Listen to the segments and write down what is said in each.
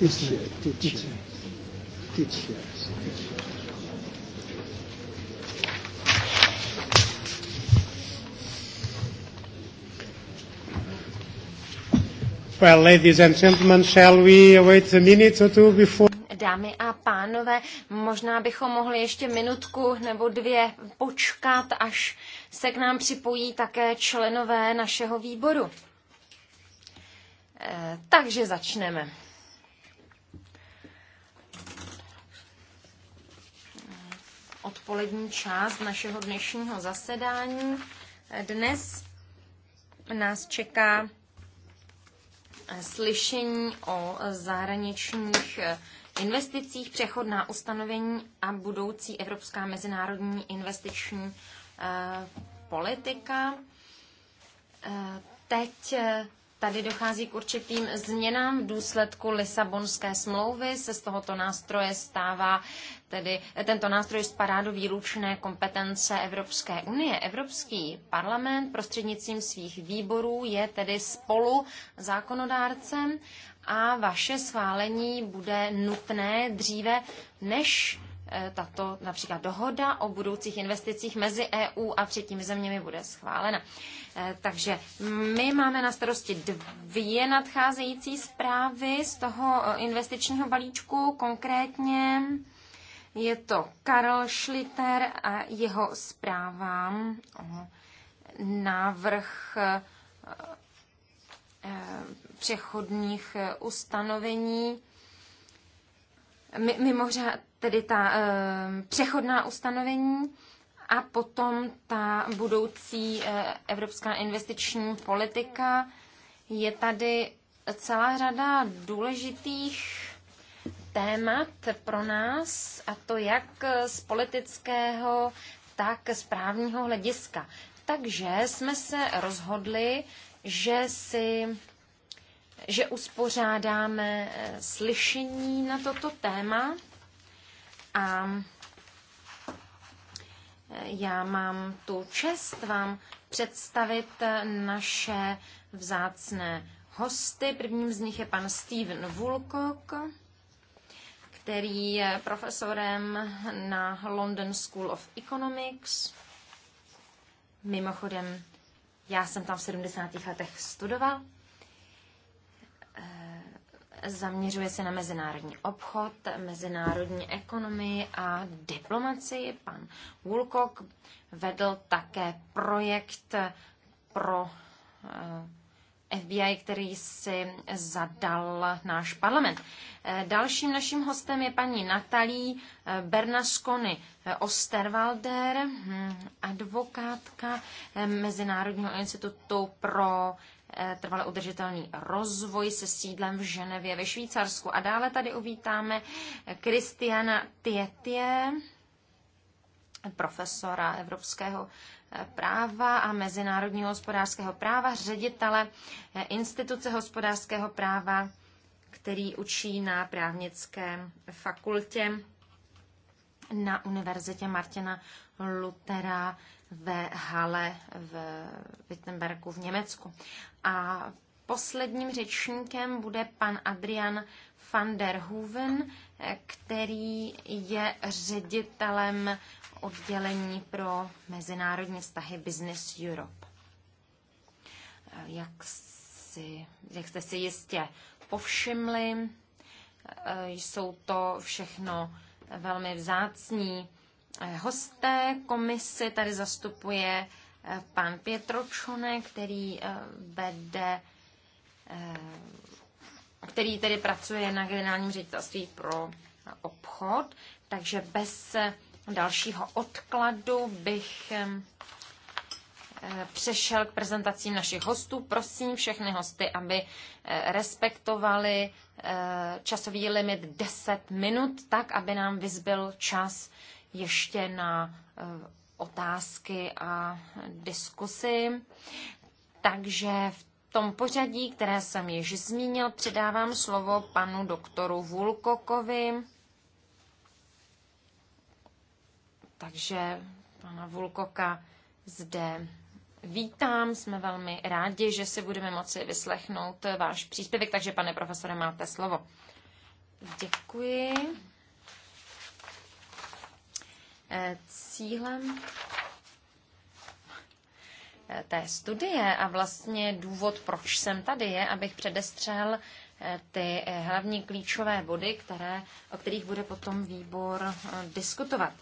Well, ladies and gentlemen, shall we wait a minute or two before... Dámy a pánové, možná bychom mohli ještě minutku nebo dvě počkat, až se k nám připojí také členové našeho výboru. Eh, takže začneme. odpolední část našeho dnešního zasedání. Dnes nás čeká slyšení o zahraničních investicích, přechodná ustanovení a budoucí evropská mezinárodní investiční eh, politika. Eh, teď eh, Tady dochází k určitým změnám v důsledku Lisabonské smlouvy. Se z tohoto nástroje stává, tedy eh, tento nástroj spadá do výlučné kompetence Evropské unie. Evropský parlament prostřednictvím svých výborů je tedy spolu zákonodárcem a vaše schválení bude nutné dříve, než Eh, tato například dohoda o budoucích investicích mezi EU a třetími zeměmi bude schválena. Eh, takže my máme na starosti dvě nadcházející zprávy z toho eh, investičního balíčku, konkrétně je to Karl Schlitter a jeho zpráva o návrh přechodních ustanovení mimořád, tedy ta e, přechodná ustanovení a potom ta budoucí e, evropská investiční politika. Je tady celá řada důležitých témat pro nás, a to jak z politického, tak z právního hlediska. Takže jsme se rozhodli, že si že uspořádáme eh, slyšení na toto téma a eh, já mám tu čest vám představit eh, naše vzácné hosty. Prvním z nich je pan Steven Woolcock, který je profesorem na London School of Economics. Mimochodem, já jsem tam v 70. letech studoval. Zaměřuje se na mezinárodní obchod, mezinárodní ekonomii a diplomacii. Pan Woolcock vedl také projekt pro eh, FBI, který si zadal náš parlament. Eh, dalším naším hostem je paní Natalí eh, Bernasconi Osterwalder, hm, advokátka Mezinárodního institutu pro Eh, trvale udržitelný rozvoj se sídlem v Ženevě ve Švýcarsku. A dále tady uvítáme Kristiana Tietje, profesora evropského eh, práva a mezinárodního hospodářského práva, ředitele eh, instituce hospodářského práva, který učí na právnické fakultě na univerzitě Martina Lutera ve Hale v Wittenbergu v Německu. A posledním řečníkem bude pan Adrian van der Hoeven, který je ředitelem oddělení pro mezinárodní vztahy Business Europe. Jak, si, jak jste si jistě povšimli, jsou to všechno velmi vzácní eh, hosté. Komisi tady zastupuje eh, pan Pietro Čone, který eh, vede který tedy pracuje na generálním ředitelství pro obchod, takže bez dalšího odkladu bych přešel k prezentacím našich hostů. Prosím všechny hosty, aby respektovali Eh, časový limit 10 minut, tak aby nám vyzbyl čas ještě na eh, otázky a diskusy. Takže v tom pořadí, které jsem již zmínil, předávám slovo panu doktoru Vulkokovi. Takže pana Vulkoka zde vítám. Jsme velmi rádi, že si budeme moci vyslechnout váš příspěvek, takže pane profesore, máte slovo. Děkuji. Eh, cílem eh, té studie a vlastně důvod, proč jsem tady, je, abych předestřel eh, ty hlavní klíčové body, které, o kterých bude potom výbor diskutovat.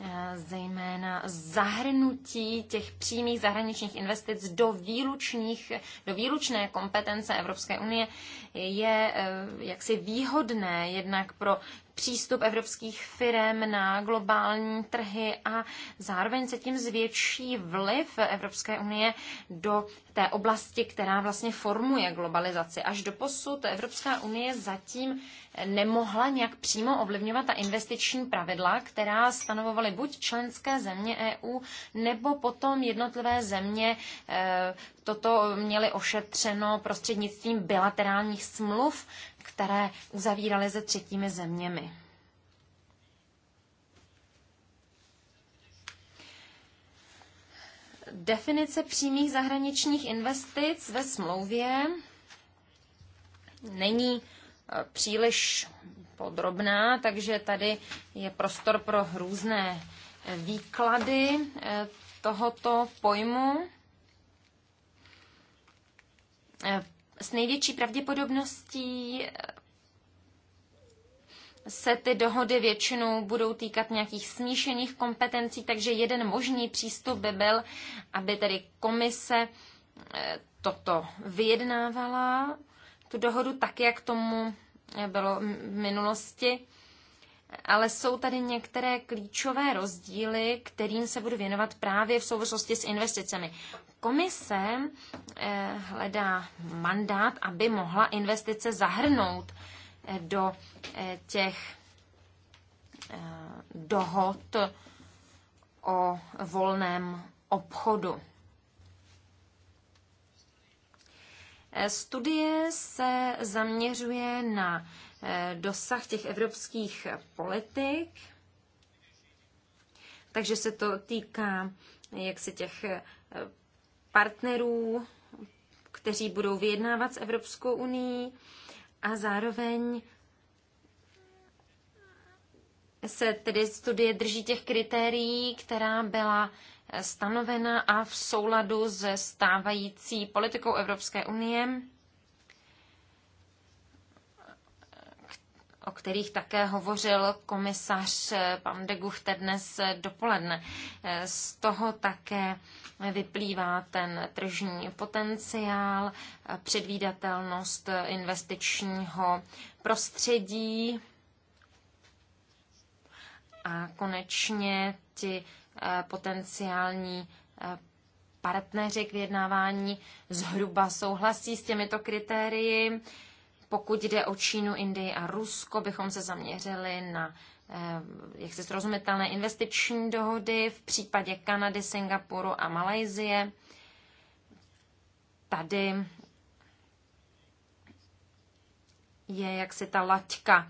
Eh, zejména zahrnutí těch přímých zahraničních investic do, výlučných, do výlučné kompetence Evropské unie je eh, jaksi výhodné jednak pro přístup evropských firm na globální trhy a zároveň se tím zvětší vliv Evropské unie do té oblasti, která vlastně formuje globalizaci. Až do posud Evropská unie zatím nemohla nějak přímo ovlivňovat ta investiční pravidla, která stanovovaly buď členské země EU, nebo potom jednotlivé země eh, toto měly ošetřeno prostřednictvím bilaterálních smluv, které uzavíraly se třetími zeměmi. definice přímých zahraničních investic ve smlouvě není příliš podrobná, takže tady je prostor pro různé výklady eh, tohoto pojmu. Eh, s největší pravděpodobností eh, se ty dohody většinou budou týkat nějakých smíšených kompetencí, takže jeden možný přístup by byl, aby tedy komise toto vyjednávala tu dohodu tak, jak tomu bylo v minulosti. Ale jsou tady některé klíčové rozdíly, kterým se budu věnovat právě v souvislosti s investicemi. Komise eh, hledá mandát, aby mohla investice zahrnout eh, do eh, těch dohod o volném obchodu. Eh, studie se zaměřuje na eh, dosah těch evropských politik, takže se to týká eh, jak se těch partnerů, kteří budou vyjednávat s Evropskou unii a zároveň se tedy studie drží těch kritérií, která byla stanovena a v souladu se stávající politikou Evropské unie, o kterých také hovořil komisař pan de Guchte dnes dopoledne. Z toho také vyplývá ten tržní potenciál, předvídatelnost investičního prostředí a konečně ti Eh, potenciální eh, partneři k vyjednávání zhruba souhlasí s těmito kritérii. Pokud jde o Čínu, Indii a Rusko, bychom se zaměřili na eh, jak se srozumitelné investiční dohody v případě Kanady, Singapuru a Malajzie. Tady je jaksi ta laťka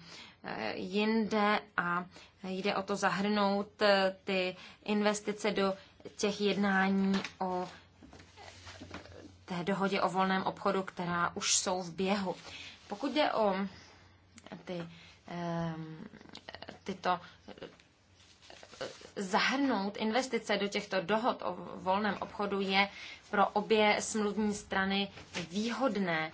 jinde a jde o to zahrnout eh, ty investice do těch jednání o eh, té dohodě o volném obchodu, která už jsou v běhu. Pokud jde o eh, ty, ehm, tyto zahrnout investice do těchto dohod o volném obchodu je pro obě smluvní strany výhodné,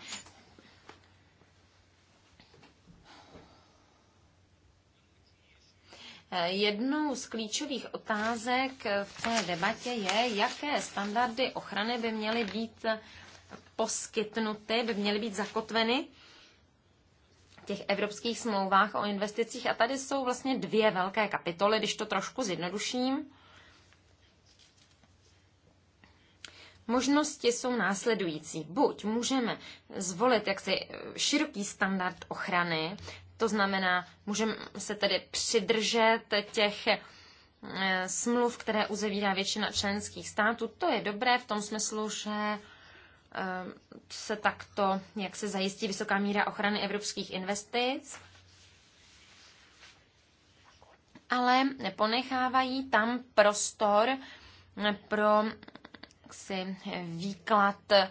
Jednou z klíčových otázek v té debatě je, jaké standardy ochrany by měly být poskytnuty, by měly být zakotveny v těch evropských smlouvách o investicích. A tady jsou vlastně dvě velké kapitoly, když to trošku zjednoduším. Možnosti jsou následující. Buď můžeme zvolit jaksi široký standard ochrany, to znamená, můžeme se tedy přidržet těch eh, smluv, které uzavírá většina členských států. To je dobré v tom smyslu, že eh, se takto, jak se zajistí vysoká míra ochrany evropských investic, ale ponechávají tam prostor pro jaksi, výklad eh,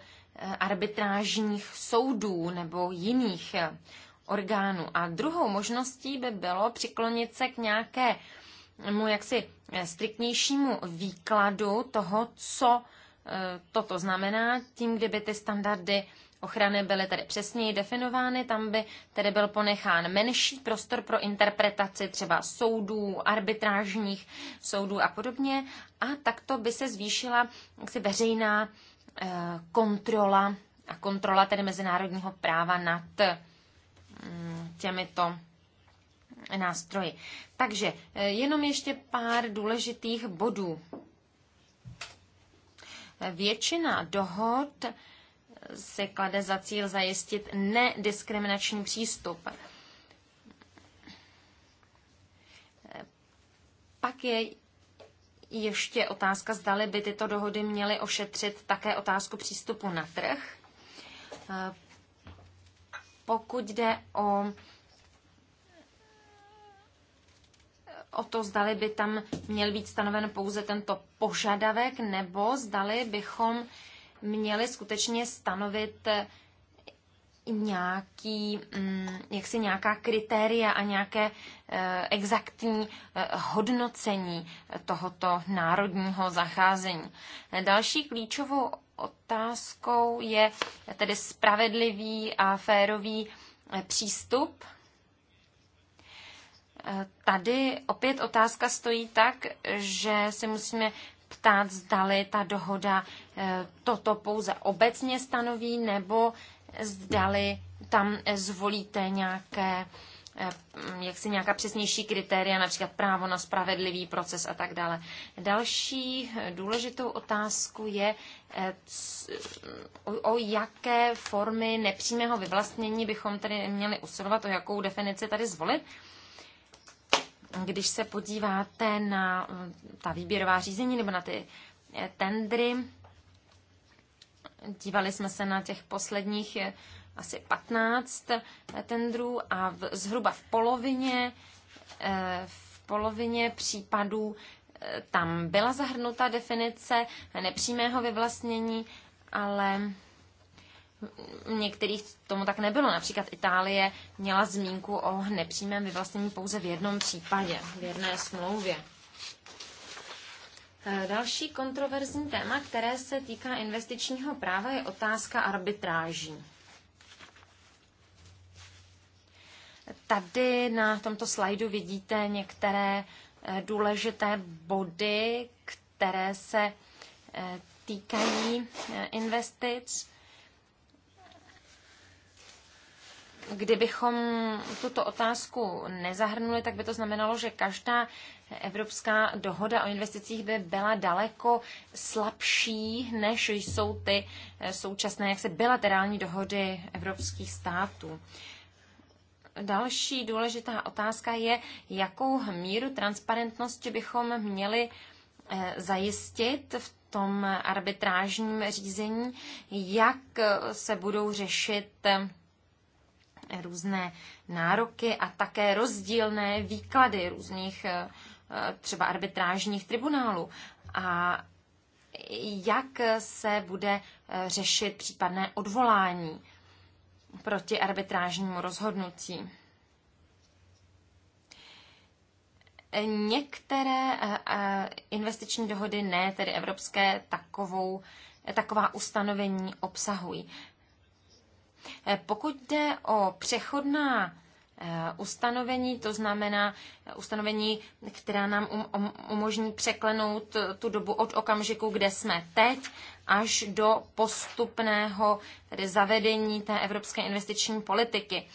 arbitrážních soudů nebo jiných orgánu A druhou možností by bylo přiklonit se k nějakému jaksi striktnějšímu výkladu toho, co e, toto znamená, tím, kdyby ty standardy ochrany byly tedy přesněji definovány, tam by tedy byl ponechán menší prostor pro interpretaci třeba soudů, arbitrážních soudů a podobně. A takto by se zvýšila jaksi veřejná e, kontrola a kontrola tedy mezinárodního práva nad těmito nástroji. Takže eh, jenom ještě pár důležitých bodů. Většina dohod se klade za cíl zajistit nediskriminační přístup. Pak je ještě otázka, zdali by tyto dohody měly ošetřit také otázku přístupu na trh pokud jde o o to, zdali by tam měl být stanoven pouze tento požadavek, nebo zdali bychom měli skutečně stanovit eh, nějaký, mm, jaksi nějaká kritéria a nějaké eh, exaktní eh, hodnocení tohoto národního zacházení. Další klíčovou otázkou je tedy spravedlivý a férový eh, přístup. Eh, tady opět otázka stojí tak, že se musíme ptát, zdali ta dohoda eh, toto pouze obecně stanoví, nebo zdali tam zvolíte nějaké Eh, jaksi nějaká přesnější kritéria, například právo na spravedlivý proces a tak dále. Další eh, důležitou otázku je, eh, o, jaké formy nepřímého vyvlastnění bychom tady měli usilovat, o jakou definici tady zvolit. Když se podíváte na mm, ta výběrová řízení nebo na ty tendry, dívali jsme se na těch posledních asi 15 tendrů a v, zhruba v polovině, eh, v polovině případů eh, tam byla zahrnuta definice nepřímého vyvlastnění, ale v některých tomu tak nebylo. Například Itálie měla zmínku o nepřímém vyvlastnění pouze v jednom případě, v jedné smlouvě. Eh, další kontroverzní téma, které se týká investičního práva, je otázka arbitráží. Tady na tomto slajdu vidíte některé eh, důležité body, které se eh, týkají eh, investic. Kdybychom tuto otázku nezahrnuli, tak by to znamenalo, že každá evropská dohoda o investicích by byla daleko slabší, než jsou ty současné jaksi bilaterální dohody evropských států další důležitá otázka je, jakou míru transparentnosti bychom měli eh, zajistit v tom arbitrážním řízení, jak eh, se budou řešit eh, různé nároky a také rozdílné výklady různých třeba arbitrážních tribunálů a jak se bude řešit případné odvolání proti arbitrážnímu rozhodnutí. Některé eh, eh, investiční dohody, ne tedy evropské, takovou, eh, taková ustanovení obsahují. Pokud jde o přechodná Eh, ustanovení, to znamená eh, ustanovení, která nám um, um, umožní překlenout eh, tu dobu od okamžiku, kde jsme teď, až do postupného tedy zavedení té evropské investiční politiky.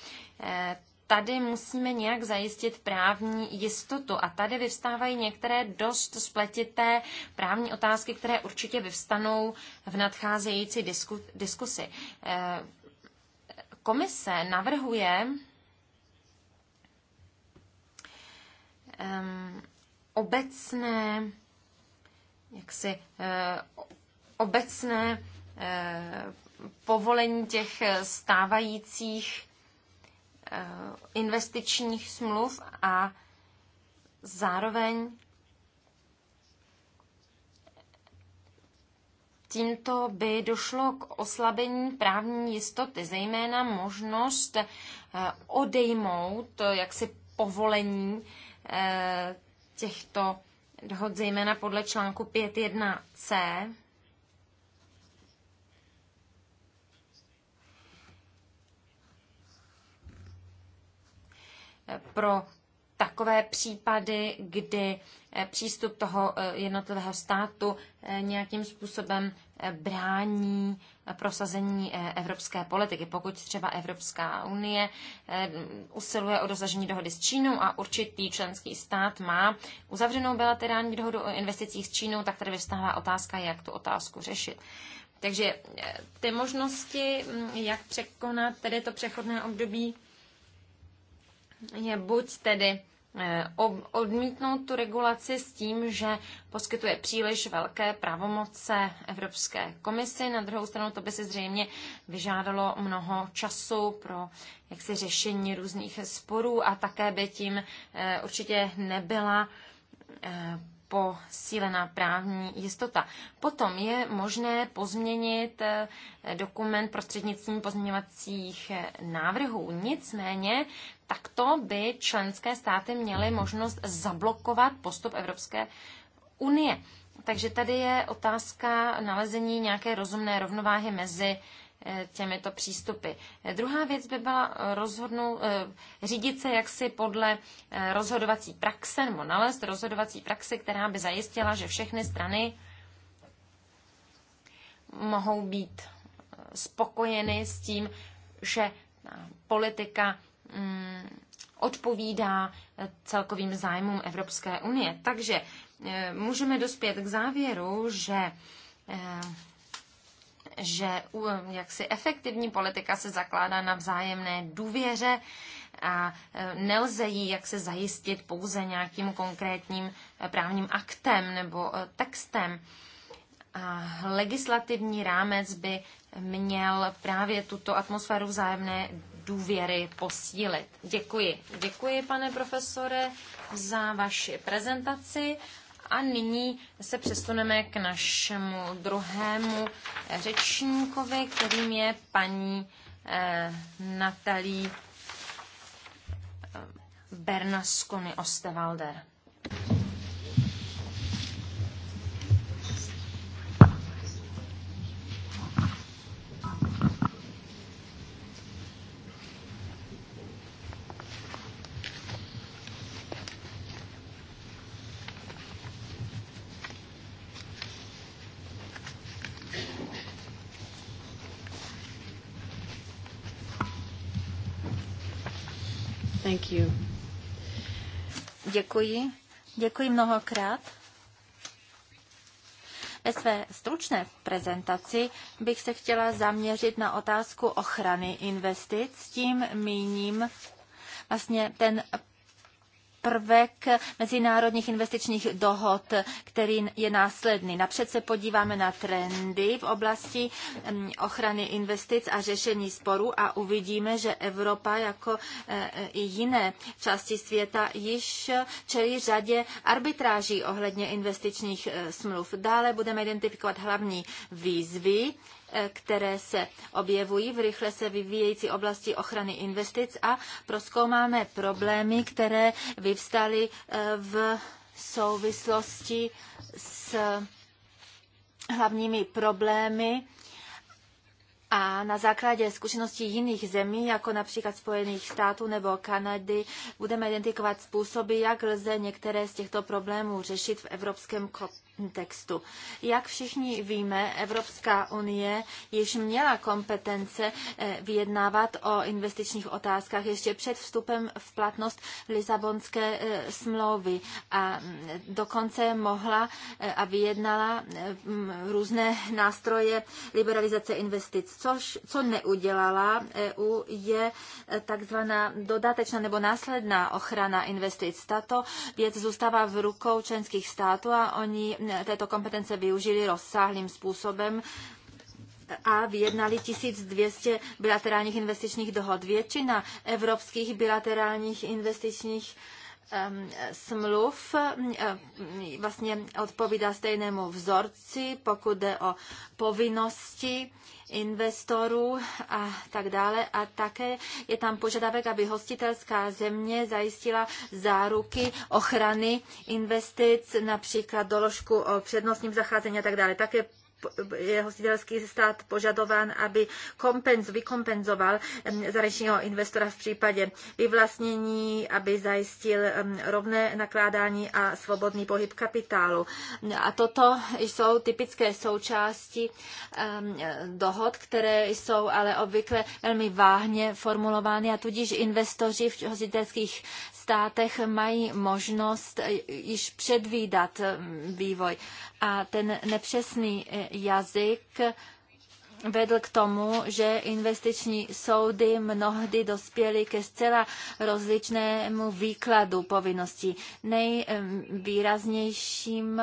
Tady musíme nějak zajistit právní jistotu a tady vyvstávají některé dost spletité právní otázky, které určitě vyvstanou v nadcházející disku, diskusi. Komise navrhuje um, obecné, jaksi uh, obecné uh, povolení těch eh, stávajících uh, investičních smluv a zároveň tímto by došlo k oslabení právní jistoty, zejména možnost odejmout jaksi povolení Eh, těchto dohod, zejména podle článku 5.1c. Pro takové případy, kdy eh, přístup toho eh, jednotlivého státu nějakým způsobem brání prosazení eh, evropské politiky. Pokud třeba Evropská unie eh, usiluje o dosažení dohody s Čínou a určitý členský stát má uzavřenou bilaterální dohodu o investicích s Čínou, tak tady vystává otázka, jak tu otázku řešit. Takže eh, ty možnosti, mm, jak překonat tedy to přechodné období, je buď tedy Eh, odmítnout tu regulaci s tím, že poskytuje příliš velké pravomoce Evropské komisi. Na druhou stranu to by si zřejmě vyžádalo mnoho času pro jaksi řešení různých sporů a také by tím eh, určitě nebyla eh, posílená právní jistota. Potom je možné pozměnit eh, dokument prostřednictvím pozměňovacích eh, návrhů. Nicméně takto by členské státy měly možnost zablokovat postup Evropské unie. Takže tady je otázka nalezení nějaké rozumné rovnováhy mezi Eh, těmito přístupy. Eh, druhá věc by byla rozhodnout, eh, řídit se jaksi podle rozhodovací praxe, nebo nalézt rozhodovací praxi, která by zajistila, že všechny strany mohou být spokojeny s tím, že politika mm, odpovídá celkovým zájmům Evropské unie. Takže můžeme dospět k závěru, že že jaksi efektivní politika se zakládá na vzájemné důvěře a e, nelze ji jak se zajistit pouze nějakým konkrétním e, právním aktem nebo e, textem. A legislativní rámec by měl právě tuto atmosféru vzájemné důvěry posílit. Děkuji. Děkuji, pane profesore, za vaši prezentaci a nyní se přesuneme k našemu druhému řečníkovi, kterým je paní eh, Natalí eh, Bernasconi Ostevalder. Děkuji. Děkuji mnohokrát. Ve své stručné prezentaci bych se chtěla zaměřit na otázku ochrany investic. Tím míním vlastně ten prvek mezinárodních investičních dohod, který je následný. Napřed se podíváme na trendy v oblasti mm, ochrany investic a řešení sporů a uvidíme, že Evropa jako eh, i jiné části světa již čelí řadě arbitráží ohledně investičních eh, smluv. Dále budeme identifikovat hlavní výzvy, které se objevují v rychle se vyvíjející oblasti ochrany investic a proskoumáme problémy, které vyvstaly eh, v souvislosti s hlavními problémy a na základě zkušeností jiných zemí, jako například Spojených států nebo Kanady, budeme identifikovat způsoby, jak lze některé z těchto problémů řešit v evropském textu. Jak všichni víme, Evropská unie již měla kompetence eh, vyjednávat o investičních otázkách ještě před vstupem v platnost Lisabonské eh, smlouvy a mm, dokonce mohla eh, a vyjednala mm, různé nástroje liberalizace investic. Což, co neudělala EU, je takzvaná dodatečná nebo následná ochrana investic. Tato věc zůstává v rukou členských států a oni této kompetence využili rozsáhlým způsobem a vyjednali 1200 bilaterálních investičních dohod. Většina evropských bilaterálních investičních smluv vlastně odpovídá stejnému vzorci, pokud jde o povinnosti investorů a tak dále. A také je tam požadavek, aby hostitelská země zajistila záruky ochrany investic, například doložku o přednostním zacházení a tak dále. Také je hostitelský stát požadován, aby kompenz, vykompenzoval zahraničního investora v případě vyvlastnění, aby zajistil rovné nakládání a svobodný pohyb kapitálu. A toto jsou typické součásti dohod, které jsou ale obvykle velmi váhně formulovány a tudíž investoři v hostitelských státech mají možnost e, již předvídat vývoj a ten nepřesný eh, jazyk vedl k tomu, že investiční soudy mnohdy dospěly ke zcela rozličnému výkladu povinností. Nejvýraznějším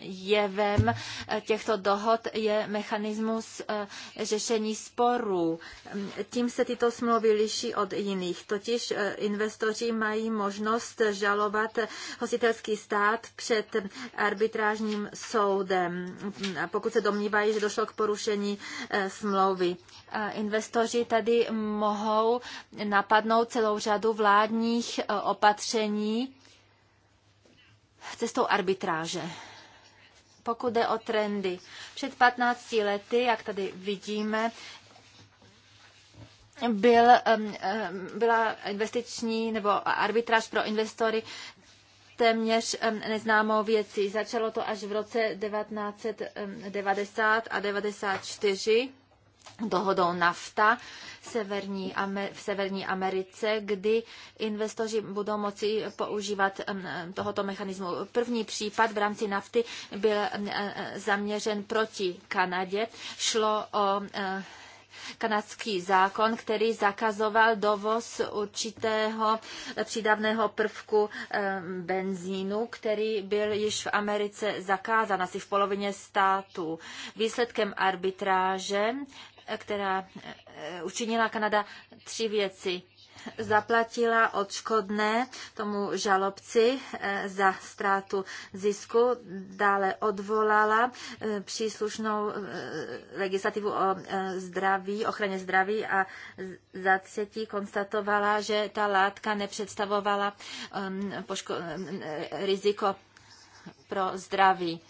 jevem eh, těchto dohod je mechanismus eh, řešení sporů. Tím se tyto smlouvy liší od jiných. Totiž eh, investoři mají možnost žalovat hostitelský stát před arbitrážním soudem, pokud se domnívají, že došlo k porušení Eh, smlouvy. Investoři tady mohou napadnout celou řadu vládních eh, opatření cestou arbitráže pokud jde o trendy. Před 15 lety, jak tady vidíme, byl, byla investiční nebo arbitráž pro investory téměř neznámou věcí. Začalo to až v roce 1990 a 1994 dohodou NAFTA severní, v Severní Americe, kdy investoři budou moci používat tohoto mechanismu. První případ v rámci NAFTY byl zaměřen proti Kanadě. Šlo o kanadský zákon, který zakazoval dovoz určitého přídavného prvku benzínu, který byl již v Americe zakázán asi v polovině států. Výsledkem arbitráže která e, e, učinila Kanada tři věci zaplatila odškodné tomu žalobci eh, za ztrátu zisku, dále odvolala eh, příslušnou eh, legislativu o zdraví, ochraně zdraví a za třetí konstatovala, že ta látka nepředstavovala ehm, ehm, riziko pro zdraví.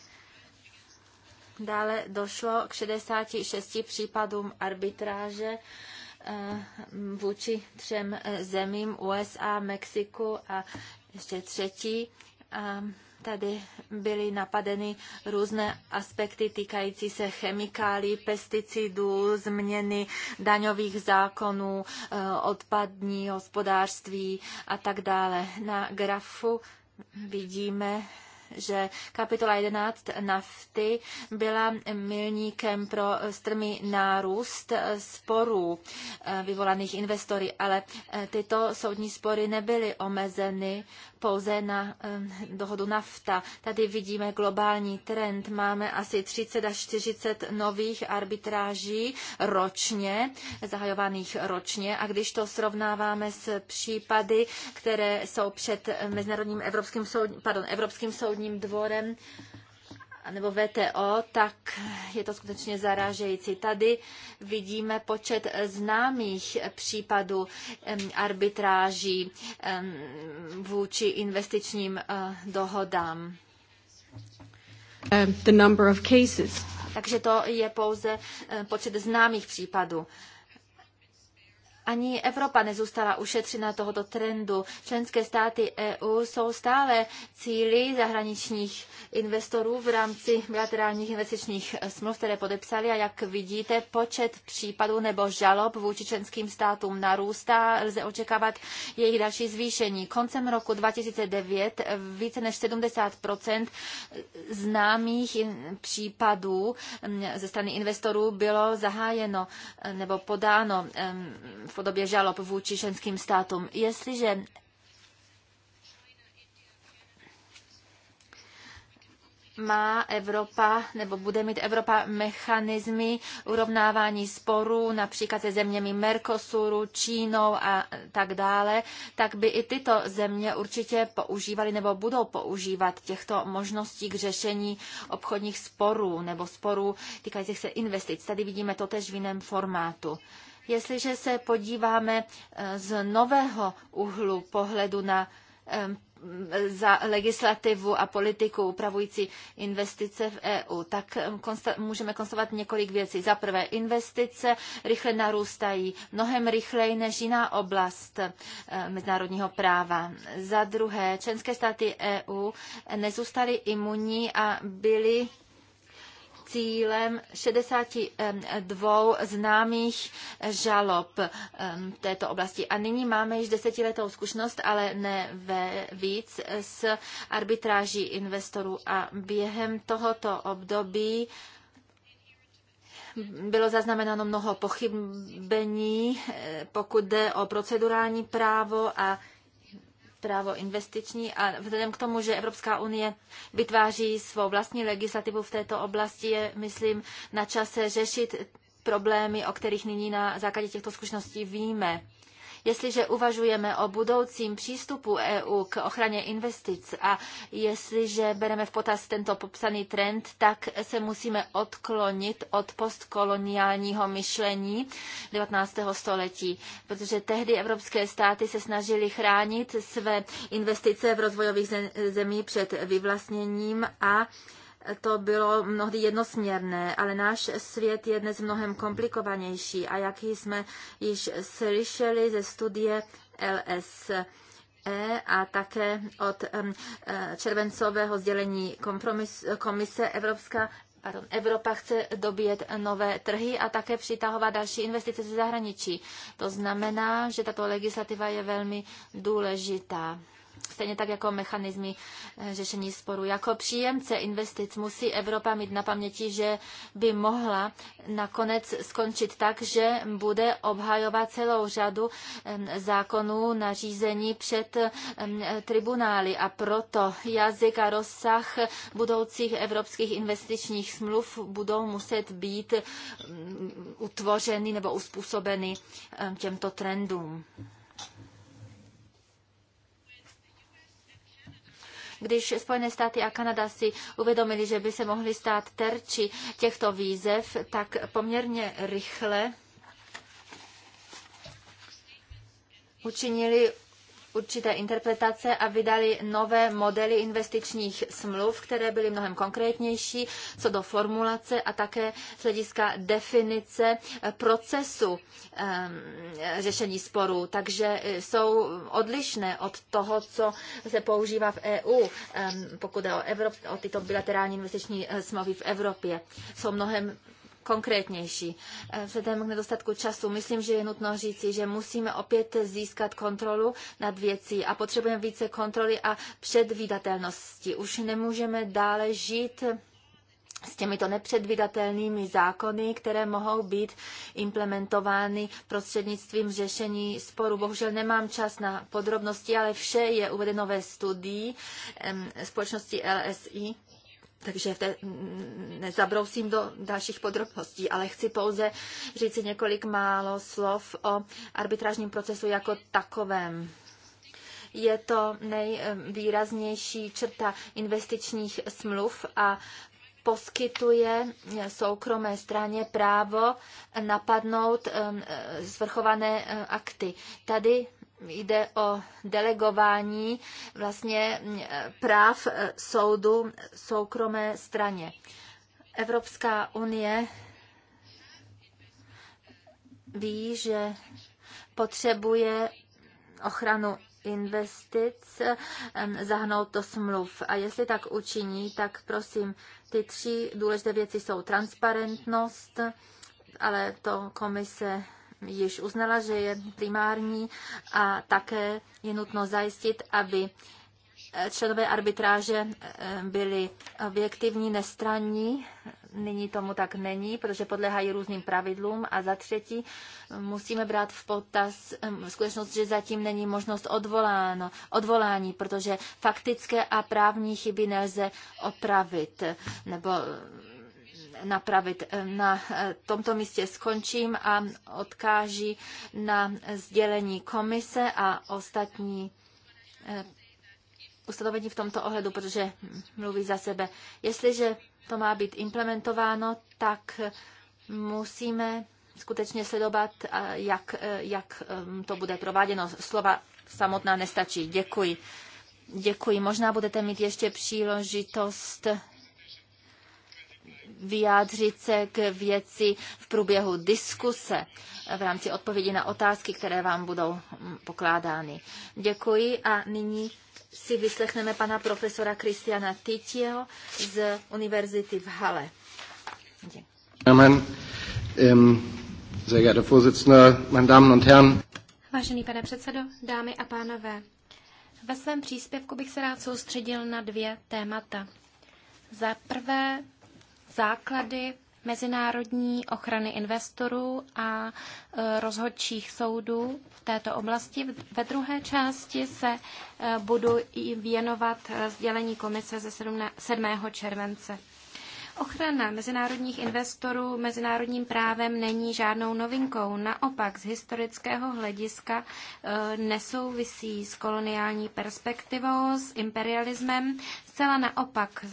Dále došlo k 66 případům arbitráže Eh, vůči třem eh, zemím USA, Mexiku a ještě třetí. A tady byly napadeny různé aspekty týkající se chemikálí, pesticidů, změny daňových zákonů, eh, odpadní hospodářství a tak dále. Na grafu vidíme že kapitola 11 nafty byla milníkem pro strmý nárůst sporů eh, vyvolaných investory, ale eh, tyto soudní spory nebyly omezeny pouze na eh, dohodu nafta. Tady vidíme globální trend. Máme asi 30 až 40 nových arbitráží ročně, zahajovaných ročně. A když to srovnáváme s případy, které jsou před Mezinárodním Evropským, soud, pardon, Evropským soudním obchodním dvorem nebo VTO, tak je to skutečně zarážející. Tady vidíme počet známých případů arbitráží vůči investičním eh, dohodám. Eh, the number of cases. Takže to je pouze eh, počet známých případů. Ani Evropa nezůstala ušetřena tohoto trendu. Členské státy EU jsou stále cíly zahraničních investorů v rámci bilaterálních investičních smluv, které podepsali a jak vidíte, počet případů nebo žalob vůči členským státům narůstá. Lze očekávat jejich další zvýšení. Koncem roku 2009 více než 70 známých případů mm, ze strany investorů bylo zahájeno nebo podáno v podobě žalob vůči ženským státům. Jestliže má Evropa nebo bude mít Evropa mechanismy urovnávání sporů například se zeměmi Mercosuru, Čínou a tak dále, tak by i tyto země určitě používaly nebo budou používat těchto možností k řešení obchodních sporů nebo sporů týkajících se investic. Tady vidíme to tež v jiném formátu. Jestliže se podíváme eh, z nového úhlu pohledu na za legislativu a politiku upravující investice v EU, tak můžeme konstatovat několik věcí. Za prvé, investice rychle narůstají, mnohem rychleji než jiná oblast eh, mezinárodního práva. Za druhé, členské státy EU nezůstaly imunní a byly cílem 62 známých žalob v této oblasti. A nyní máme již desetiletou zkušenost, ale ne ve víc, s arbitráží investorů. A během tohoto období bylo zaznamenáno mnoho pochybení, eh, pokud jde o procedurální právo a právo investiční a vzhledem k tomu, že Evropská unie vytváří svou vlastní legislativu v této oblasti, je, myslím, na čase řešit problémy, o kterých nyní na základě těchto zkušeností víme. Jestliže uvažujeme o budoucím přístupu EU k ochraně investic a jestliže bereme v potaz tento popsaný trend, tak se musíme odklonit od postkoloniálního myšlení 19. století, protože tehdy evropské státy se snažily chránit své investice v rozvojových zemí před vyvlastněním a to bylo mnohdy jednosměrné, ale náš svět je dnes mnohem komplikovanější a jak jsme již slyšeli ze studie LS, e a také od eh, červencového sdělení komise Evropská pardon, Evropa chce dobíjet nové trhy a také přitahovat další investice ze zahraničí. To znamená, že tato legislativa je velmi důležitá. Stejně tak jako mechanizmy eh, řešení sporu. Jako příjemce investic musí Evropa mít na paměti, že by mohla nakonec skončit tak, že bude obhajovat celou řadu zákonů nařízení před tribunály a proto jazyk a rozsah budoucích evropských investičních smluv budou muset být utvořeny nebo uspůsobeny těmto trendům. Když Spojené státy a Kanada si uvědomili, že by se mohli stát terči těchto výzev, tak poměrně rychle učinili určité interpretace a vydali nové modely investičních smluv, které byly mnohem konkrétnější co do formulace a také z hlediska definice eh, procesu eh, řešení sporů. Takže eh, jsou odlišné od toho, co se používá v EU, pokud jde o, Evrop, o tyto bilaterální investiční smlouvy v Evropě. Jsou mnohem konkrétnější. Eh, Vzhledem k nedostatku času, myslím, že je nutno říci, že musíme opět získat kontrolu nad věcí a potřebujeme více kontroly a předvídatelnosti. Už nemůžeme dále žít s těmito nepředvídatelnými zákony, které mohou být implementovány prostřednictvím řešení sporu. Bohužel nemám čas na podrobnosti, ale vše je uvedeno ve studii společnosti LSI takže te, nezabrousím do dalších podrobností, ale chci pouze říct několik málo slov o arbitrážním procesu jako takovém. Je to nejvýraznější črta investičních smluv a poskytuje soukromé straně právo napadnout svrchované akty. Tady jde o delegování vlastně práv e, soudu soukromé straně. Evropská unie ví, že potřebuje ochranu investic e, zahnout do smluv. A jestli tak učiní, tak prosím, ty tři důležité věci jsou transparentnost, ale to komise již uznala, že je primární a také je nutno zajistit, aby eh, členové arbitráže eh, byli objektivní, nestranní. Nyní tomu tak není, protože podléhají různým pravidlům. A za třetí musíme brát v potaz skutečnost, že zatím není možnost odvoláno, odvolání, protože faktické a právní chyby nelze opravit nebo napravit. Na eh, tomto místě skončím a odkáží na sdělení komise a ostatní eh, ustanovení v tomto ohledu, protože mluví za sebe. Jestliže to má být implementováno, tak musíme skutečně sledovat, eh, jak, jak to bude prováděno. Slova samotná nestačí. Děkuji. Děkuji. Možná budete mít ještě příležitost vyjádřit se k věci v průběhu diskuse v rámci odpovědi na otázky, které vám budou mm, pokládány. Děkuji a nyní si vyslechneme pana profesora Kristiana Tytieho z Univerzity v Hale. Ähm, Vážený pane předsedo, dámy a pánové, ve svém příspěvku bych se rád soustředil na dvě témata. Za prvé základy mezinárodní ochrany investorů a e, rozhodčích soudů v této oblasti. Ve druhé části se e, budu i věnovat e, sdělení komise ze 7. července. Ochrana mezinárodních investorů mezinárodním právem není žádnou novinkou. Naopak z historického hlediska e, nesouvisí s koloniální perspektivou, s imperialismem. Zcela naopak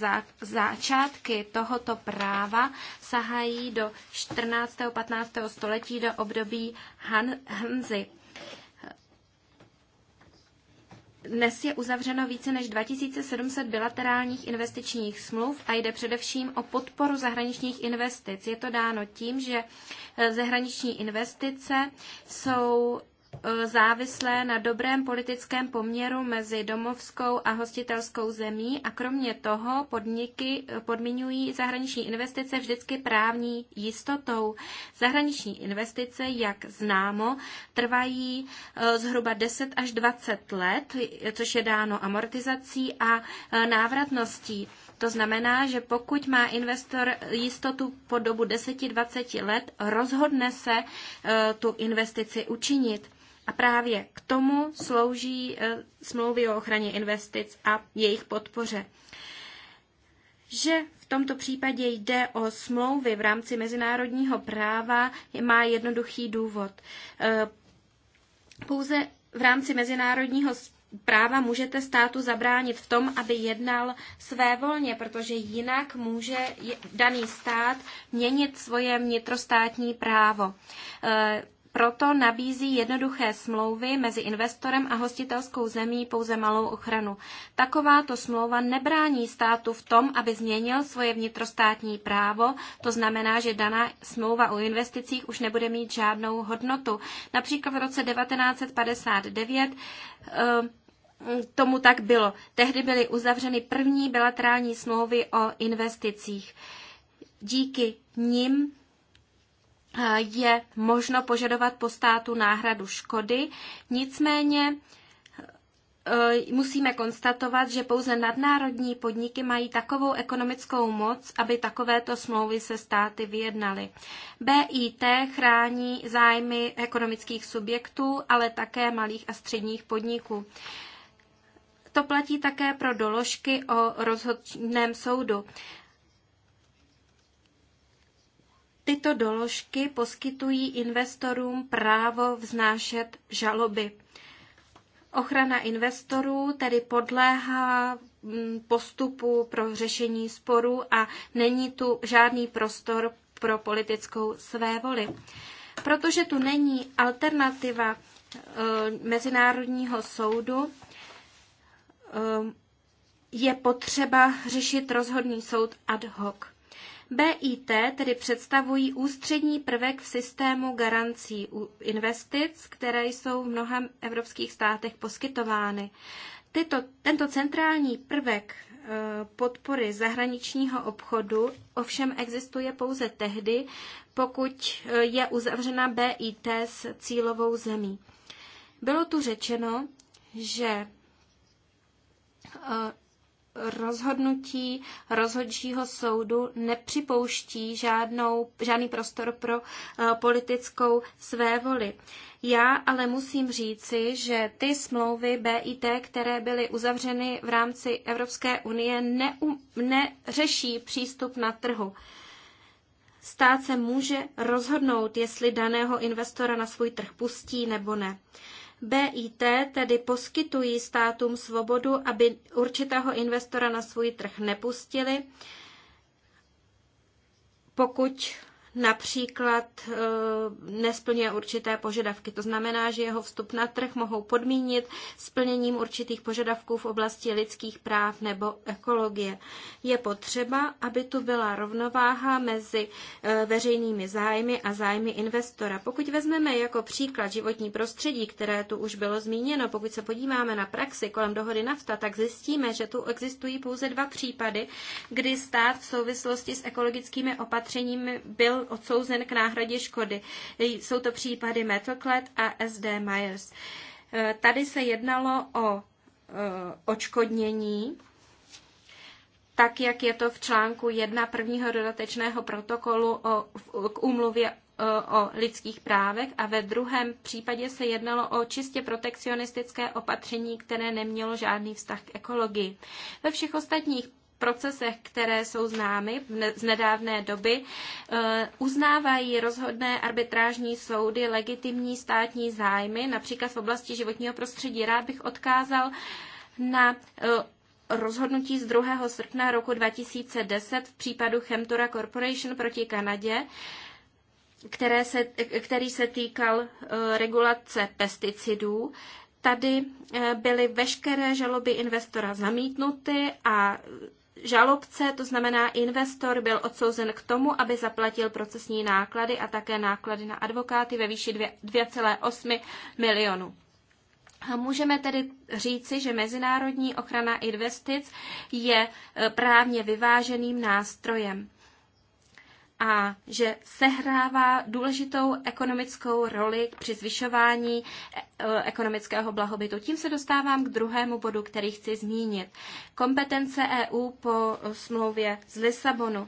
začátky tohoto práva sahají do 14. 15. století do období Han- Hanzy. Dnes je uzavřeno více než 2700 bilaterálních investičních smluv a jde především o podporu zahraničních investic. Je to dáno tím, že eh, zahraniční investice jsou Eh, závislé na dobrém politickém poměru mezi domovskou a hostitelskou zemí a kromě toho podniky eh, podmiňují zahraniční investice vždycky právní jistotou. Zahraniční investice, jak známo, trvají eh, zhruba 10 až 20 let, což je dáno amortizací a návratností. To znamená, že pokud má investor jistotu po dobu 10-20 let, rozhodne se tu investici učinit. A právě k tomu slouží eh, smlouvy o ochraně investic a jejich podpoře. Že v tomto případě jde o smlouvy v rámci mezinárodního práva, má jednoduchý důvod. Eh, pouze v rámci mezinárodního práva můžete státu zabránit v tom, aby jednal své volně, protože jinak může daný stát měnit svoje vnitrostátní právo. Eh, proto nabízí jednoduché smlouvy mezi investorem a hostitelskou zemí pouze malou ochranu. Takováto smlouva nebrání státu v tom, aby změnil svoje vnitrostátní právo, to znamená, že daná smlouva o investicích už nebude mít žádnou hodnotu. Například v roce 1959 eh, tomu tak bylo. Tehdy byly uzavřeny první bilaterální smlouvy o investicích. Díky nim je možno požadovat po státu náhradu škody, nicméně eh, musíme konstatovat, že pouze nadnárodní podniky mají takovou ekonomickou moc, aby takovéto smlouvy se státy vyjednaly. BIT chrání zájmy ekonomických subjektů, ale také malých a středních podniků. To platí také pro doložky o rozhodném soudu. Tyto doložky poskytují investorům právo vznášet žaloby. Ochrana investorů tedy podléhá mm, postupu pro řešení sporů a není tu žádný prostor pro politickou voli. Protože tu není alternativa e, Mezinárodního soudu, e, je potřeba řešit rozhodný soud ad hoc. BIT tedy představují ústřední prvek v systému garancí investic, které jsou v mnoha evropských státech poskytovány. Tyto, tento centrální prvek e, podpory zahraničního obchodu ovšem existuje pouze tehdy, pokud e, je uzavřena BIT s cílovou zemí. Bylo tu řečeno, že e, rozhodnutí rozhodčího soudu nepřipouští žádnou, žádný prostor pro eh, politickou svévoli. Já ale musím říci, že ty smlouvy BIT, které byly uzavřeny v rámci Evropské unie, neum, neřeší přístup na trhu. Stát se může rozhodnout, jestli daného investora na svůj trh pustí nebo ne. Uh, BIT tedy poskytují státům svobodu, aby určitého investora na svůj trh nepustili, pokud například eh, nesplňuje určité požadavky. To znamená, že jeho vstup na trh mohou podmínit splněním určitých požadavků v oblasti lidských práv nebo ekologie. Je potřeba, aby tu byla rovnováha mezi eh, veřejnými zájmy a zájmy investora. Pokud vezmeme jako příklad životní prostředí, které tu už bylo zmíněno, pokud se podíváme na praxi kolem dohody nafta, tak zjistíme, že tu existují pouze dva případy, kdy stát v souvislosti s ekologickými opatřeními byl odsouzen k náhradě škody. Jsou to případy Metoklet a SD Myers. Eh, tady se jednalo o eh, očkodnění, tak jak je to v článku 1 prvního dodatečného protokolu o, k úmluvě eh, o lidských právech a ve druhém případě se jednalo o čistě protekcionistické opatření, které nemělo žádný vztah k ekologii. Ve všech ostatních procesech, které jsou známy z nedávné doby, eh, uznávají rozhodné arbitrážní soudy legitimní státní zájmy, například v oblasti životního prostředí. Rád bych odkázal na eh, rozhodnutí z 2. srpna roku 2010 v případu Chemtura Corporation proti Kanadě, které se, který se týkal eh, regulace pesticidů. Tady byly veškeré žaloby investora zamítnuty a Žalobce, to znamená investor, byl odsouzen k tomu, aby zaplatil procesní náklady a také náklady na advokáty ve výši 2,8 milionů. A můžeme tedy říci, že mezinárodní ochrana investic je e, právně vyváženým nástrojem a že sehrává důležitou ekonomickou roli při zvyšování e, e, ekonomického blahobytu. Tím se dostávám k druhému bodu, který chci zmínit. Kompetence EU po smlouvě z Lisabonu.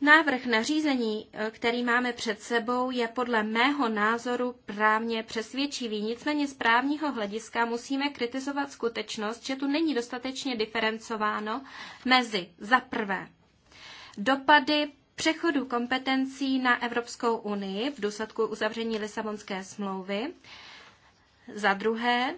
Návrh nařízení, e, který máme před sebou, je podle mého názoru právně přesvědčivý. Nicméně z právního hlediska musíme kritizovat skutečnost, že tu není dostatečně diferencováno mezi za prvé dopady přechodu kompetencí na Evropskou unii v důsledku uzavření Lisabonské smlouvy. Za druhé,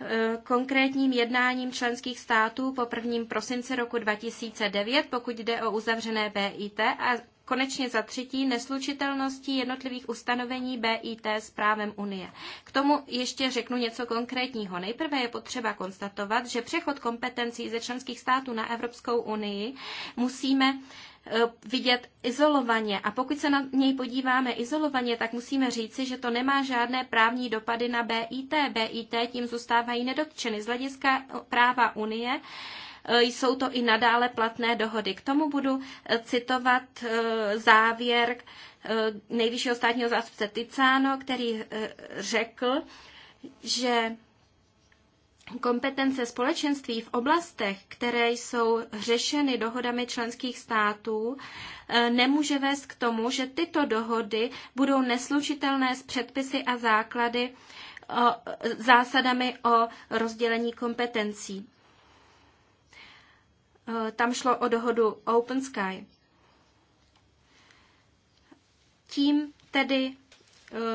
e, konkrétním jednáním členských států po 1. prosinci roku 2009, pokud jde o uzavřené BIT a konečně za třetí neslučitelností jednotlivých ustanovení BIT s právem Unie. K tomu ještě řeknu něco konkrétního. Nejprve je potřeba konstatovat, že přechod kompetencí ze členských států na Evropskou unii musíme Eh, vidět izolovaně. A pokud se na něj podíváme izolovaně, tak musíme říci, že to nemá žádné právní dopady na BIT. BIT tím zůstávají nedotčeny. Z hlediska eh, práva Unie eh, jsou to i nadále platné dohody. K tomu budu citovat závěr nejvyššího státního zástupce Ticáno, který řekl, že kompetence společenství v oblastech, které jsou řešeny dohodami členských států, eh, nemůže vést k tomu, že tyto dohody budou neslučitelné s předpisy a základy o, zásadami o rozdělení kompetencí. Eh, tam šlo o dohodu Open Sky. Tím tedy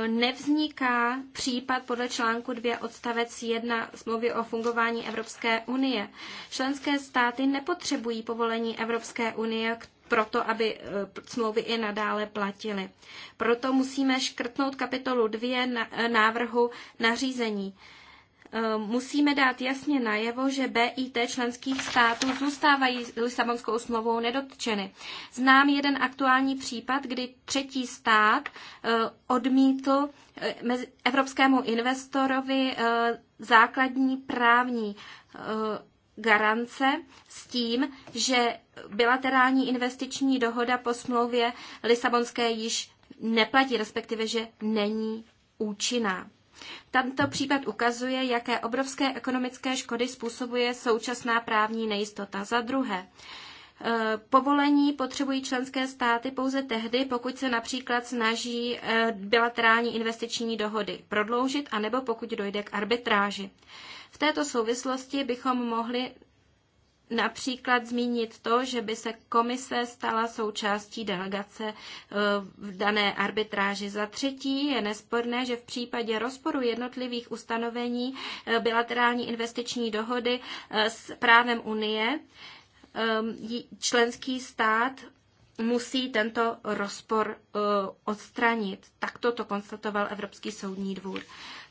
nevzniká případ podle článku 2 odstavec 1 smlouvy o fungování Evropské unie. Členské státy nepotřebují povolení Evropské unie k proto, aby e, smlouvy i nadále platily. Proto musíme škrtnout kapitolu 2 e, návrhu nařízení. Eh, musíme dát jasně najevo, že BIT členských států zůstávají Lisabonskou smlouvou nedotčeny. Znám jeden aktuální případ, kdy třetí stát eh, odmítl eh, evropskému investorovi základní právní garance s tím, že bilaterální investiční dohoda po smlouvě Lisabonské již neplatí, respektive, že není účinná. Tento případ ukazuje, jaké obrovské ekonomické škody způsobuje současná právní nejistota. Za druhé, e, Povolení potřebují členské státy pouze tehdy, pokud se například snaží e, bilaterální investiční dohody prodloužit, anebo pokud dojde k arbitráži. V této souvislosti bychom mohli například zmínit to, že by se komise stala součástí delegace eh, v dané arbitráži. Za třetí je nesporné, že v případě rozporu jednotlivých ustanovení eh, bilaterální investiční dohody eh, s právem Unie členský stát musí tento rozpor odstranit. Takto to konstatoval Evropský soudní dvůr.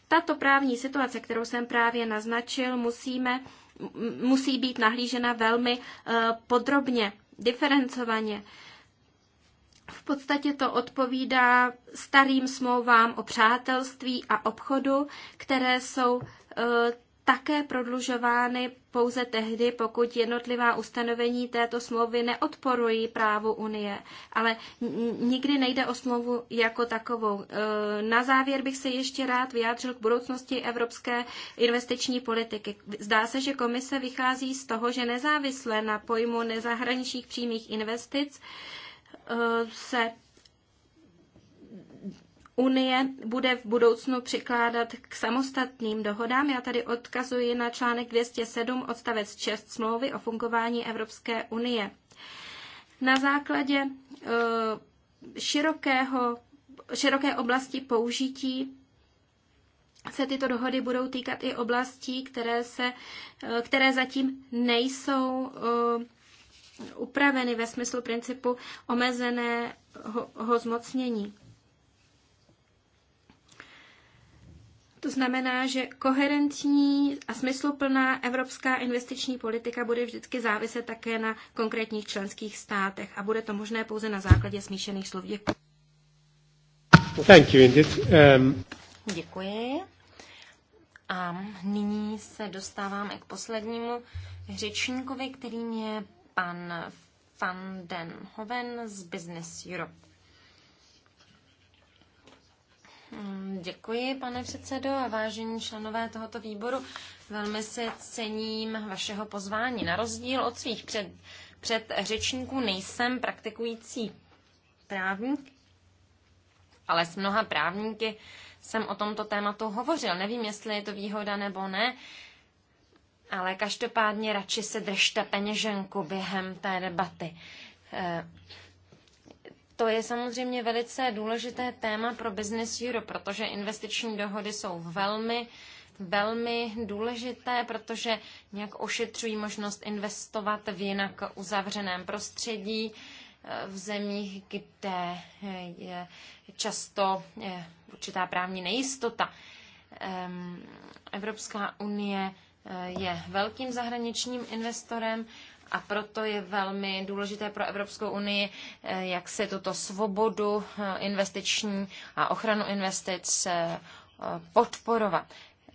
Tato právní situace, kterou jsem právě naznačil, musíme musí být nahlížena velmi eh, podrobně, diferencovaně. V podstatě to odpovídá starým smlouvám o přátelství a obchodu, které jsou eh, také prodlužovány pouze tehdy, pokud jednotlivá ustanovení této smlouvy neodporují právu Unie. Ale nikdy nejde o smlouvu jako takovou. E, na závěr bych se ještě rád vyjádřil k budoucnosti evropské investiční politiky. Zdá se, že komise vychází z toho, že nezávisle na pojmu nezahraničních přímých investic e, se Unie bude v budoucnu přikládat k samostatným dohodám. Já tady odkazuji na článek 207 odstavec 6 smlouvy o fungování Evropské unie. Na základě eh, širokého, široké oblasti použití se tyto dohody budou týkat i oblastí, které, se, eh, které zatím nejsou eh, upraveny ve smyslu principu omezeného zmocnění. To znamená, že koherentní a smysluplná evropská investiční politika bude vždycky záviset také na konkrétních členských státech a bude to možné pouze na základě smíšených slov. Děkuji. Thank you, Indit. Um... Děkuji. A nyní se dostáváme k poslednímu řečníkovi, kterým je pan Van den Hoven z Business Europe. Mm, děkuji, pane předsedo a vážení členové tohoto výboru. Velmi si cením vašeho pozvání. Na rozdíl od svých před, předřečníků nejsem praktikující právník, ale s mnoha právníky jsem o tomto tématu hovořil. Nevím, jestli je to výhoda nebo ne, ale každopádně radši se držte peněženku během té debaty. Eh, to je samozřejmě velice důležité téma pro Business Euro, protože investiční dohody jsou velmi velmi důležité, protože nějak ošetřují možnost investovat v jinak uzavřeném prostředí, eh, v zemích, kde eh, je často eh, určitá právní nejistota. Ehm, Evropská unie je velkým zahraničním investorem a proto je velmi důležité pro Evropskou unii, eh, jak se tuto svobodu eh, investiční a ochranu investic eh, podporovat.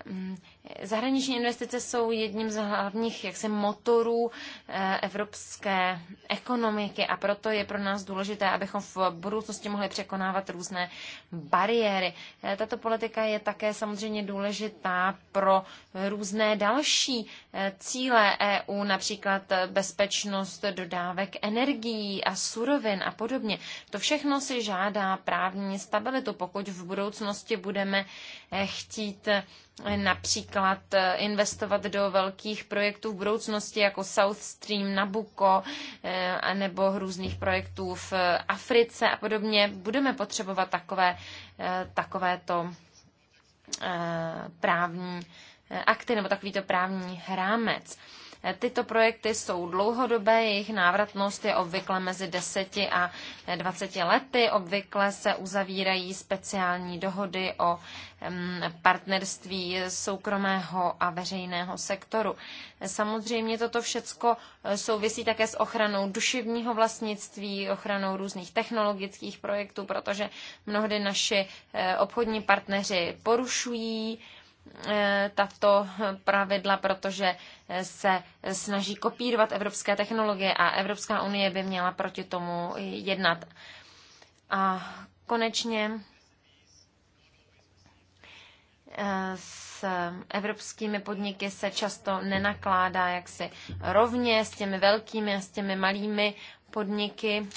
Mm, Zahraniční investice jsou jedním z hlavních jaksi, motorů eh, evropské ekonomiky a proto je pro nás důležité, abychom v budoucnosti mohli překonávat různé bariéry. Eh, tato politika je také samozřejmě důležitá pro různé další eh, cíle EU, například bezpečnost dodávek energií a surovin a podobně. To všechno si žádá právní stabilitu, pokud v budoucnosti budeme chtít například eh, investovat do velkých projektů v budoucnosti jako South Stream, Nabucco eh, nebo různých projektů v eh, Africe a podobně. Budeme potřebovat takové, takovéto právní akty nebo takovýto právní rámec. Tyto projekty jsou dlouhodobé, jejich návratnost je obvykle mezi 10 a 20 lety. Obvykle se uzavírají speciální dohody o partnerství soukromého a veřejného sektoru. Samozřejmě toto všecko souvisí také s ochranou duševního vlastnictví, ochranou různých technologických projektů, protože mnohdy naši eh, obchodní partneři porušují Eh, tato pravidla, protože se snaží kopírovat evropské technologie a Evropská unie by měla proti tomu jednat. A konečně eh, s evropskými podniky se často nenakládá jaksi rovně s těmi velkými a s těmi malými podniky.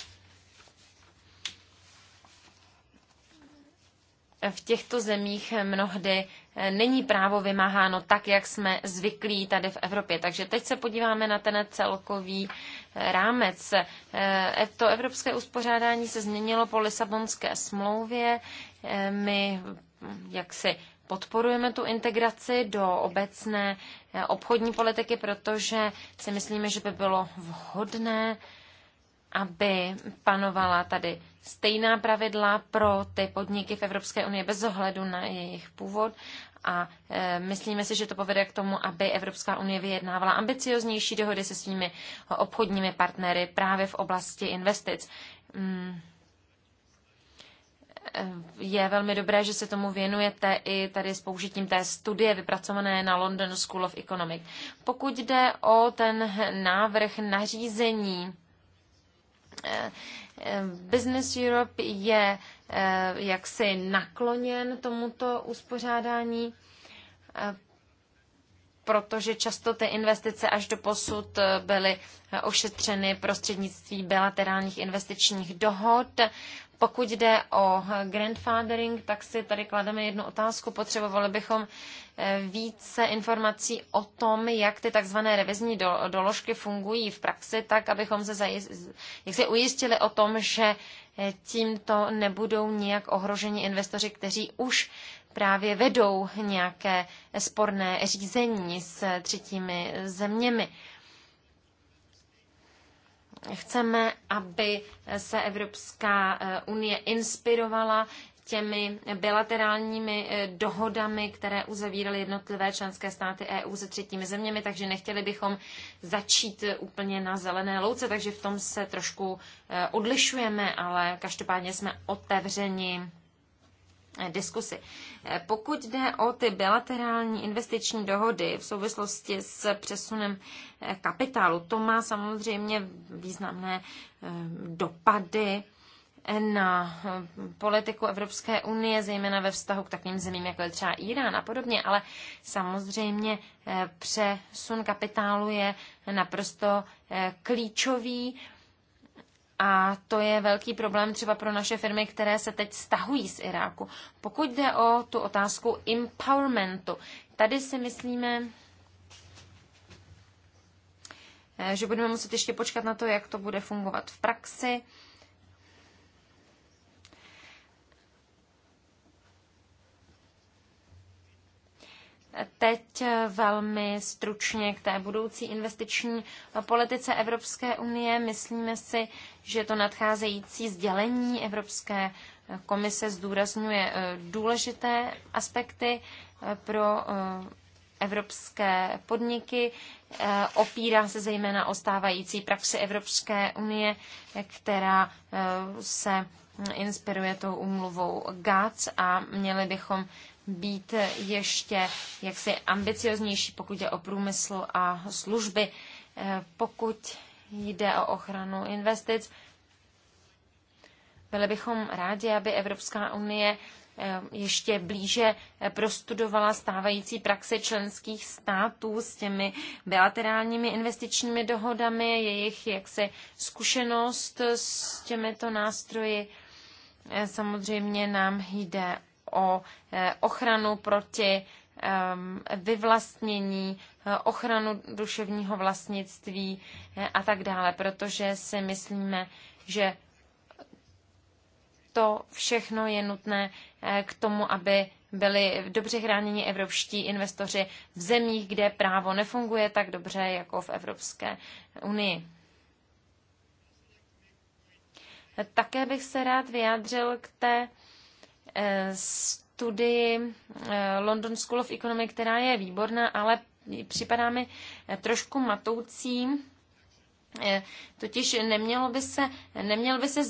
v těchto zemích mnohdy eh, není právo vymáháno tak, jak jsme zvyklí tady v Evropě. Takže teď se podíváme na ten celkový eh, rámec. Eh, to evropské uspořádání se změnilo po Lisabonské smlouvě. My hm, jaksi podporujeme tu integraci do obecné obchodní politiky, protože si myslíme, že by bylo vhodné aby panovala tady stejná pravidla pro ty podniky v Evropské unii bez ohledu na jejich původ a e, myslíme si, že to povede k tomu, aby Evropská unie vyjednávala ambicioznější dohody se svými obchodními partnery právě v oblasti investic. Mm. E, je velmi dobré, že se tomu věnujete i tady s použitím té studie vypracované na London School of Economics. Pokud jde o ten návrh nařízení, Business Europe je eh, jaksi nakloněn tomuto uspořádání, eh, protože často ty investice až do posud eh, byly ošetřeny prostřednictví bilaterálních investičních dohod. Pokud jde o grandfathering, tak si tady klademe jednu otázku. Potřebovali bychom více informací o tom, jak ty takzvané revizní doložky fungují v praxi, tak abychom se, jak se ujistili o tom, že eh, tímto nebudou nijak ohroženi investoři, kteří už právě vedou nějaké sporné řízení s třetími zeměmi. Chceme, aby se Evropská eh, unie inspirovala těmi bilaterálními eh, dohodami, které uzavíraly jednotlivé členské státy EU se třetími zeměmi, takže nechtěli bychom začít eh, úplně na zelené louce, takže v tom se trošku eh, odlišujeme, ale každopádně jsme otevřeni diskusy. Pokud jde o ty bilaterální investiční dohody v souvislosti s přesunem kapitálu, to má samozřejmě významné dopady na hm, politiku Evropské unie, zejména ve vztahu k takovým zemím, jako je třeba Irán a podobně, ale samozřejmě eh, přesun kapitálu je naprosto eh, klíčový a to je velký problém třeba pro naše firmy, které se teď stahují z Iráku. Pokud jde o tu otázku empowermentu, tady si myslíme, eh, že budeme muset ještě počkat na to, jak to bude fungovat v praxi. Teď velmi stručně k té budoucí investiční politice Evropské unie. Myslíme si, že to nadcházející sdělení Evropské komise zdůrazňuje eh, důležité aspekty eh, pro eh, evropské podniky. Opírá se zejména o stávající praxi Evropské unie, která se inspiruje tou umluvou GATS a měli bychom být ještě jaksi ambicioznější, pokud je o průmysl a služby. Eh, pokud jde o ochranu investic, byli bychom rádi, aby Evropská unie eh, ještě blíže eh, prostudovala stávající praxe členských států s těmi bilaterálními investičními dohodami, jejich jaksi zkušenost s těmito nástroji. Samozřejmě nám jde o eh, ochranu proti ehm, vyvlastnění, eh, ochranu duševního vlastnictví eh, a tak dále, protože si myslíme, že to všechno je nutné k tomu, aby byli dobře chráněni evropští investoři v zemích, kde právo nefunguje tak dobře jako v Evropské unii. Také bych se rád vyjádřil k té Eh, studii eh, London School of Economy, která je výborná, ale připadá mi eh, trošku matoucí. Totiž nemělo by se, neměl by se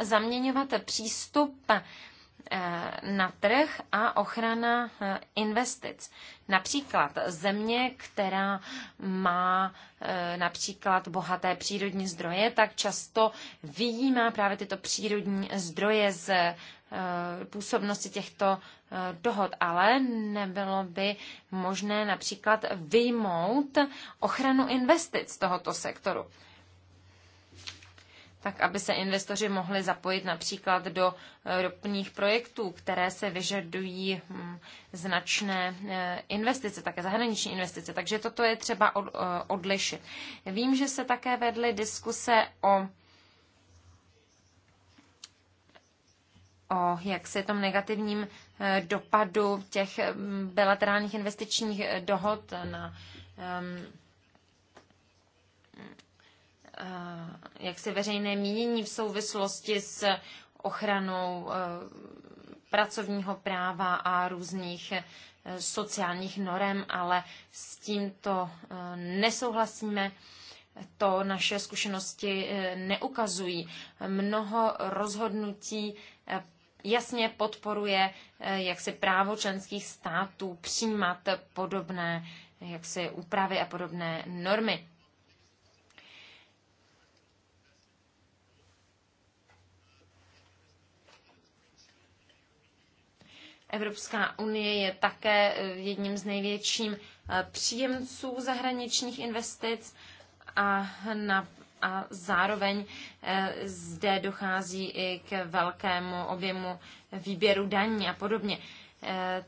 zaměňovat přístup na trh a ochrana investic. Například země, která má například bohaté přírodní zdroje, tak často vyjímá právě tyto přírodní zdroje z Eh, působnosti těchto eh, dohod, ale nebylo by možné například vyjmout ochranu investic tohoto sektoru. Tak, aby se investoři mohli zapojit například do eh, ropných projektů, které se vyžadují hm, značné investice, také zahraniční investice. Takže toto je třeba odlišit. Vím, že se také vedly diskuse o o jaksi tom negativním eh, dopadu těch mm, bilaterálních investičních eh, dohod na ehm, eh, jaksi veřejné mínění v souvislosti s ochranou pracovního práva a různých sociálních norem, ale s tímto nesouhlasíme. To naše zkušenosti neukazují. Mnoho rozhodnutí jasně podporuje eh, jaksi právo členských států přijímat podobné jaksi úpravy a podobné normy. Evropská unie je také eh, jedním z největším eh, příjemců zahraničních investic a na a zároveň eh, zde dochází i k velkému objemu výběru daní a podobně. Eh,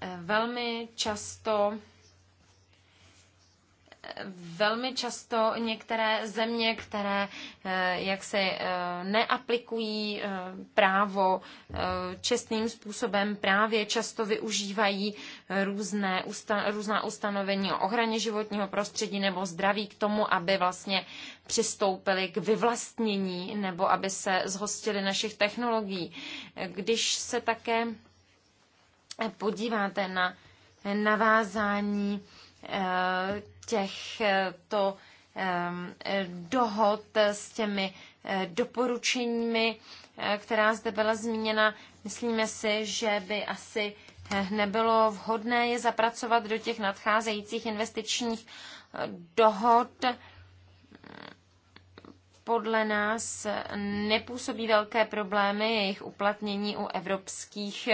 eh, velmi často velmi často některé země, které eh, jak se eh, neaplikují eh, právo čestným způsobem, právě často využívají různé, různá ustanovení o ochraně životního prostředí nebo zdraví k tomu, aby vlastně přistoupili k vyvlastnění nebo aby se zhostili našich technologií. Když se také podíváte na navázání Eh, těchto eh, eh, dohod s těmi doporučeními, která zde byla zmíněna. Myslíme si, že by asi nebylo vhodné je zapracovat do těch nadcházejících investičních dohod. Podle nás nepůsobí velké problémy jejich uplatnění u evropských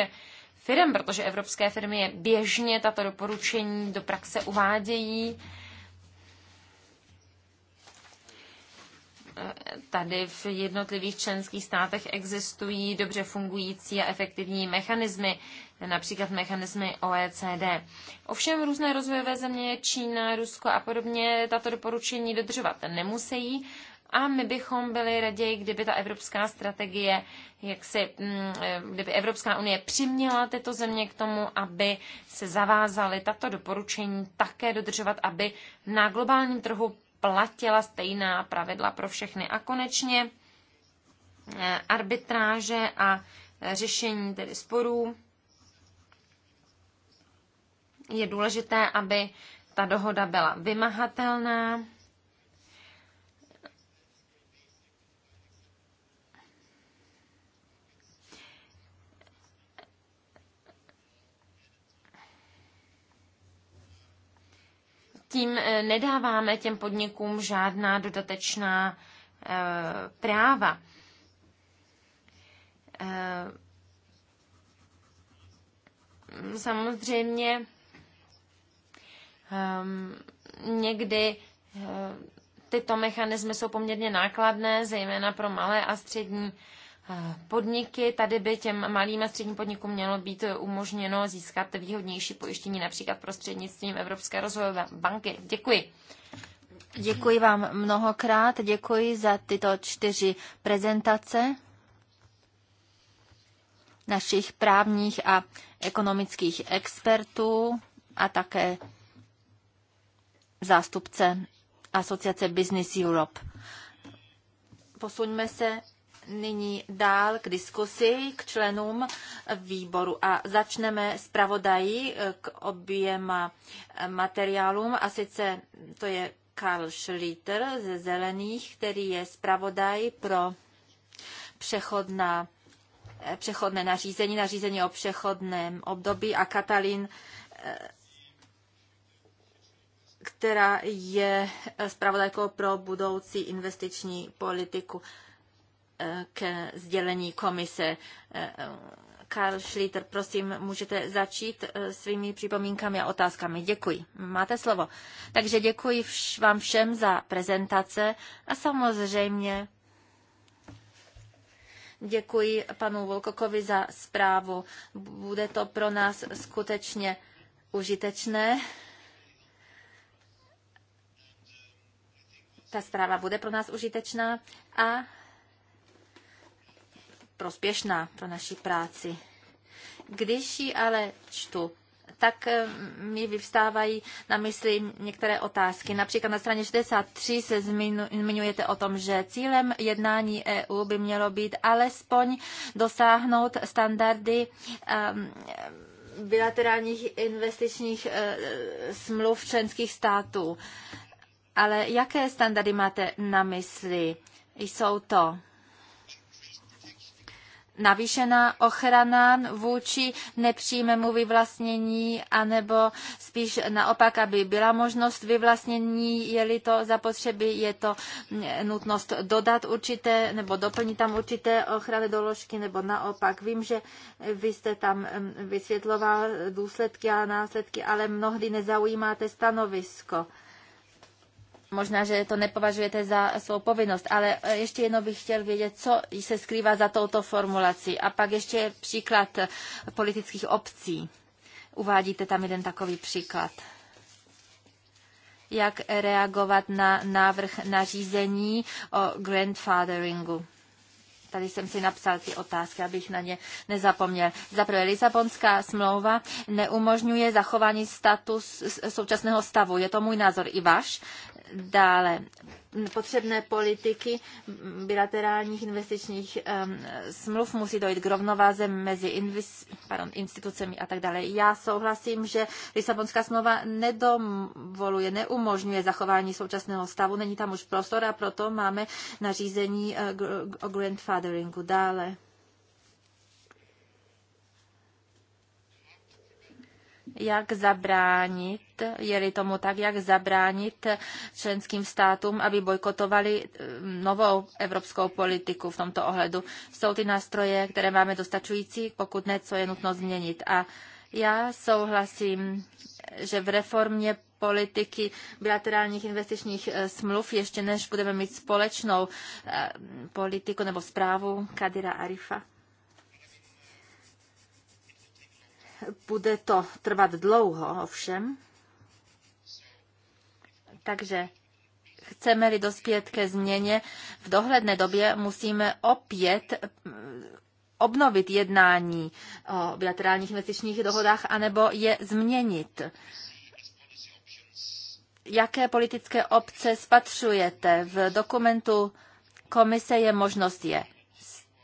firm, protože evropské firmy je běžně tato doporučení do praxe uvádějí. Tady v jednotlivých členských státech existují dobře fungující a efektivní mechanismy, například mechanismy OECD. Ovšem různé rozvojové země, Čína, Rusko a podobně tato doporučení dodržovat nemusí a my bychom byli raději, kdyby ta evropská strategie, jak si, mm, eh, kdyby Evropská unie přiměla tyto země k tomu, aby se zavázaly tato doporučení také dodržovat, aby na globálním trhu platila stejná pravidla pro všechny. A konečně eh, arbitráže a řešení tedy sporů. Je důležité, aby ta dohoda byla vymahatelná tím eh, nedáváme těm podnikům žádná dodatečná eh, práva. Eh, samozřejmě ehm, někdy tyto mechanismy jsou poměrně nákladné, zejména pro malé a střední podniky. Tady by těm malým a středním podnikům mělo být umožněno získat výhodnější pojištění například prostřednictvím Evropské rozvojové banky. Děkuji. Děkuji vám mnohokrát, děkuji za tyto čtyři prezentace našich právních a ekonomických expertů a také zástupce asociace Business Europe. Posuňme se nyní dál k diskusi k členům výboru a začneme s pravodají k oběma materiálům a sice to je Karl Schlitter ze Zelených, který je zpravodaj pro přechodná, přechodné nařízení, nařízení o přechodném období a Katalin eh, která je zpravodajkou pro budoucí investiční politiku k sdělení komise. Karl Schlitter, prosím, můžete začít eh, svými připomínkami a otázkami. Děkuji. Máte slovo. Takže děkuji vám všem za prezentace a samozřejmě děkuji panu Volkokovi za zprávu. Bude to pro nás skutečně užitečné. Ta zpráva bude pro nás užitečná a prospěšná pro naši práci. Když ji ale čtu, tak mm, mi vyvstávají na mysli některé otázky. Například na straně 63 se zmiňujete o tom, že cílem jednání EU by mělo být alespoň dosáhnout standardy um, bilaterálních investičních uh, smluv členských států. Ale jaké standardy máte na mysli? Jsou to navýšená ochrana vůči nepřímému vyvlastnění, anebo spíš naopak, aby byla možnost vyvlastnění, je-li to zapotřebí, je to nutnost dodat určité nebo doplnit tam určité ochranné doložky, nebo naopak. Vím, že vy jste tam vysvětloval důsledky a následky, ale mnohdy nezaujímáte stanovisko. Možná, že to nepovažujete za svou povinnost, ale e, ještě jednou bych chtěl vědět, co se skrývá za touto formulací. A pak ještě příklad e, politických obcí. Uvádíte tam jeden takový příklad jak reagovat na návrh nařízení o grandfatheringu. Tady jsem si napsal ty otázky, abych na ně nezapomněl. Za prvé, Lisabonská smlouva neumožňuje zachování status současného stavu. Je to můj názor i váš. Dále potřebné politiky bilaterálních investičních um, smluv musí dojít k rovnováze mezi invis, pardon, institucemi a tak dále. Já souhlasím, že Lisabonská smlouva nedovoluje, neumožňuje zachování současného stavu, není tam už prostor a proto máme nařízení eh, o grandfatheringu dále. jak zabránit, je-li tomu tak, jak zabránit členským státům, aby bojkotovali eh, novou evropskou politiku v tomto ohledu. Jsou ty nástroje, které máme dostačující, pokud ne, co je nutno změnit. A já souhlasím, že v reformě politiky bilaterálních investičních eh, smluv, ještě než budeme mít společnou eh, politiku nebo zprávu Kadira Arifa. Bude to trvat dlouho, ovšem. Takže chceme-li dospět ke změně v dohledné době, musíme opět mm, obnovit jednání o bilaterálních investičních dohodách anebo je změnit. Jaké politické obce spatřujete? V dokumentu komise je možnost je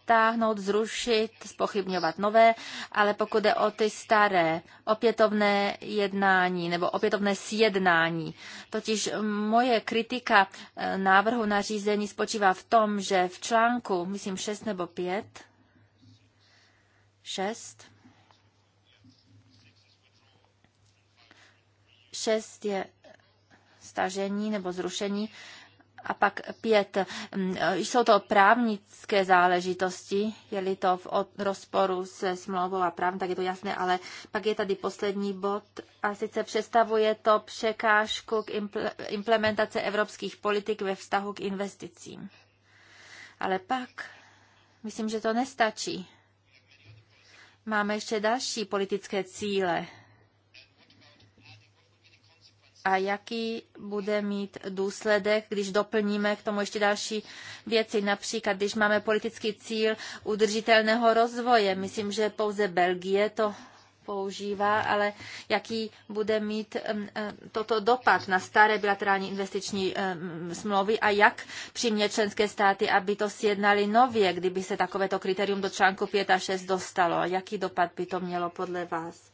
stáhnout, zrušit, spochybňovat nové, ale pokud jde o ty staré, opětovné jednání nebo opětovné sjednání, totiž moje kritika eh, návrhu nařízení spočívá v tom, že v článku, myslím 6 nebo 5, 6, 6 je stažení nebo zrušení a pak pět. Mm, e, jsou to právnické záležitosti, je-li to v rozporu se smlouvou a právem, tak je to jasné, ale pak je tady poslední bod a sice představuje to překážku k implementace evropských politik ve vztahu k investicím. Ale pak myslím, že to nestačí. Máme ještě další politické cíle a jaký bude mít důsledek, když doplníme k tomu ještě další věci, například když máme politický cíl udržitelného rozvoje. Myslím, že pouze Belgie to používá, ale jaký bude mít toto dopad na staré bilaterální investiční smlouvy a jak přímě členské státy, aby to sjednali nově, kdyby se takovéto kritérium do článku 5 a 6 dostalo a jaký dopad by to mělo podle vás?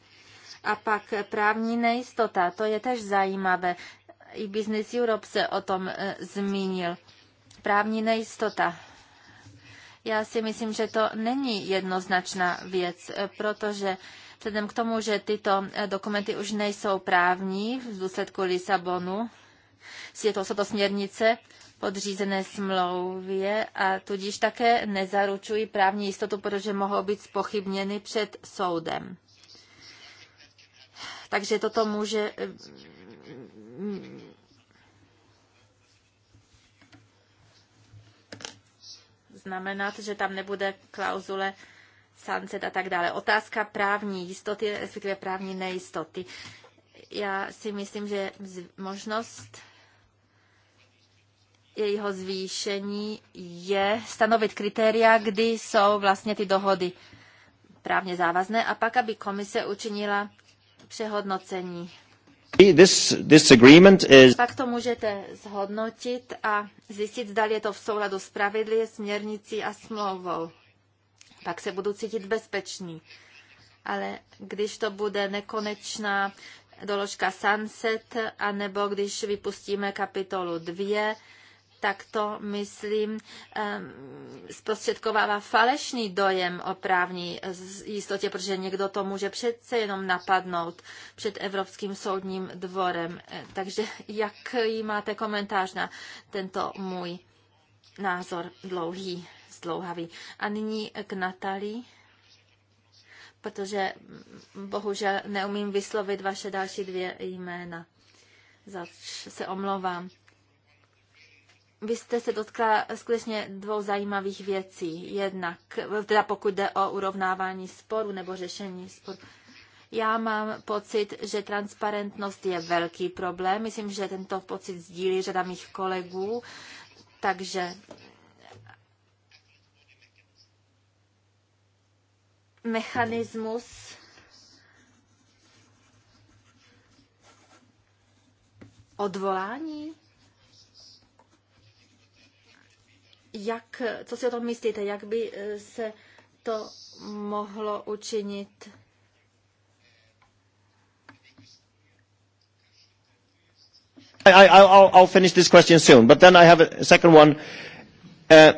A pak právní nejistota, to je tež zajímavé. I Business Europe se o tom e, zmínil. Právní nejistota. Já si myslím, že to není jednoznačná věc, e, protože vzhledem k tomu, že tyto e, dokumenty už nejsou právní v důsledku Lisabonu, je to, jsou to směrnice podřízené smlouvě a tudíž také nezaručují právní jistotu, protože mohou být spochybněny před soudem. Takže toto může eh, znamenat, že tam nebude klauzule sunset a tak dále. Otázka právní jistoty, respektive právní nejistoty. Já si myslím, že možnost jejího zvýšení je stanovit kritéria, kdy jsou vlastně ty dohody právně závazné a pak, aby komise učinila přehodnocení. This, this agreement is... Pak to můžete zhodnotit a zjistit, zda je to v souladu s pravidly, směrnicí a smlouvou. Pak se budu cítit bezpečný. Ale když to bude nekonečná doložka sunset, anebo když vypustíme kapitolu 2, tak to, myslím, zprostředkovává falešný dojem o právní jistotě, protože někdo to může přece jenom napadnout před Evropským soudním dvorem. Eh, takže jak jí máte komentář na tento můj názor dlouhý, zdlouhavý? A nyní k Natalii protože bohužel neumím vyslovit vaše další dvě jména. Zač se omlouvám. Vy jste se dotkla skutečně dvou zajímavých věcí. Jednak, teda pokud jde o urovnávání sporu nebo řešení sporu. Já mám pocit, že transparentnost je velký problém. Myslím, že tento pocit sdílí řada mých kolegů, takže mechanismus odvolání Jak, co si o tom myslíte? Jak by eh, se to mohlo učinit? I, I, I'll, I'll finish this question soon, but then I have a second one. Uh,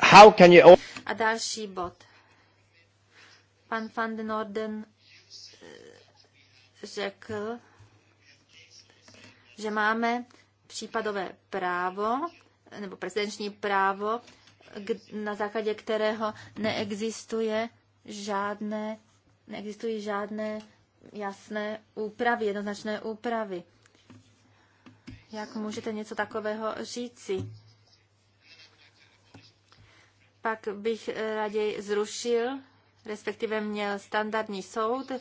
how can you... A další bod. Pan van den Orden eh, řekl, že máme případové právo nebo prezidenční právo, na základě kterého neexistuje žádné, neexistují žádné jasné úpravy, jednoznačné úpravy. Jak můžete něco takového říci? Pak bych raději zrušil, respektive měl standardní soud,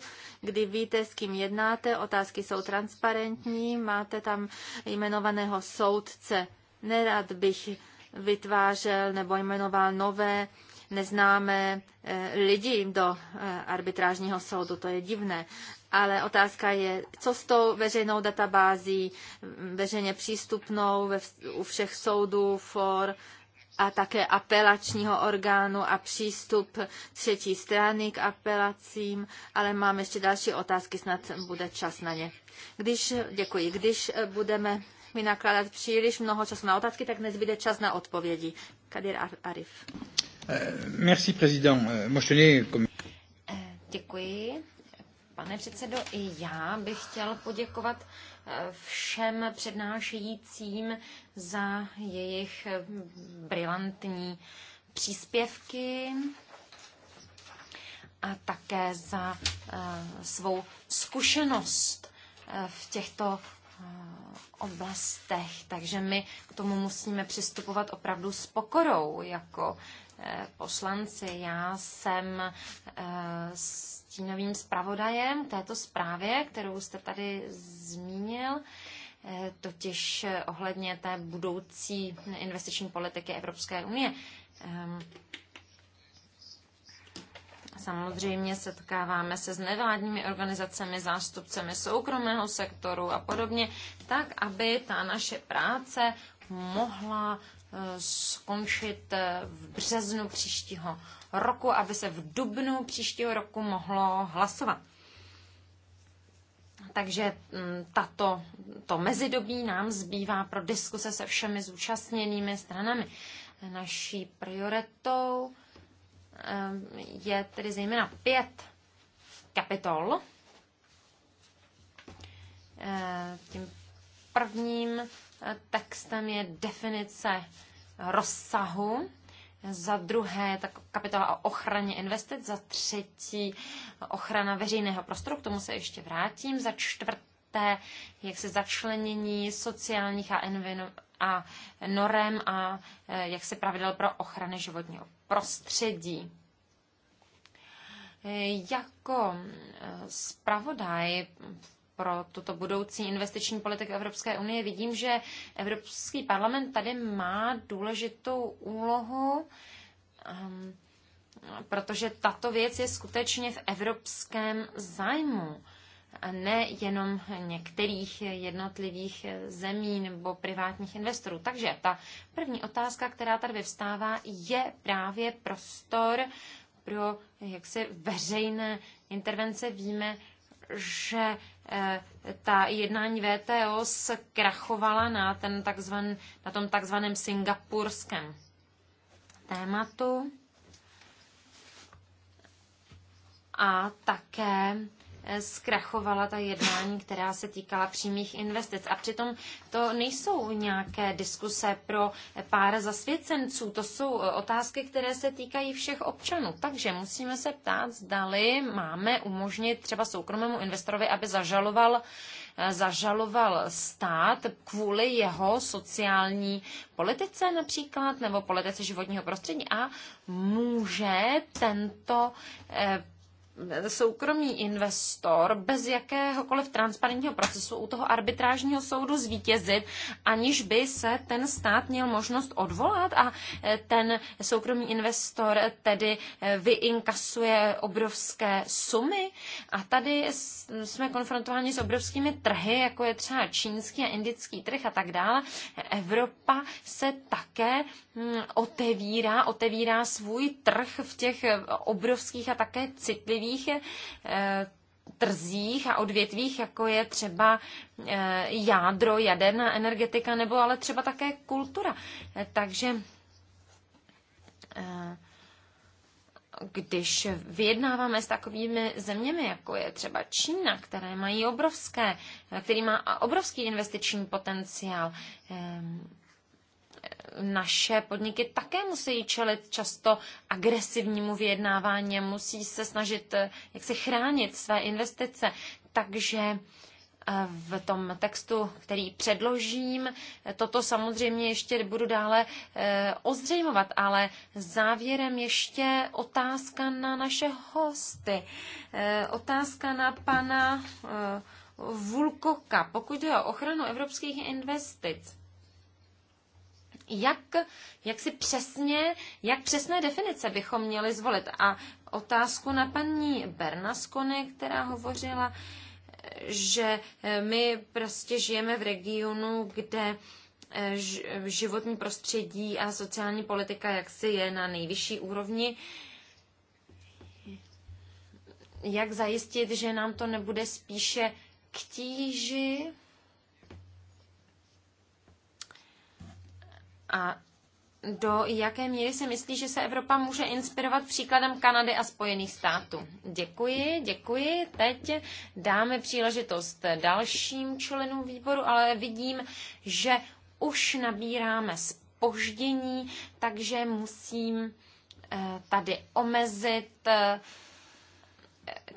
kdy víte, s kým jednáte, otázky jsou transparentní, máte tam jmenovaného soudce Nerad bych vytvářel nebo jmenoval nové neznámé eh, lidi do eh, arbitrážního soudu, to je divné. Ale otázka je, co s tou veřejnou databází, mm, veřejně přístupnou ve, u všech soudů, for a také apelačního orgánu a přístup třetí strany k apelacím, ale mám ještě další otázky, snad bude čas na ně. Když, děkuji, když budeme mi nakládat příliš mnoho času na otázky, tak nezbyde čas na odpovědi. Kadir Ar- Arif. Eh, merci, président. Eh, eh, děkuji. Pane předsedo, i já bych chtěl poděkovat všem přednášejícím za jejich brilantní příspěvky a také za svou zkušenost v těchto Eh, oblastech. Takže my k tomu musíme přistupovat opravdu s pokorou jako eh, poslanci. Já jsem eh, stínovým zpravodajem této zprávě, kterou jste tady zmínil totiž ohledně té budoucí investiční politiky Evropské unie. Ehm, Samozřejmě setkáváme se s nevládními organizacemi, zástupcemi soukromého sektoru a podobně, tak aby ta naše práce mohla eh, skončit eh, v březnu příštího roku, aby se v dubnu příštího roku mohlo hlasovat. Takže mm, tato, to mezidobí nám zbývá pro diskuse se všemi zúčastněnými stranami. Naší prioritou Ehm, je tedy zejména pět kapitol. Ehm, tím prvním eh, textem je definice rozsahu, za druhé tak kapitola o ochraně investic, za třetí ochrana veřejného prostoru, k tomu se ještě vrátím, za čtvrté jak jaksi začlenění sociálních a, envino, a norem a eh, jaksi pravidel pro ochranu životního prostředí. Eh, jako eh, zpravodaj pro tuto budoucí investiční politiku Evropské unie vidím, že Evropský parlament tady má důležitou úlohu, ehm, protože tato věc je skutečně v evropském zájmu a ne jenom některých jednotlivých zemí nebo privátních investorů. Takže ta první otázka, která tady vyvstává, je právě prostor pro jaksi veřejné intervence. Víme, že eh, ta jednání VTO zkrachovala na, ten takzvan, na tom takzvaném singapurském tématu. A také zkrachovala ta jednání, která se týkala přímých investic. A přitom to nejsou nějaké diskuse pro pár zasvěcenců, to jsou otázky, které se týkají všech občanů. Takže musíme se ptát, zdali máme umožnit třeba soukromému investorovi, aby zažaloval zažaloval stát kvůli jeho sociální politice například nebo politice životního prostředí a může tento eh, soukromý investor bez jakéhokoliv transparentního procesu u toho arbitrážního soudu zvítězit, aniž by se ten stát měl možnost odvolat a eh, ten soukromý investor tedy eh, vyinkasuje obrovské sumy. A tady jsme konfrontováni s obrovskými trhy, jako je třeba čínský a indický trh a tak dále. Evropa se také hm, otevírá, otevírá svůj trh v těch eh, obrovských a také citlivých jiných eh, trzích a odvětvích, jako je třeba eh, jádro, jaderná energetika nebo ale třeba také kultura. Eh, takže když vyjednáváme s takovými zeměmi, jako je třeba Čína, které mají obrovské, který má obrovský investiční potenciál, naše podniky také musí čelit často agresivnímu vyjednávání, musí se snažit eh, jak si chránit své investice. Takže eh, v tom textu, který předložím. Eh, toto samozřejmě ještě budu dále ozřejmovat, ale závěrem ještě otázka na naše hosty. Otázka na pana Vulkoka, pokud je o ochranu evropských investic jak, jak si přesně, jak přesné definice bychom měli zvolit. A otázku na paní Bernaskone, která hovořila, že eh, my prostě žijeme v regionu, kde eh, životní prostředí a sociální politika jaksi je na nejvyšší úrovni. Jak zajistit, že nám to nebude spíše k tíži? A do jaké míry si myslí, že se Evropa může inspirovat příkladem Kanady a Spojených států? Děkuji, děkuji. Teď dáme příležitost dalším členům výboru, ale vidím, že už nabíráme spoždění, takže musím eh, tady omezit eh,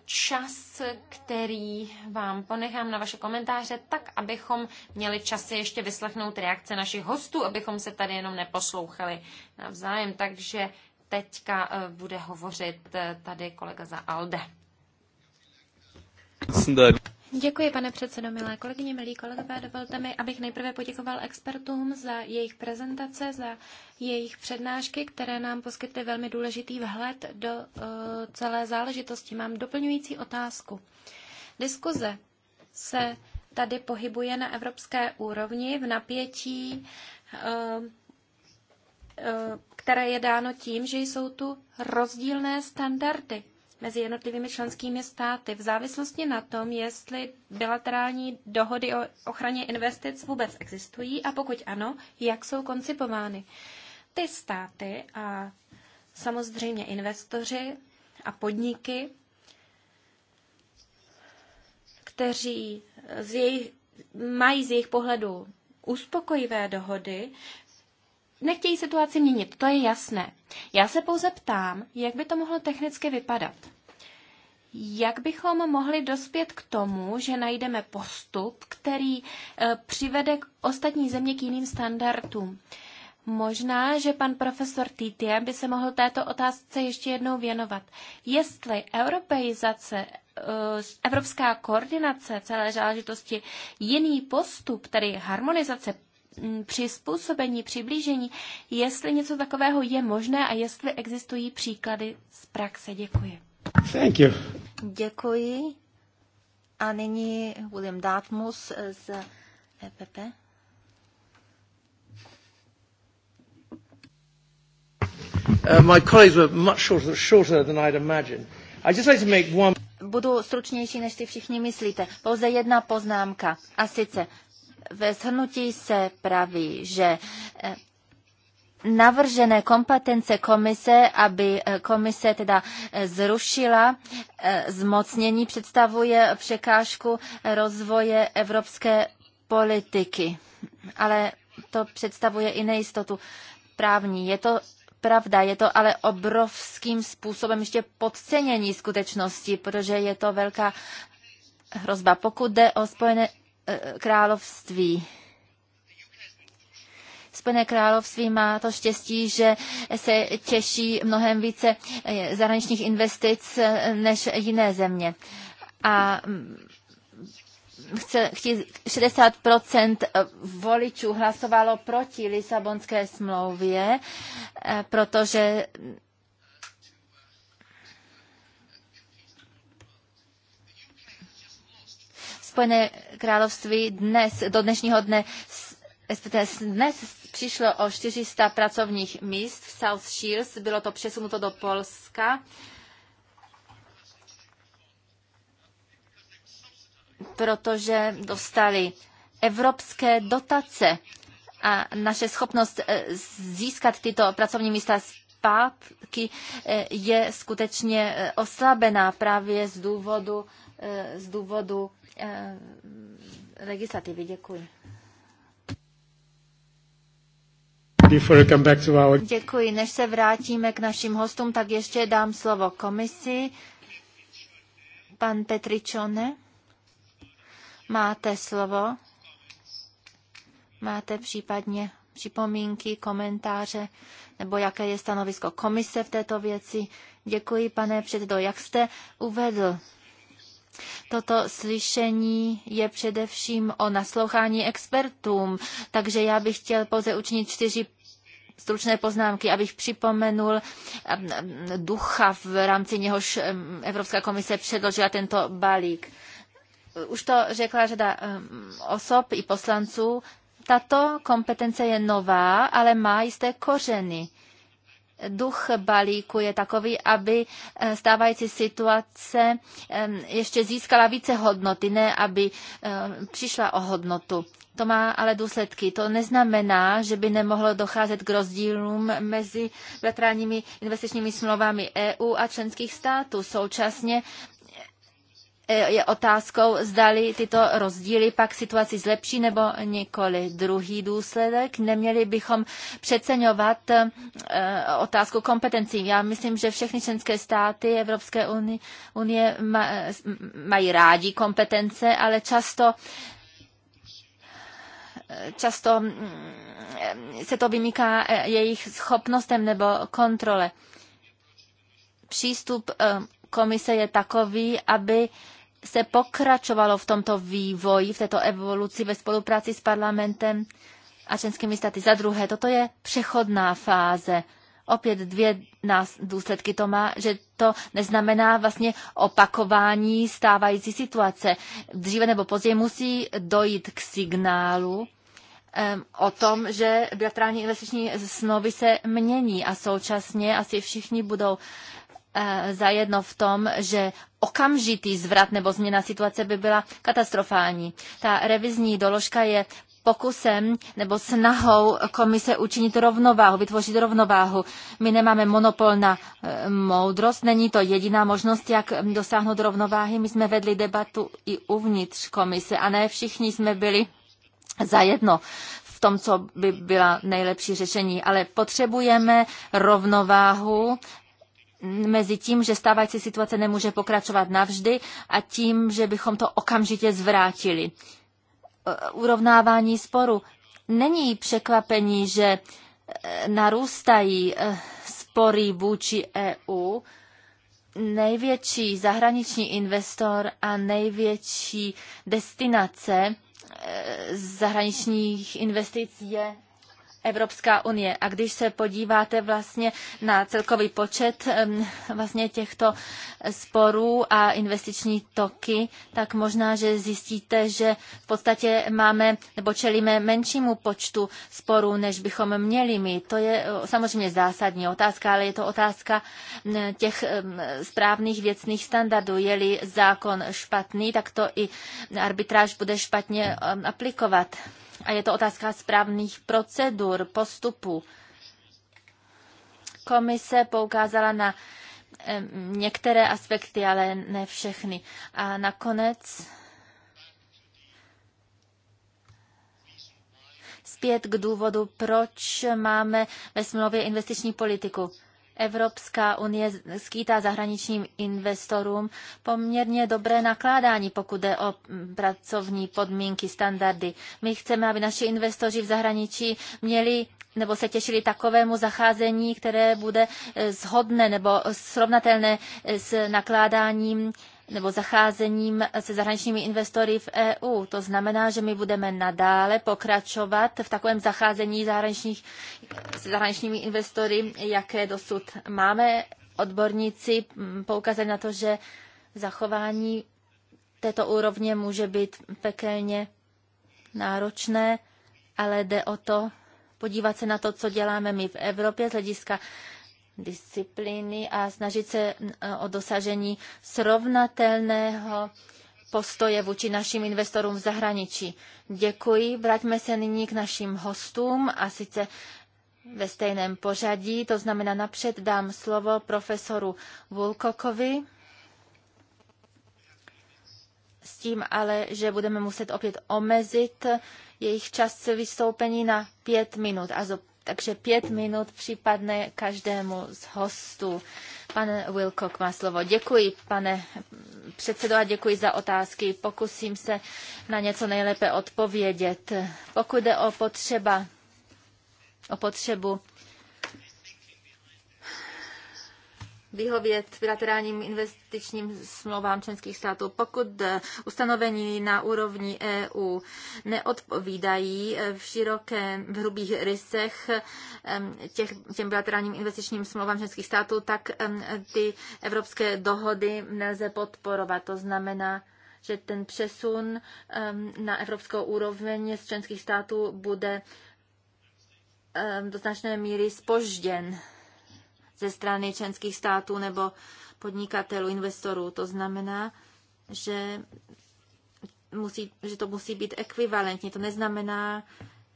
čas, který vám ponechám na vaše komentáře, tak abychom měli časy ještě vyslechnout reakce našich hostů, abychom se tady jenom neposlouchali navzájem. Takže teďka eh, bude hovořit eh, tady kolega za ALDE. Děkuji, pane předsedo, milé kolegyně, milí kolegové. Dovolte mi, abych nejprve poděkoval expertům za jejich prezentace, za jejich přednášky, které nám poskytly velmi důležitý vhled do uh, celé záležitosti. Mám doplňující otázku. Diskuze se tady pohybuje na evropské úrovni v napětí, uh, uh, které je dáno tím, že jsou tu rozdílné standardy mezi jednotlivými členskými státy v závislosti na tom, jestli bilaterální dohody o ochraně investic vůbec existují a pokud ano, jak jsou koncipovány. Ty státy a samozřejmě investoři a podniky, kteří z jejich, mají z jejich pohledu uspokojivé dohody, nechtějí situaci měnit, to je jasné. Já se pouze ptám, jak by to mohlo technicky vypadat. Jak bychom mohli dospět k tomu, že najdeme postup, který eh, přivede k ostatní země k jiným standardům? Možná, že pan profesor Titie by se mohl této otázce ještě jednou věnovat. Jestli europeizace, eh, evropská koordinace celé záležitosti, jiný postup, tedy harmonizace, Mm, přizpůsobení, přiblížení, jestli něco takového je možné a jestli existují příklady z praxe. Děkuji. Thank you. Děkuji. A nyní William Dartmus z EPP. Uh, my colleagues were much shorter, than I'd imagined. just like to make one... Budu stručnější, než si všichni myslíte. Pouze jedna poznámka. A sice ve shrnutí se praví, že eh, navržené kompetence komise, aby eh, komise teda eh, zrušila zmocnění, představuje překážku rozvoje evropské politiky. Ale to představuje i nejistotu právní. Je to pravda, je to ale obrovským způsobem ještě podcenění skutečnosti, protože je to velká hrozba. Pokud jde o Spojené Eh, království. Spojené království má to štěstí, že se těší mnohem více eh, zahraničních investic eh, než jiné země. A mm, chce, 60 voličů hlasovalo proti Lisabonské smlouvě, protože Spojené království dnes, do dnešního dne dnes přišlo o 400 pracovních míst v South Shields, bylo to přesunuto do Polska. protože dostali evropské dotace a naše schopnost eh, získat tyto pracovní místa zpátky eh, je skutečně eh, oslabená právě z důvodu z důvodu eh, legislativy. Děkuji. Děkuji. Než se vrátíme k našim hostům, tak ještě dám slovo komisi. Pan Petričone, máte slovo. Máte případně připomínky, komentáře nebo jaké je stanovisko komise v této věci. Děkuji, pane předsedo. Jak jste uvedl, Toto slyšení je především o naslouchání expertům, takže já bych chtěl pouze učinit čtyři stručné poznámky, abych připomenul ducha, v rámci něhož Evropská komise předložila tento balík. Už to řekla řada osob i poslanců. Tato kompetence je nová, ale má jisté kořeny duch balíku je takový, aby eh, stávající situace ještě získala více hodnoty, ne aby eh, přišla o hodnotu. To má ale důsledky. To neznamená, že by nemohlo docházet k rozdílům mezi bilaterálními investičními smlouvami EU a členských států. Současně Eh, je otázkou, zdali tyto rozdíly pak situaci zlepší nebo nikoli. Druhý důsledek, neměli bychom přeceňovat eh, otázku kompetencí. Já myslím, že všechny členské státy Evropské unie mají rádi kompetence, ale často eh, často mm, se to vymýká jejich schopnostem nebo kontrole. Přístup komise je takový, aby se pokračovalo v tomto vývoji, v této evoluci ve spolupráci s parlamentem a členskými státy. Za druhé, toto je přechodná fáze. Opět dvě nás důsledky to má, že to neznamená vlastně opakování stávající situace. Dříve nebo později musí dojít k signálu, o tom, že bilaterální investiční snovy se mění a současně asi všichni budou Eh, zajedno v tom, že okamžitý zvrat nebo změna situace by byla katastrofální. Ta revizní doložka je pokusem nebo snahou komise učinit rovnováhu, vytvořit rovnováhu. My nemáme monopol na eh, moudrost, není to jediná možnost, jak dosáhnout rovnováhy. My jsme vedli debatu i uvnitř komise a ne všichni jsme byli zajedno v tom, co by byla nejlepší řešení, ale potřebujeme rovnováhu mezi tím, že stávající situace nemůže pokračovat navždy a tím, že bychom to okamžitě zvrátili. E, urovnávání sporu. Není překvapení, že e, narůstají e, spory vůči EU. Největší zahraniční investor a největší destinace zahraničních investic je Evropská unie. A když se podíváte vlastně na celkový počet vlastně těchto sporů a investiční toky, tak možná, že zjistíte, že v podstatě máme nebo čelíme menšímu počtu sporů, než bychom měli mít. To je samozřejmě zásadní otázka, ale je to otázka těch správných věcných standardů. Je-li zákon špatný, tak to i arbitráž bude špatně aplikovat. A je to otázka správných procedur, postupů. Komise poukázala na některé aspekty, ale ne všechny. A nakonec zpět k důvodu, proč máme ve smlouvě investiční politiku. Evropská unie skýtá zahraničním investorům poměrně dobré nakládání, pokud jde o pracovní podmínky, standardy. My chceme, aby naši investoři v zahraničí měli nebo se těšili takovému zacházení, které bude eh, shodné nebo srovnatelné eh, s nakládáním nebo zacházením se zahraničními investory v EU. To znamená, že my budeme nadále pokračovat v takovém zacházení zahraničních, se zahraničními investory, jaké dosud máme. Odborníci mm, poukazují na to, že zachování této úrovně může být pekelně náročné, ale jde o to podívat se na to, co děláme my v Evropě z hlediska disciplíny a snažit se e, o dosažení srovnatelného postoje vůči našim investorům v zahraničí. Děkuji. Vraťme se nyní k našim hostům a sice ve stejném pořadí, to znamená napřed dám slovo profesoru Vulkokovi s tím ale, že budeme muset opět omezit jejich čas vystoupení na pět minut. A zop. Takže pět minut případně každému z hostů. Pane Wilcock má slovo. Děkuji, pane předsedo, a děkuji za otázky. Pokusím se na něco nejlépe odpovědět. Pokud jde o potřeba, o potřebu vyhovět bilaterálním investičním smlouvám členských států, pokud eh, ustanovení na úrovni EU neodpovídají eh, v širokém, v hrubých rysech ehm, těch, těm bilaterálním investičním smlouvám členských států, tak ehm, ty evropské dohody nelze podporovat. To znamená, že ten přesun ehm, na evropskou úroveň z členských států bude do značné míry spožděn ze strany členských států nebo podnikatelů, investorů. To znamená, že, musí, že to musí být ekvivalentní. To neznamená,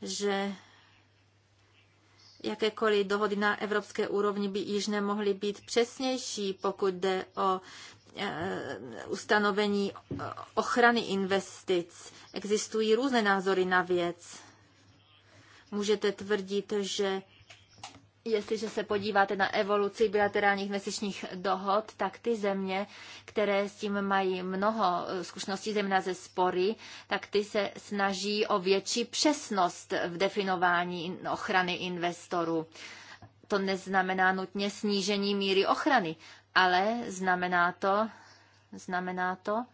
že jakékoliv dohody na evropské úrovni by již nemohly být přesnější, pokud jde o e, ustanovení ochrany investic. Existují různé názory na věc. Můžete tvrdit, že Jestliže se podíváte na evoluci bilaterálních investičních dohod, tak ty země, které s tím mají mnoho eh, zkušeností, zejména ze spory, tak ty se snaží o větší přesnost v definování ochrany investorů. To neznamená nutně snížení míry ochrany, ale znamená to, znamená to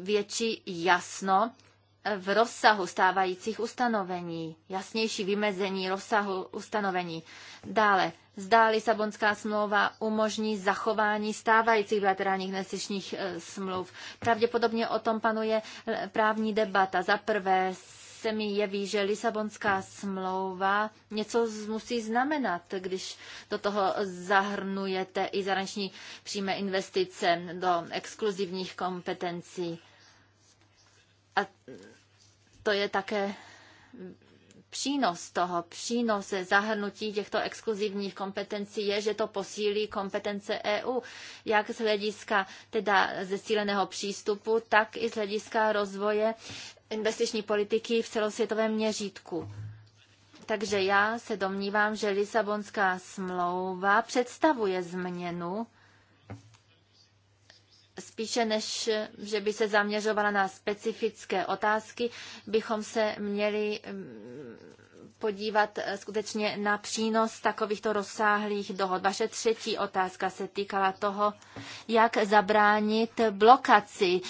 větší jasno v rozsahu stávajících ustanovení, jasnější vymezení rozsahu ustanovení. Dále, zdá Lisabonská smlouva umožní zachování stávajících bilaterálních investičních e, smluv. Pravděpodobně o tom panuje e, právní debata. Za prvé se mi jeví, že Lisabonská smlouva něco musí znamenat, když do toho zahrnujete i zahraniční přímé investice do exkluzivních kompetencí. A to je také přínos toho, přínos zahrnutí těchto exkluzivních kompetencí je, že to posílí kompetence EU, jak z hlediska teda zesíleného přístupu, tak i z hlediska rozvoje investiční politiky v celosvětovém měřítku. Takže já se domnívám, že Lisabonská smlouva představuje změnu spíše než, že by se zaměřovala na specifické otázky, bychom se měli mm, podívat eh, skutečně na přínos takovýchto rozsáhlých dohod. Vaše třetí otázka se týkala toho, jak zabránit blokaci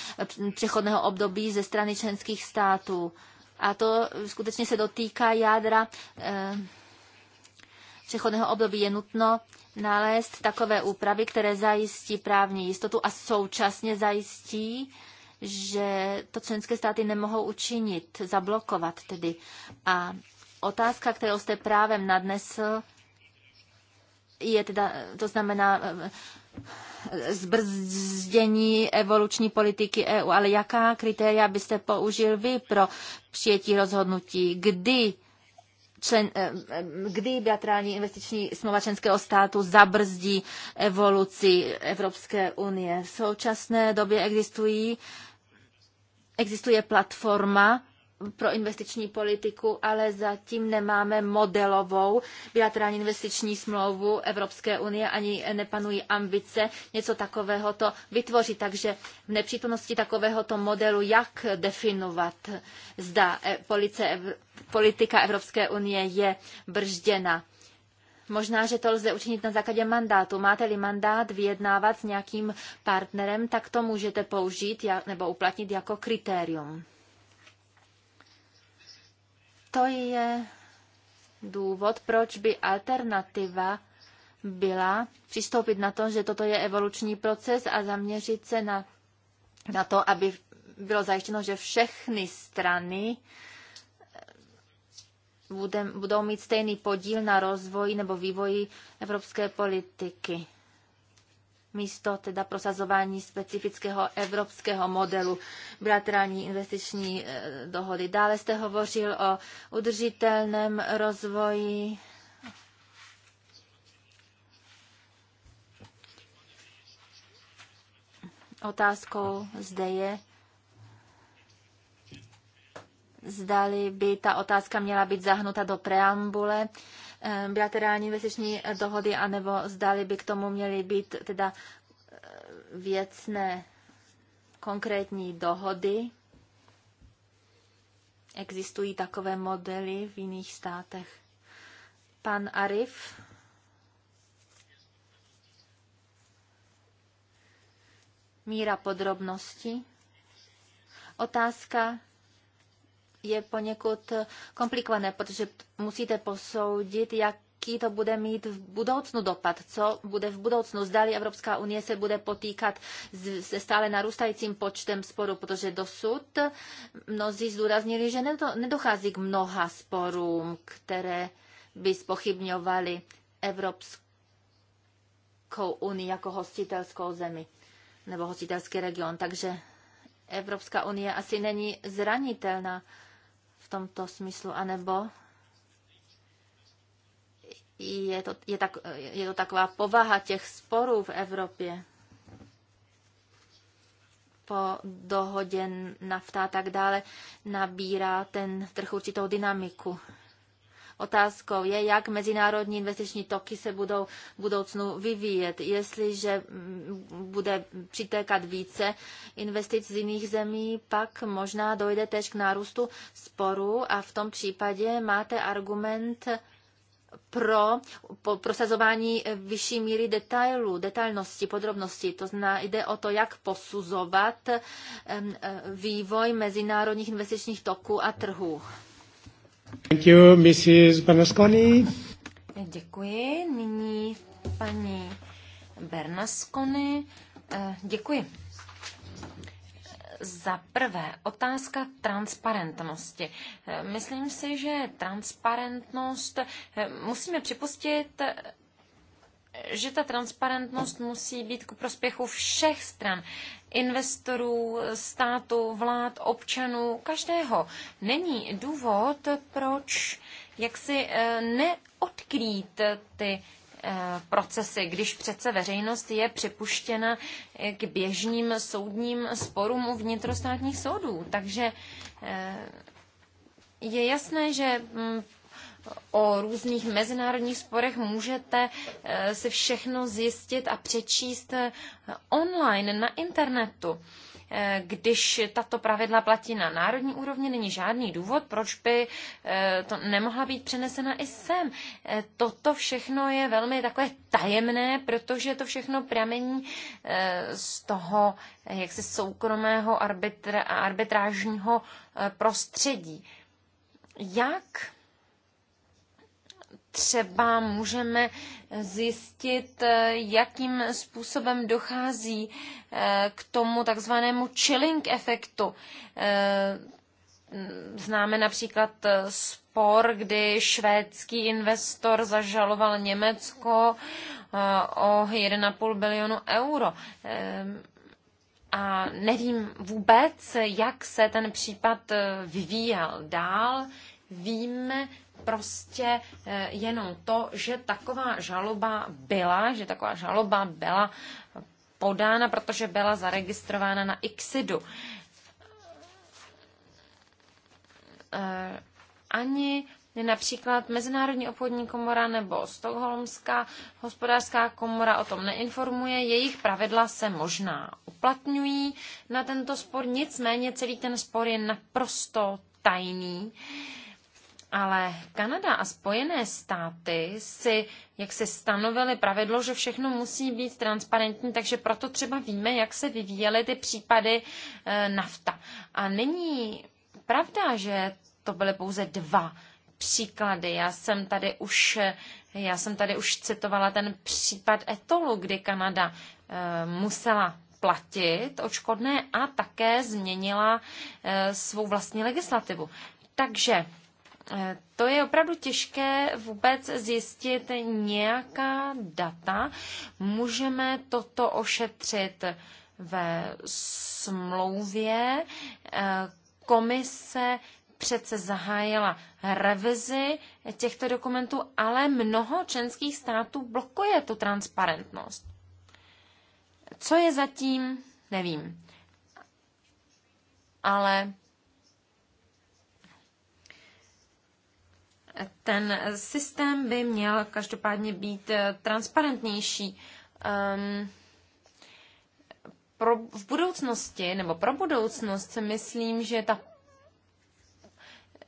přechodného období ze strany členských států. A to skutečně se dotýká jádra eh, přechodného období je nutno nalézt takové úpravy, které zajistí právní jistotu a současně zajistí, že to členské státy nemohou učinit, zablokovat tedy. A otázka, kterou jste právem nadnesl, je teda, to znamená eh, eh, zbrzdění evoluční politiky EU, ale jaká kritéria byste použil vy pro přijetí rozhodnutí, kdy člen, eh, kdy bilaterální investiční smlouva členského státu zabrzdí evoluci Evropské unie. V současné době existují, existuje platforma pro investiční politiku, ale zatím nemáme modelovou bilaterální investiční smlouvu Evropské unie, ani nepanují ambice něco takového to vytvořit. Takže v nepřítomnosti takovéhoto modelu, jak definovat, zda e, police, politika Evropské unie je bržděna. Možná, že to lze učinit na základě mandátu. Máte-li mandát vyjednávat s nějakým partnerem, tak to můžete použít nebo uplatnit jako kritérium. To je důvod, proč by alternativa byla přistoupit na to, že toto je evoluční proces a zaměřit se na, na to, aby bylo zajištěno, že všechny strany eh, budou mít stejný podíl na rozvoji nebo vývoji evropské politiky místo teda prosazování specifického evropského modelu bratrání investiční eh, dohody. Dále jste hovořil o udržitelném rozvoji Otázkou zde je, zdali by ta otázka měla být zahnuta do preambule Eh, bilaterální investiční dohody, anebo zdali by k tomu měly být teda eh, věcné konkrétní dohody. Existují takové modely v jiných státech. Pan Arif. Míra podrobnosti. Otázka je poněkud komplikované, protože musíte posoudit, jak jaký to bude mít v budoucnu dopad, co bude v budoucnu. Zdali Evropská unie se bude potýkat se stále narůstajícím počtem sporů, protože dosud mnozí zdůraznili, že nedochází k mnoha sporům, které by spochybňovaly Evropskou unii jako hostitelskou zemi nebo hostitelský region. Takže Evropská unie asi není zranitelná v tomto smyslu, anebo je to, je, tak, je to taková povaha těch sporů v Evropě po dohodě nafta a tak dále nabírá ten trh určitou dynamiku. Otázkou je, jak mezinárodní investiční toky se budou v budoucnu vyvíjet. Jestliže mm, bude přitékat více investic z jiných zemí, pak možná dojde tež k nárůstu sporu a v tom případě máte argument pro prosazování vyšší míry detailu, detailnosti, podrobnosti. To zná, jde o to, jak posuzovat e, vývoj mezinárodních investičních toků a trhů. Thank you, Mrs. Bernasconi. Děkuji. Nyní paní Bernasconi. Eh, děkuji. Za prvé, otázka transparentnosti. Eh, myslím si, že transparentnost eh, musíme připustit, že ta transparentnost musí být ku prospěchu všech stran. Investorů, státu, vlád, občanů, každého. Není důvod, proč jak si eh, neodkrýt eh, ty eh, procesy, když přece veřejnost je připuštěna k běžným soudním sporům u vnitrostátních soudů. Takže je jasné, že mm, o různých mezinárodních sporech můžete eh, si všechno zjistit a přečíst eh, online na internetu. Eh, když tato pravidla platí na národní úrovni, není žádný důvod, proč by to nemohla být přenesena i sem. Toto všechno je velmi takové tajemné, protože to všechno pramení z toho jaksi soukromého arbitr- arbitrážního prostředí. Jak třeba můžeme zjistit, eh, jakým způsobem dochází eh, k tomu takzvanému chilling efektu. Eh, známe například spor, kdy švédský investor zažaloval Německo o 1,5 bilionu euro. A nevím vůbec, jak se ten případ vyvíjel dál. Víme, prostě eh, jenom to, že taková žaloba byla, že taková žaloba byla podána, protože byla zaregistrována na Xidu. Eh, ani Například Mezinárodní obchodní komora nebo Stockholmská hospodářská komora o tom neinformuje, jejich pravidla se možná uplatňují na tento spor, nicméně celý ten spor je naprosto tajný. Uh, ale Kanada a Spojené státy si, jak se stanovili pravidlo, že všechno musí být transparentní, takže proto třeba víme, jak se vyvíjely ty případy e, nafta. A není pravda, že to byly pouze dva příklady. Já jsem tady už, já jsem tady už citovala ten případ Etolu, kdy Kanada e, musela platit očkodné a také změnila e, svou vlastní legislativu. Takže Eh, to je opravdu těžké vůbec zjistit nějaká data. Můžeme toto ošetřit ve smlouvě. Eh, komise přece zahájila revizi těchto dokumentů, ale mnoho členských států blokuje tu transparentnost. Co je zatím, nevím. Ale Ten systém by měl každopádně být eh, transparentnější. Um, pro, v budoucnosti, nebo pro budoucnost myslím, že ta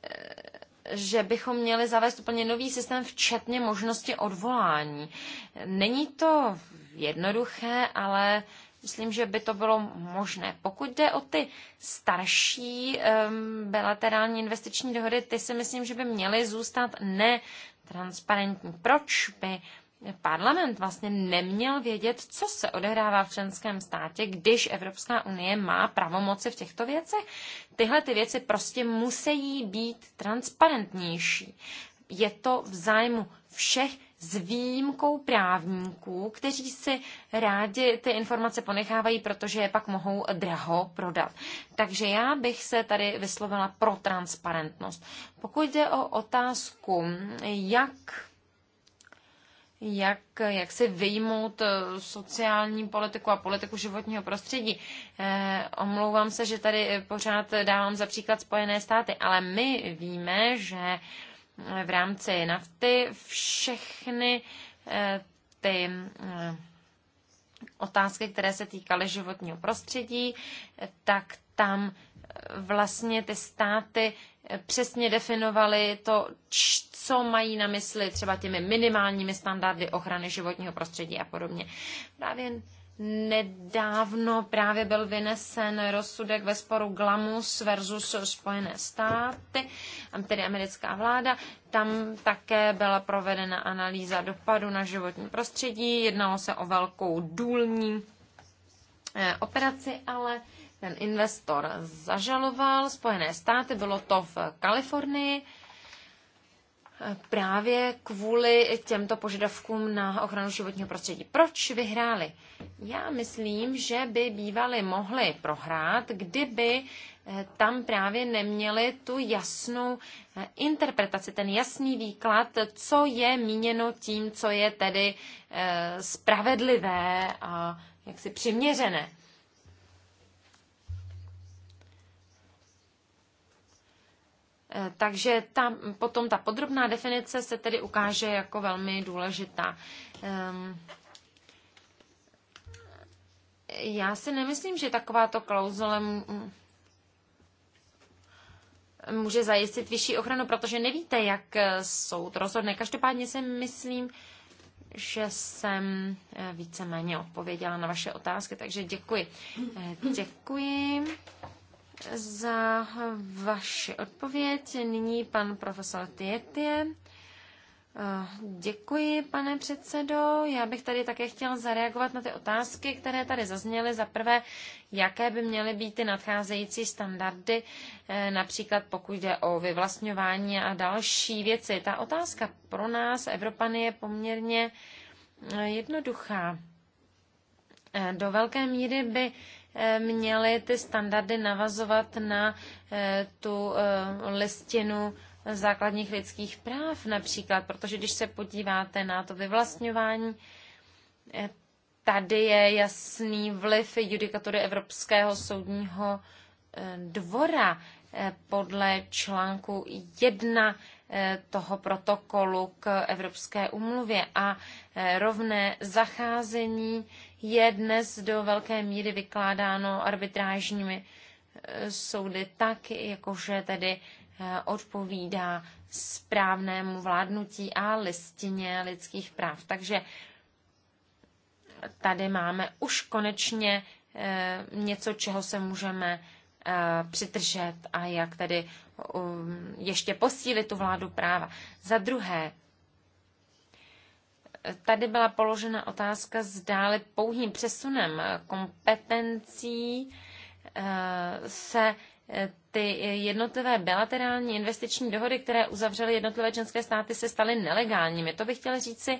eh, že bychom měli zavést úplně nový systém, včetně možnosti odvolání. Není to jednoduché, ale uh, Myslím, že by to bylo možné. Pokud jde o ty starší um, bilaterální investiční dohody, ty si myslím, že by měly zůstat netransparentní. Proč by parlament vlastně neměl vědět, co se odehrává v členském státě, když Evropská unie má pravomoci v těchto věcech. Tyhle ty věci prostě musí být transparentnější. Je to v zájmu všech s výjimkou právníků, kteří si rádi ty informace ponechávají, protože je pak mohou draho prodat. Takže já bych se tady vyslovila pro transparentnost. Pokud jde o otázku, jak jak, jak si vyjmout eh, sociální politiku a politiku životního prostředí. E, omlouvám se, že tady pořád dávám za příklad Spojené státy, ale my víme, že Eh, v rámci nafty všechny eh, ty eh, otázky, které se týkaly životního prostředí, tak tam vlastně ty státy přesně definovaly to, co mají na mysli třeba těmi minimálními standardy ochrany životního prostředí a podobně. Právě Nedávno právě byl vynesen rozsudek ve sporu Glamus versus Spojené státy, tedy americká vláda. Tam také byla provedena analýza dopadu na životní prostředí. Jednalo se o velkou důlní eh, operaci, ale ten investor zažaloval Spojené státy, bylo to v Kalifornii právě kvůli těmto požadavkům na ochranu životního prostředí. Proč vyhráli? Já myslím, že by bývali mohli prohrát, kdyby eh, tam právě neměli tu jasnou eh, interpretaci, ten jasný výklad, co je míněno tím, co je tedy eh, spravedlivé a jaksi přiměřené. Eh, takže ta, potom ta podrobná definice se tedy ukáže jako velmi důležitá. Ehm, já si nemyslím, že takováto klauzule může zajistit vyšší ochranu, protože nevíte, jak eh, soud rozhodne. Každopádně si myslím, že jsem eh, víceméně odpověděla na vaše otázky, takže děkuji. Děkuji za vaši odpověď. Nyní pan profesor Tietje eh, Děkuji, pane předsedo. Já bych tady také chtěl zareagovat na ty otázky, které tady zazněly. Za prvé, jaké by měly být ty nadcházející standardy, eh, například pokud jde o vyvlastňování a další věci. Ta otázka pro nás, Evropany, je poměrně eh, jednoduchá. Do velké míry by měly ty standardy navazovat na eh, tu eh, listinu základních lidských práv například, protože když se podíváte na to vyvlastňování, eh, tady je jasný vliv judikatury Evropského soudního dvora podle článku 1 toho protokolu k Evropské umluvě a rovné zacházení je dnes do velké míry vykládáno arbitrážními eh, soudy tak, jakože tedy eh, odpovídá správnému vládnutí a listině lidských práv. Takže tady máme už konečně eh, něco, čeho se můžeme přitržet a jak tedy um, ještě posílit tu vládu práva. Za druhé, Tady byla položena otázka, zdáli pouhým přesunem kompetencí eh, se eh, ty jednotlivé bilaterální investiční dohody, které uzavřely jednotlivé členské státy, se staly nelegálními. To bych chtěla říci,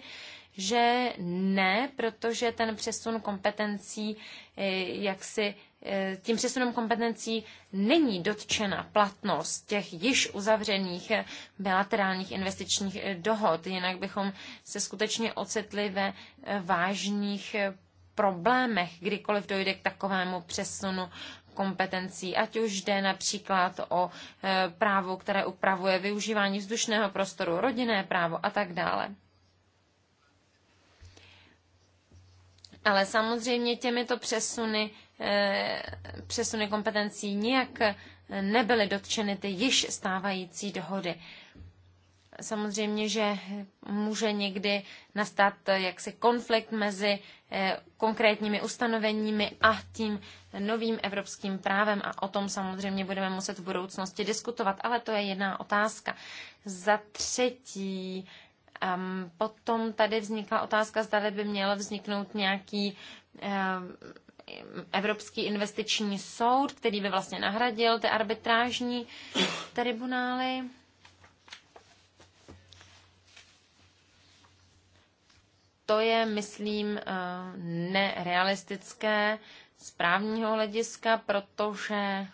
že ne, protože ten přesun kompetencí eh, jaksi Eh, tím přesunem kompetencí není dotčena platnost těch již uzavřených eh, bilaterálních investičních eh, dohod, jinak bychom se skutečně ocitli ve vážných problémech, kdykoliv dojde k takovému přesunu kompetencí, ať už jde například o právo, které upravuje využívání vzdušného prostoru, rodinné právo a tak dále. Ale samozřejmě těmito přesuny Eh, přesuny kompetencí nijak nebyly dotčeny ty již stávající dohody. Samozřejmě, že může někdy nastat jaksi konflikt mezi eh, konkrétními ustanoveními a tím novým evropským právem a o tom samozřejmě budeme muset v budoucnosti diskutovat, ale to je jedna otázka. Za třetí, ehm, potom tady vznikla otázka, zda by měl vzniknout nějaký ehm, Evropský investiční soud, který by vlastně nahradil ty arbitrážní tribunály. To je, myslím, eh, nerealistické z právního hlediska, protože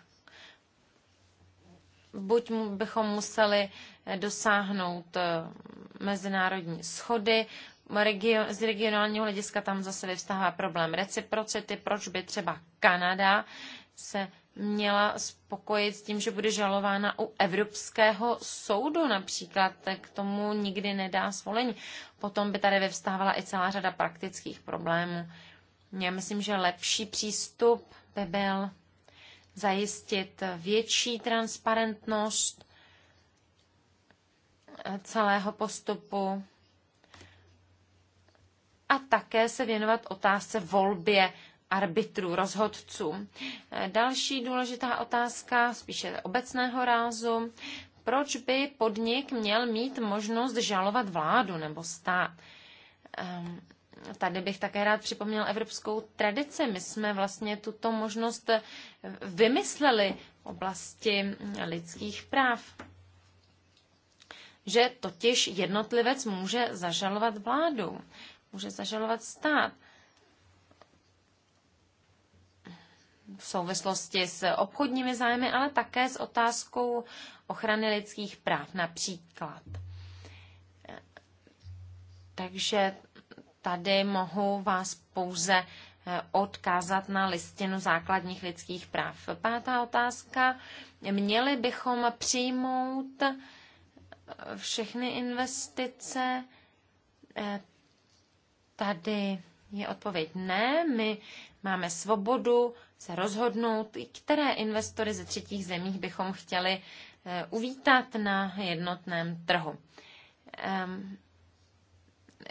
buď bychom museli dosáhnout eh, mezinárodní schody, z regionálního hlediska tam zase vyvstává problém reciprocity, proč by třeba Kanada se měla spokojit s tím, že bude žalována u Evropského soudu například, k tomu nikdy nedá svolení. Potom by tady vyvstávala i celá řada praktických problémů. Já myslím, že lepší přístup by byl zajistit větší transparentnost celého postupu a také se věnovat otázce volbě arbitrů, rozhodců. Další důležitá otázka, spíše obecného rázu, proč by podnik měl mít možnost žalovat vládu nebo stát? Ehm, tady bych také rád připomněl evropskou tradici. My jsme vlastně tuto možnost vymysleli v oblasti lidských práv. Že totiž jednotlivec může zažalovat vládu může zažalovat stát. v souvislosti s obchodními zájmy, ale také s otázkou ochrany lidských práv například. Takže tady mohu vás pouze eh, odkázat na listinu základních lidských práv. Pátá otázka. Měli bychom přijmout eh, všechny investice eh, Tady je odpověď ne, my máme svobodu se rozhodnout, které investory ze třetích zemích bychom chtěli eh, uvítat na jednotném trhu. Ehm,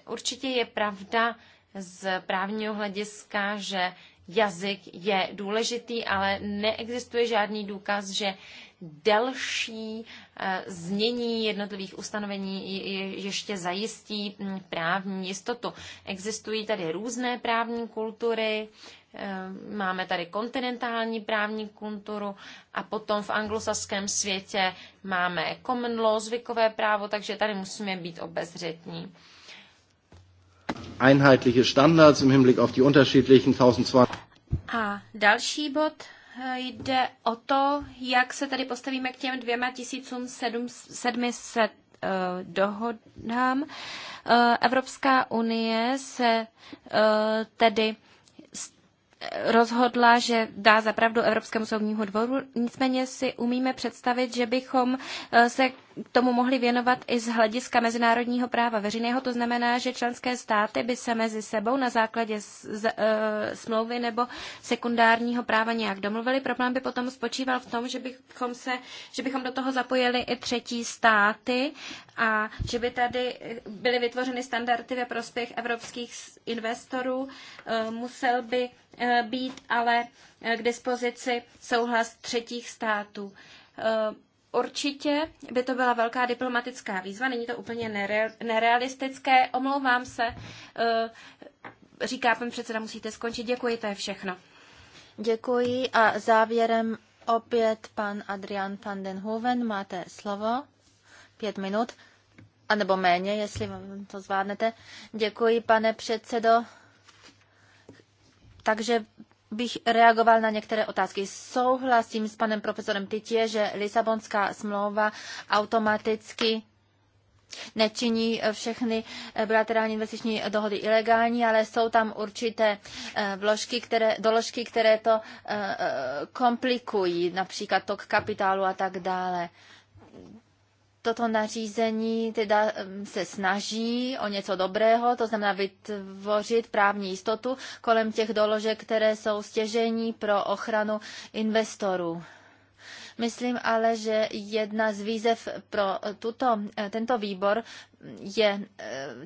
určitě je pravda z právního hlediska, že jazyk je důležitý, ale neexistuje žádný důkaz, že delší eh, znění jednotlivých ustanovení ještě zajistí hm, právní jistotu. Existují tady různé právní kultury, eh, máme tady kontinentální právní kulturu a potom v anglosaském světě máme common law, zvykové právo, takže tady musíme být obezřetní. Einheitliche Standards im Hinblick auf die unterschiedlichen 1200. A další bod jde o to, jak se tady postavíme k těm dvěma tisícům sedm, uh, dohodám. Eh, Evropská unie se eh, tedy rozhodla, že dá zapravdu Evropskému soudnímu dvoru. Nicméně si umíme představit, že bychom eh, se tomu mohli věnovat i z hlediska mezinárodního práva veřejného. To znamená, že členské státy by se mezi sebou na základě z, eh, smlouvy nebo sekundárního práva nějak domluvili. Problém by potom spočíval v tom, že bychom, se, že bychom do toho zapojili i třetí státy a že by tady byly vytvořeny standardy ve prospěch evropských investorů. Eh, musel by Eh, být ale eh, k dispozici souhlas třetích států. Eh, určitě by to byla velká diplomatická výzva, není to úplně nerealistické, omlouvám se, říká pan předseda, musíte skončit, děkuji, to je všechno. Děkuji a závěrem opět pan Adrian van den Hoven, máte slovo, pět minut, anebo méně, jestli to zvládnete. Děkuji, pane předsedo. Takže bych reagoval na některé otázky. Souhlasím s panem profesorem Titě, že Lisabonská smlouva automaticky nečiní všechny bilaterální investiční dohody ilegální, ale jsou tam určité eh, vložky, které, doložky, které to eh, eh, komplikují, například tok kapitálu a tak dále toto nařízení teda se snaží o něco dobrého, to znamená vytvořit právní jistotu kolem těch doložek, které jsou stěžení pro ochranu investorů. Myslím ale, že jedna z výzev pro e, tuto, e, tento výbor je e,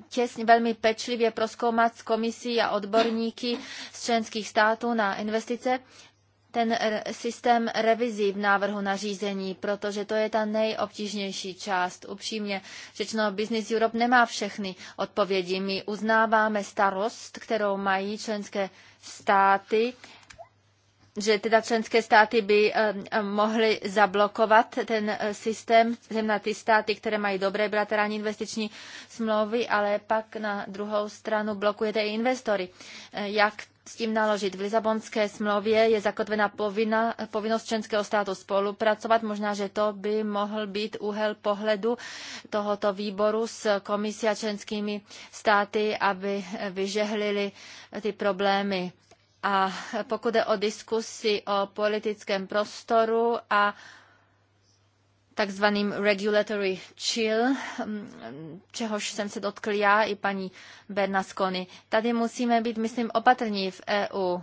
těsně velmi pečlivě proskoumat s komisí a odborníky z členských států na investice, ten systém revizí v návrhu nařízení, protože to je ta nejobtížnější část. Upřímně řečeno, Business Europe nemá všechny odpovědi. My uznáváme starost, kterou mají členské státy, že teda členské státy by eh, eh, mohly zablokovat ten eh, systém, zejména ty státy, které mají dobré bilaterální investiční smlouvy, ale pak na druhou stranu blokujete i investory. Jak s tím naložit. V Lisabonské smlouvě je zakotvena povinna, povinnost členského státu spolupracovat. Možná, že to by mohl být úhel pohledu tohoto výboru s komisí a členskými státy, aby vyžehlili ty problémy. A pokud je o diskusi o politickém prostoru a takzvaným regulatory chill, mm, čehož jsem se dotkl já i paní Bernasconi. Tady musíme být, myslím, opatrní v EU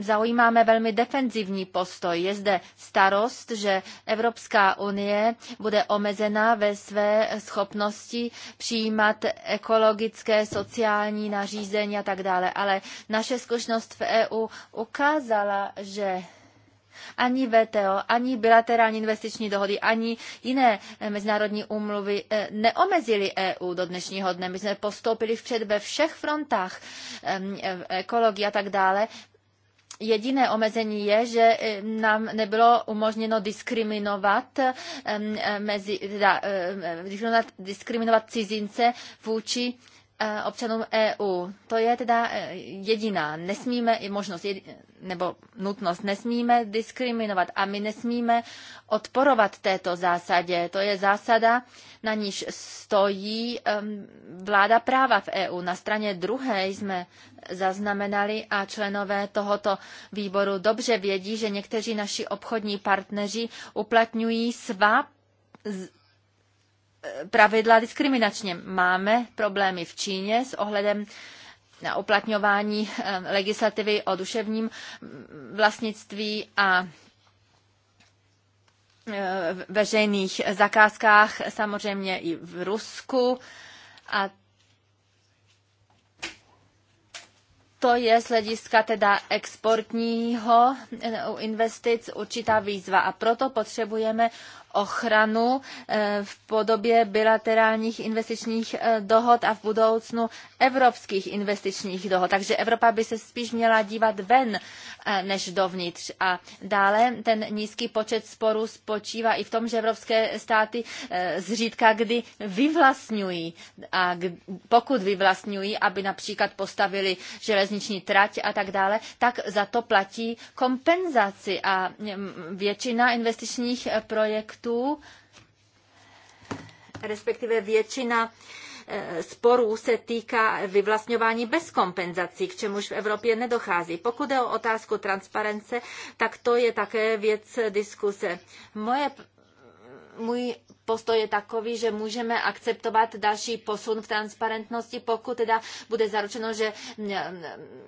zaujímáme velmi defenzivní postoj. Je zde starost, že Evropská unie bude omezena ve své schopnosti přijímat ekologické, sociální nařízení a tak dále. Ale naše zkušenost v EU ukázala, že ani VTO, ani bilaterální investiční dohody, ani jiné eh, mezinárodní úmluvy eh, neomezily EU do dnešního dne. My jsme postoupili vpřed ve všech frontách eh, ekologie a tak dále. Jediné omezení je, že nám nebylo umožněno diskriminovat, mezi, teda, diskriminovat cizince vůči Eh, občanům EU. To je teda eh, jediná. Nesmíme i možnost, nebo nutnost, nesmíme diskriminovat a my nesmíme odporovat této zásadě. To je zásada, na níž stojí vláda práva v EU. Na straně druhé jsme zaznamenali a členové tohoto výboru dobře vědí, že někteří naši obchodní partneři uplatňují svá pravidla diskriminačně. Máme problémy v Číně s ohledem na uplatňování eh, legislativy o duševním mm, vlastnictví a eh, veřejných zakázkách, samozřejmě i v Rusku. A to je z hlediska teda exportního eh, investic určitá výzva a proto potřebujeme ochranu eh, v podobě bilaterálních investičních eh, dohod a v budoucnu evropských investičních dohod. Takže Evropa by se spíš měla dívat ven eh, než dovnitř. A dále ten nízký počet sporů spočívá i v tom, že evropské státy zřídka kdy vyvlastňují. A pokud vyvlastňují, aby například postavili železniční trať a tak dále, tak za to platí kompenzaci. A mm, většina investičních projektů konfliktů, respektive většina eh, sporů se týká vyvlastňování bez kompenzací, k čemuž v Evropě nedochází. Pokud je o otázku transparence, tak to je také věc diskuse. Moje, můj postoj je takový, že můžeme akceptovat další posun v transparentnosti, pokud teda bude zaručeno, že,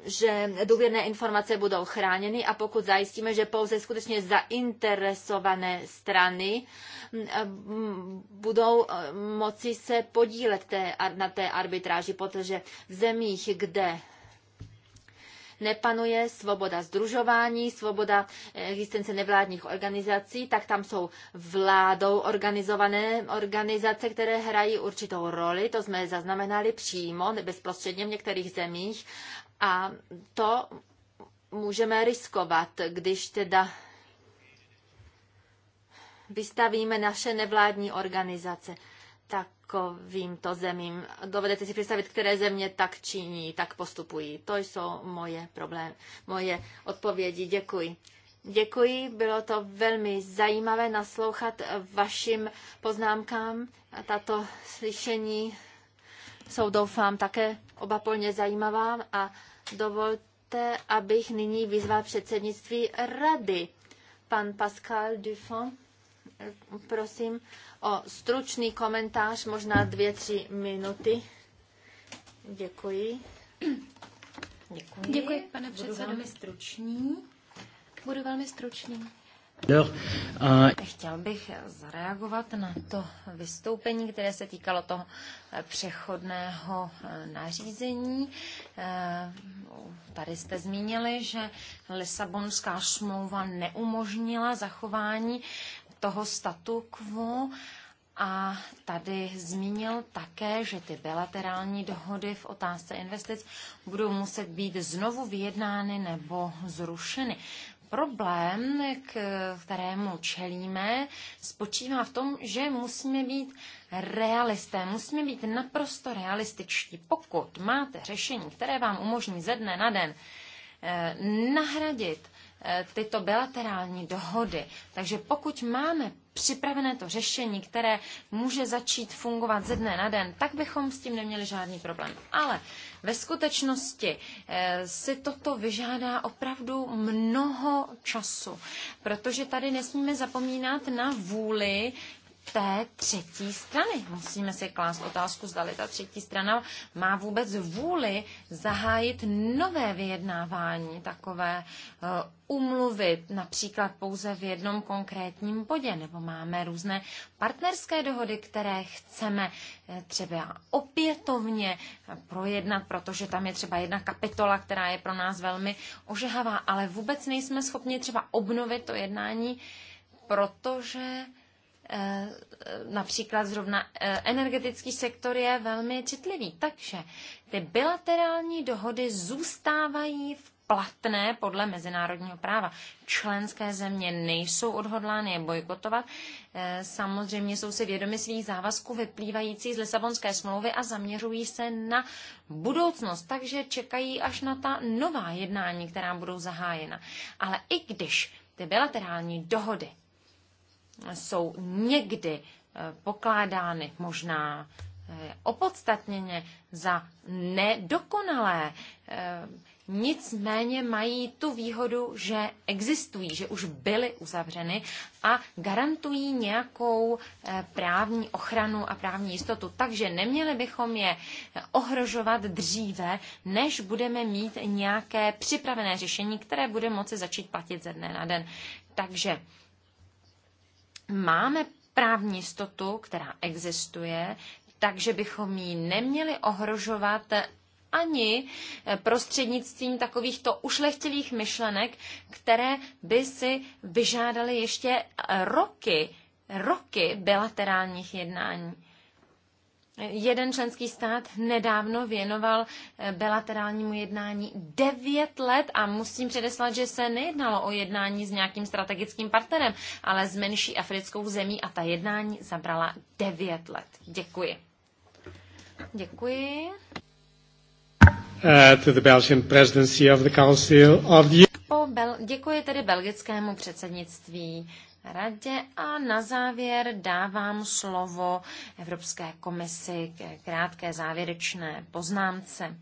že důvěrné informace budou chráněny a pokud zajistíme, že pouze skutečně zainteresované strany budou eh, moci se podílet té, na té arbitráži, protože v zemích, kde nepanuje svoboda združování, svoboda existence nevládních organizací, tak tam jsou vládou organizované organizace, které hrají určitou roli, to jsme zaznamenali přímo, bezprostředně v některých zemích a to můžeme riskovat, když teda vystavíme naše nevládní organizace takovýmto zemím. Dovedete si představit, které země tak činí, tak postupují. To jsou moje problémy, moje odpovědi. Děkuji. Děkuji, bylo to velmi zajímavé naslouchat vašim poznámkám. Tato slyšení jsou, doufám, také polně zajímavá a dovolte, abych nyní vyzval předsednictví rady. Pan Pascal Dufont prosím o stručný komentář, možná dvě, tři minuty. Děkuji. Děkuji. Děkuji, pane předsedo. Budu velmi stručný. Budu velmi stručný. Chtěl bych zareagovat na to vystoupení, které se týkalo toho eh, přechodného eh, nařízení. Eh, tady jste zmínili, že Lisabonská smlouva neumožnila zachování toho statu quo a tady zmínil také, že ty bilaterální dohody v otázce investic budou muset být znovu vyjednány nebo zrušeny. Problém, k kterému čelíme, spočívá v tom, že musíme být realisté, musíme být naprosto realističtí. Pokud máte řešení, které vám umožní ze dne na den eh, nahradit tyto bilaterální dohody. Takže pokud máme připravené to řešení, které může začít fungovat ze dne na den, tak bychom s tím neměli žádný problém. Ale ve skutečnosti eh, si toto vyžádá opravdu mnoho času, protože tady nesmíme zapomínat na vůli té třetí strany. Musíme si klást otázku, zdali ta třetí strana má vůbec vůli zahájit nové vyjednávání, takové eh, umluvy, například pouze v jednom konkrétním bodě, nebo máme různé partnerské dohody, které chceme eh, třeba opětovně projednat, protože tam je třeba jedna kapitola, která je pro nás velmi ožehavá, ale vůbec nejsme schopni třeba obnovit to jednání, protože Eh, eh, například zrovna eh, energetický sektor je velmi citlivý. Takže ty bilaterální dohody zůstávají v platné podle mezinárodního práva. Členské země nejsou odhodlány je bojkotovat. Samozřejmě jsou si vědomi svých závazků vyplývající z Lisabonské smlouvy a zaměřují se na budoucnost, takže čekají až na ta nová jednání, která budou zahájena. Ale i když ty bilaterální dohody jsou někdy eh, pokládány možná eh, opodstatněně za nedokonalé, eh, nicméně mají tu výhodu, že existují, že už byly uzavřeny a garantují nějakou právní ochranu a právní jistotu. Takže neměli bychom je ohrožovat dříve, než budeme mít nějaké připravené řešení, které bude moci začít platit ze dne na den. Takže máme právní jistotu, která existuje, takže bychom ji neměli ohrožovat ani prostřednictvím takovýchto ušlechtilých myšlenek, které by si vyžádaly ještě roky, roky bilaterálních jednání. Jeden členský stát nedávno věnoval eh, bilaterálnímu jednání devět let a musím předeslat, že se nejednalo o jednání s nějakým strategickým partnerem, ale s menší africkou zemí a ta jednání zabrala devět let. Děkuji. Děkuji. Uh, to the Belgian presidency of the Council of the... Bel- děkuji tedy belgickému předsednictví radě a na závěr dávám slovo Evropské komisi k krátké závěrečné poznámce.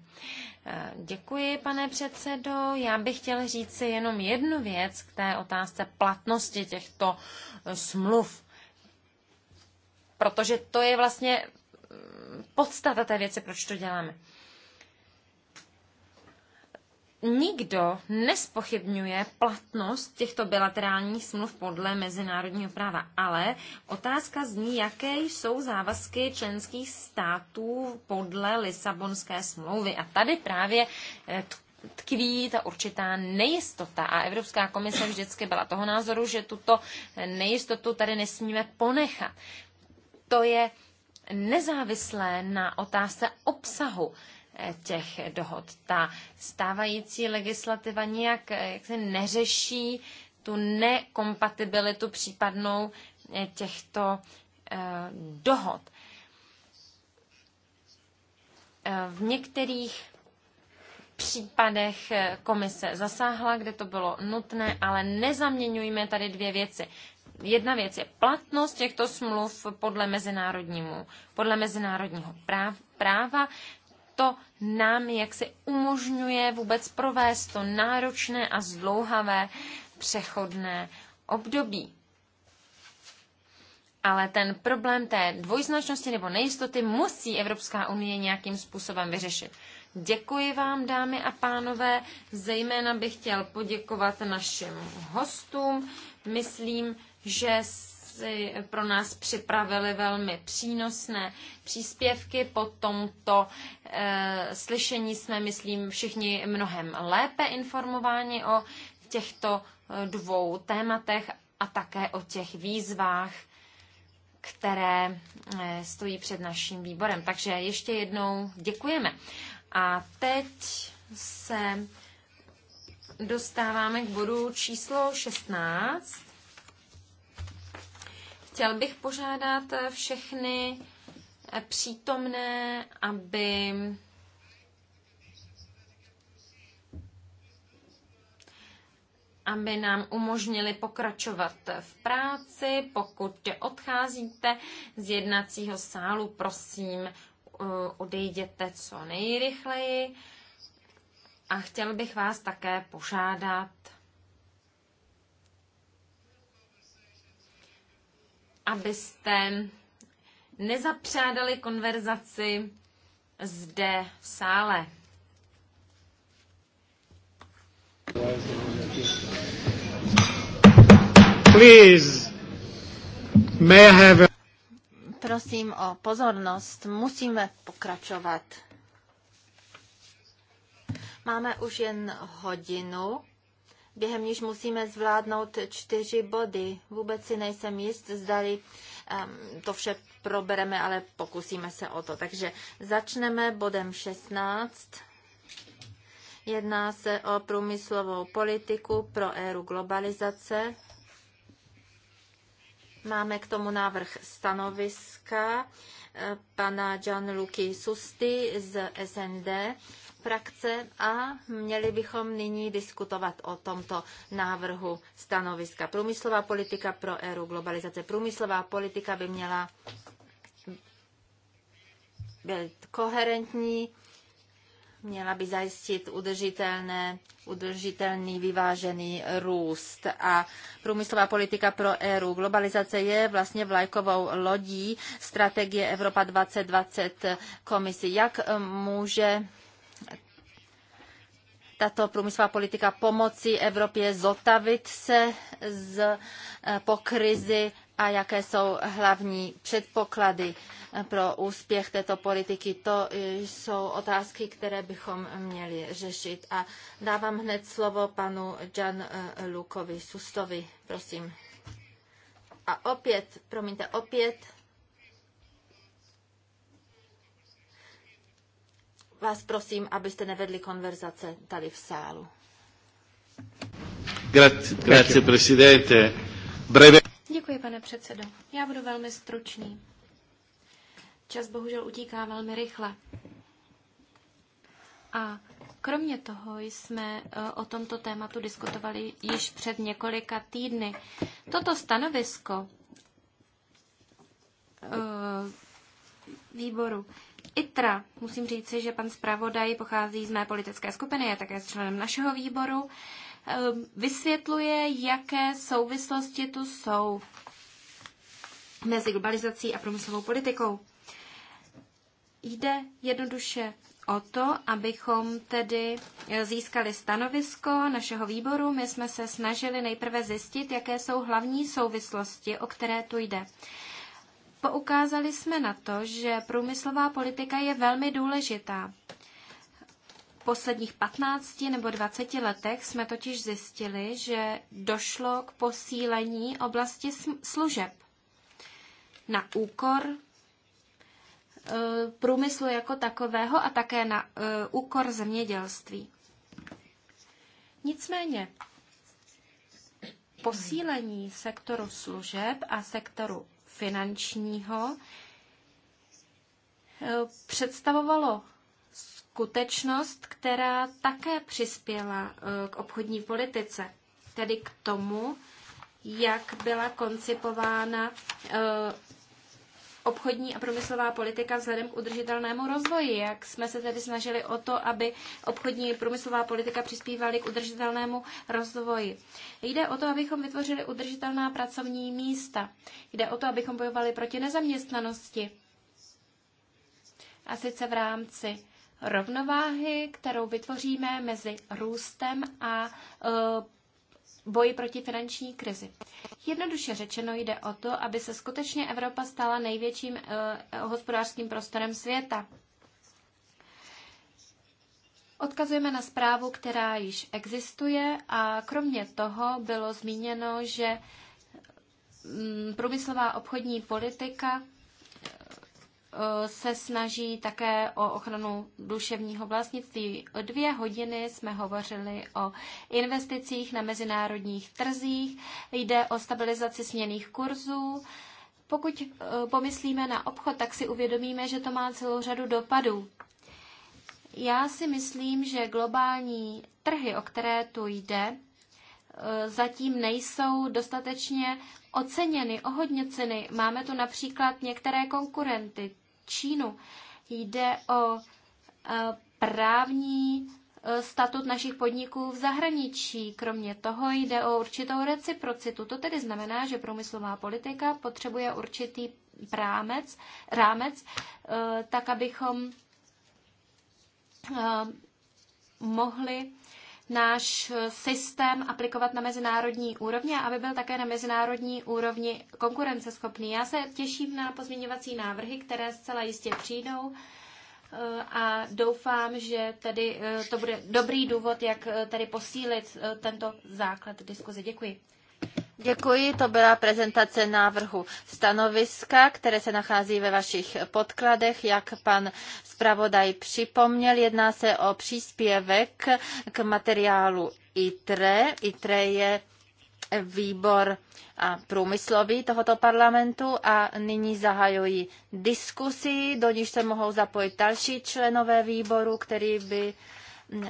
Eh, děkuji, pane předsedo. Já bych chtěl říci jenom jednu věc k té otázce platnosti těchto eh, smluv. Protože to je vlastně mm, podstata té věci, proč to děláme nikdo nespochybňuje platnost těchto bilaterálních smluv podle mezinárodního práva, ale otázka zní, jaké jsou závazky členských států podle Lisabonské smlouvy. A tady právě eh, tkví ta určitá nejistota. A Evropská komise vždycky byla toho názoru, že tuto eh, nejistotu tady nesmíme ponechat. To je nezávislé na otázce obsahu těch dohod. Ta stávající legislativa nijak eh, jak se neřeší tu nekompatibilitu případnou eh, těchto eh, dohod. V některých případech komise zasáhla, kde to bylo nutné, ale nezaměňujme tady dvě věci. Jedna věc je platnost těchto smluv podle, mezinárodnímu, podle mezinárodního práv, práva, to nám jak se umožňuje vůbec provést to náročné a zdlouhavé přechodné období. Ale ten problém té dvojznačnosti nebo nejistoty musí Evropská unie nějakým způsobem vyřešit. Děkuji vám, dámy a pánové. Zejména bych chtěl poděkovat našim hostům. Myslím, že si pro nás připravili velmi přínosné příspěvky. Po tomto e, slyšení jsme, myslím, všichni mnohem lépe informováni o těchto eh, dvou tématech a také o těch výzvách, které eh, stojí před naším výborem. Takže ještě jednou děkujeme. A teď se dostáváme k bodu číslo 16. Chtěl bych požádat všechny přítomné, aby aby nám umožnili pokračovat v práci. Pokud odcházíte z jednacího sálu, prosím, odejděte co nejrychleji. A chtěl bych vás také požádat, abyste nezapřádali konverzaci zde v sále. Please, may I have a... Prosím o pozornost, musíme pokračovat. Máme už jen hodinu během níž musíme zvládnout čtyři body. Vůbec si nejsem jist, zdali um, to vše probereme, ale pokusíme se o to. Takže začneme bodem 16. Jedná se o průmyslovou politiku pro éru globalizace. Máme k tomu návrh stanoviska eh, pana Gianluca Susti z SND frakce a měli bychom nyní diskutovat o tomto návrhu stanoviska. Průmyslová politika pro éru globalizace. Průmyslová politika by měla být koherentní, měla by zajistit udržitelné, udržitelný vyvážený růst. A průmyslová politika pro éru globalizace je vlastně vlajkovou lodí strategie Evropa 2020 komisi. Jak může tato průmyslová politika pomoci Evropě zotavit se z, eh, po krizi a jaké jsou hlavní předpoklady eh, pro úspěch této politiky. To eh, jsou otázky, které bychom měli řešit. A dávám hned slovo panu Jan Lukovi Sustovi, prosím. A opět, promiňte, opět vás prosím, abyste nevedli konverzace tady v sálu. Děkuji, pane předsedo. Já budu velmi stručný. Čas bohužel utíká velmi rychle. A kromě toho jsme eh, o tomto tématu diskutovali již před několika týdny. Toto stanovisko eh, výboru ITRA. Musím říci, že pan zpravodaj pochází z mé politické skupiny, je také členem našeho výboru. Ehm, vysvětluje, jaké souvislosti tu jsou mezi globalizací a průmyslovou politikou. Jde jednoduše o to, abychom tedy získali stanovisko našeho výboru. My jsme se snažili nejprve zjistit, jaké jsou hlavní souvislosti, o které tu jde. Poukázali jsme na to, že průmyslová politika je velmi důležitá. V posledních 15 nebo 20 letech jsme totiž zjistili, že došlo k posílení oblasti služeb na úkor e, průmyslu jako takového a také na e, úkor zemědělství. Nicméně posílení sektoru služeb a sektoru finančního představovalo skutečnost, která také přispěla eh, k obchodní politice, tedy k tomu, jak byla koncipována eh, obchodní a průmyslová politika vzhledem k udržitelnému rozvoji. Jak jsme se tedy snažili o to, aby obchodní a průmyslová politika přispívaly k udržitelnému rozvoji. Jde o to, abychom vytvořili udržitelná pracovní místa. Jde o to, abychom bojovali proti nezaměstnanosti. A sice v rámci rovnováhy, kterou vytvoříme mezi růstem a e, boji proti finanční krizi. Jednoduše řečeno jde o to, aby se skutečně Evropa stala největším eh, hospodářským prostorem světa. Odkazujeme na zprávu, která již existuje a kromě toho bylo zmíněno, že mm, průmyslová obchodní politika Eh, se snaží také o ochranu duševního vlastnictví. O dvě hodiny jsme hovořili o investicích na mezinárodních trzích, jde o stabilizaci směných kurzů. Pokud eh, pomyslíme na obchod, tak si uvědomíme, že to má celou řadu dopadů. Já si myslím, že globální trhy, o které tu jde, eh, zatím nejsou dostatečně oceněny, ohodnoceny. Máme tu například některé konkurenty, Čínu. Jde o e, právní e, statut našich podniků v zahraničí. Kromě toho jde o určitou reciprocitu. To tedy znamená, že průmyslová politika potřebuje určitý prámec, rámec e, tak abychom mohli náš eh, systém aplikovat na mezinárodní úrovni a aby byl také na mezinárodní úrovni konkurenceschopný. Já se těším na pozměňovací návrhy, které zcela jistě přijdou eh, a doufám, že tedy eh, to bude dobrý důvod, jak tady posílit tento základ diskuze. Děkuji. Děkuji, to byla prezentace návrhu stanoviska, které se nachází ve vašich podkladech. Jak pan zpravodaj připomněl, jedná se o příspěvek k materiálu ITRE. ITRE je výbor průmyslový tohoto parlamentu a nyní zahajuji diskusi, do níž se mohou zapojit další členové výboru, který by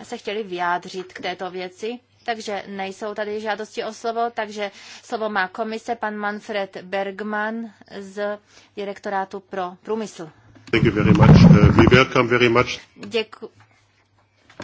se chtěli vyjádřit k této věci. Takže nejsou tady žádosti o slovo, takže slovo má komise pan Manfred Bergman z direktorátu pro průmysl. Thank you very much. Uh, we welcome very much. Děkuji.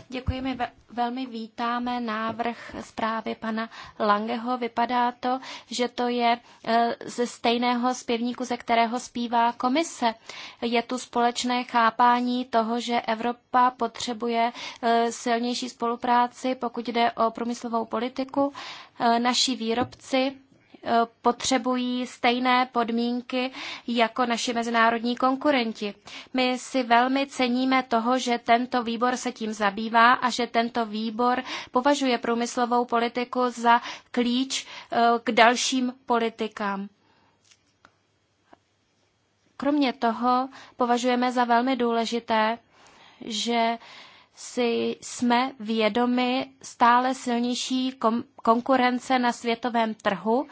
Děkuji, my velmi vítáme návrh zprávy pana Langeho. Vypadá to, že to je e, ze stejného zpěvníku, ze kterého zpívá komise. Je tu společné chápání toho, že Evropa potřebuje e, silnější spolupráci, pokud jde o průmyslovou politiku. E, naši výrobci Eh, potřebují stejné podmínky jako naši mezinárodní konkurenti. My si velmi ceníme toho, že tento výbor se tím zabývá a že tento výbor považuje průmyslovou politiku za klíč eh, k dalším politikám. Kromě toho považujeme za velmi důležité, že si jsme vědomi stále silnější konkurence na světovém trhu.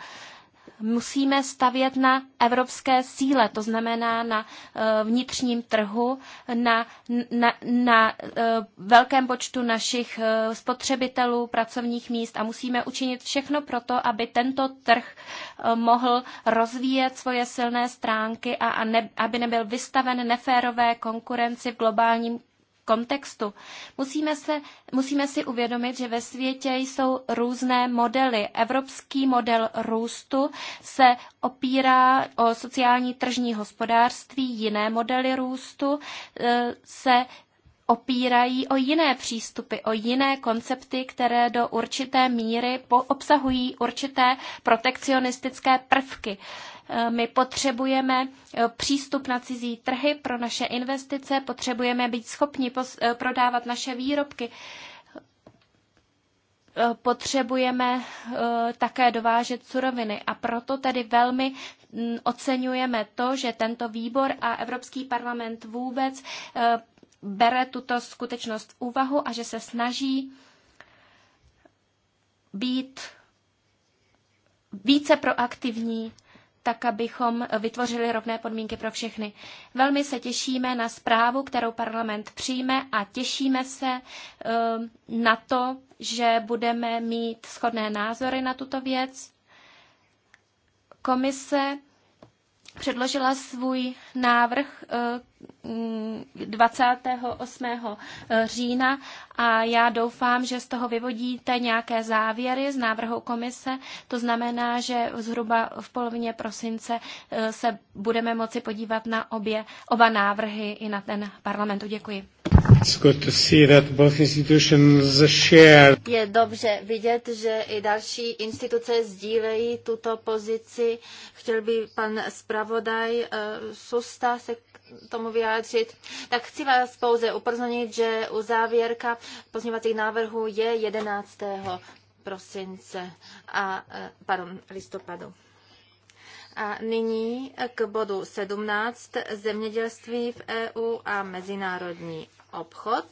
Musíme stavět na evropské síle, to znamená na eh, vnitřním trhu, na, na, na eh, velkém počtu našich eh, spotřebitelů, pracovních míst a musíme učinit všechno pro to, aby tento trh mohl rozvíjet svoje silné stránky a, a ne, aby nebyl vystaven neférové konkurenci v globálním kontextu. Musíme, se, musíme si uvědomit, že ve světě jsou různé modely. Evropský model růstu se opírá o sociální tržní hospodářství, jiné modely růstu e, se opírají o jiné přístupy, o jiné koncepty, které do určité míry obsahují určité protekcionistické prvky. My potřebujeme eh, přístup na cizí trhy pro naše investice, potřebujeme být schopni eh, prodávat naše výrobky. Eh, potřebujeme také dovážet suroviny a proto tedy velmi mm, oceňujeme to, že tento výbor a Evropský parlament vůbec bere tuto skutečnost v úvahu a že se snaží být více proaktivní tak abychom vytvořili rovné podmínky pro všechny. Velmi se těšíme na zprávu, kterou parlament přijme a těšíme se eh, na to, že budeme mít shodné názory na tuto věc. Komise předložila svůj návrh 28. Eh, eh, října a já doufám, že z toho vyvodíte nějaké závěry z návrhu komise. To znamená, že zhruba v polovině prosince eh, se budeme moci podívat na obě, oba návrhy i na ten parlamentu. Děkuji. Je dobře vidět, že i další instituce sdílejí tuto pozici. Chtěl by pan zpravodaj uh, eh, Susta se k tomu vyjádřit. Tak chci vás pouze upozornit, že u závěrka pozměňovacích návrhů je 11. prosince a eh, pardon, listopadu. A nyní eh, k bodu 17 zemědělství v EU a mezinárodní obchod.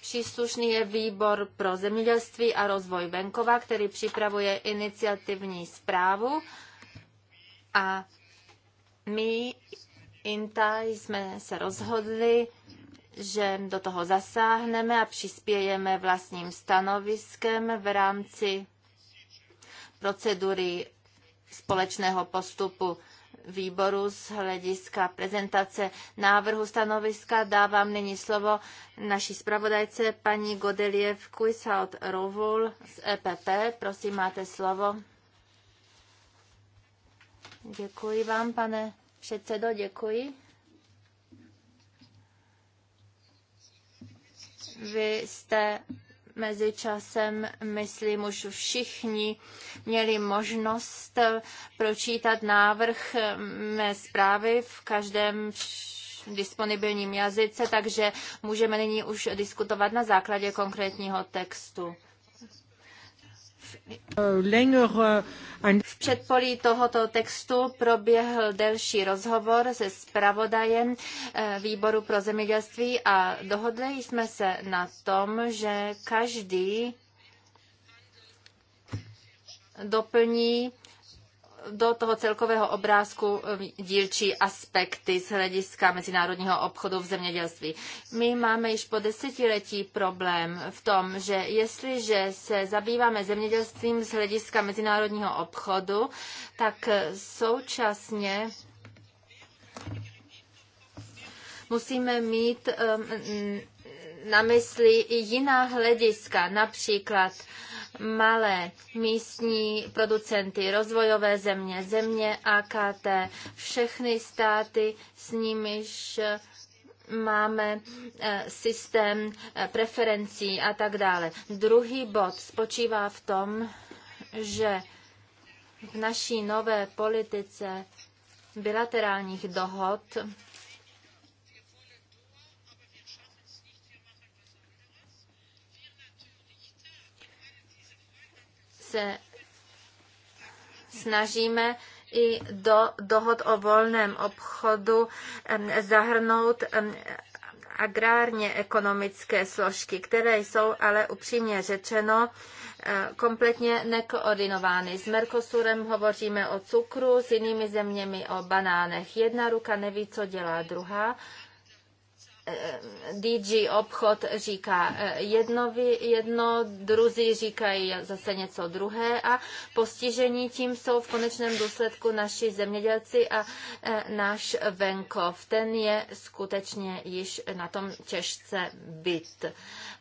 Příslušný je výbor pro zemědělství a rozvoj venkova, který připravuje iniciativní zprávu a my INTA jsme se rozhodli, že do toho zasáhneme a přispějeme vlastním stanoviskem v rámci procedury společného postupu výboru z hlediska prezentace návrhu stanoviska. Dávám nyní slovo naší zpravodajce paní Godeliev Kuisalt Rovul z EPP. Prosím, máte slovo. Děkuji vám, pane předsedo, děkuji. Vy jste mezi časem, myslím, už všichni měli možnost pročítat návrh mé zprávy v každém disponibilním jazyce, takže můžeme nyní už diskutovat na základě konkrétního textu. Uh, v předpolí tohoto textu proběhl delší rozhovor se zpravodajem eh, výboru pro zemědělství a dohodli jsme se na tom, že každý doplní do toho celkového obrázku um, dílčí aspekty z hlediska mezinárodního obchodu v zemědělství. My máme již po desetiletí problém v tom, že jestliže se zabýváme zemědělstvím z hlediska mezinárodního obchodu, tak eh, současně musíme mít um, na mysli i jiná hlediska, například malé místní producenty, rozvojové země, země AKT, všechny státy, s nimiž máme eh, systém eh, preferencí a tak dále. Druhý bod spočívá v tom, že v naší nové politice bilaterálních dohod se snažíme i do dohod o volném obchodu zahrnout agrárně ekonomické složky, které jsou ale upřímně řečeno eh, kompletně nekoordinovány. S Mercosurem hovoříme o cukru, s jinými zeměmi o banánech. Jedna ruka neví, co dělá druhá Eh, DG obchod říká eh, jedno, jedno, druzí říkají zase něco druhé a postižení tím jsou v konečném důsledku naši zemědělci a eh, náš venkov. Ten je skutečně již na tom těžce byt.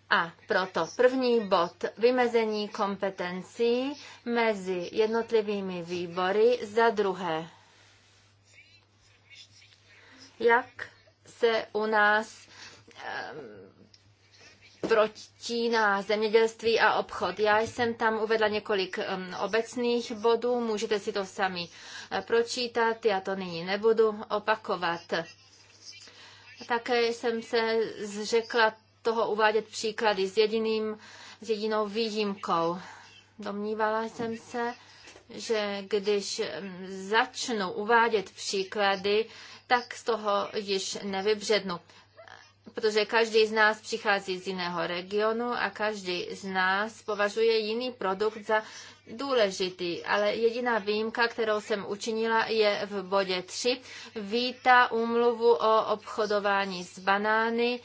A proto první bod vymezení kompetencí mezi jednotlivými výbory za druhé. Jak se u nás ehm, protíná zemědělství a obchod. Já jsem tam uvedla několik ehm, obecných bodů, můžete si to sami eh, pročítat, já to nyní nebudu opakovat. Také jsem se zřekla toho uvádět příklady s, jediným, s jedinou výjimkou. Domnívala jsem se, že když ehm, začnu uvádět příklady, tak z toho již nevybřednu. Protože každý z nás přichází z jiného regionu a každý z nás považuje jiný produkt za důležitý, ale jediná výjimka, kterou jsem učinila, je v bodě 3. Vítá úmluvu o obchodování s banány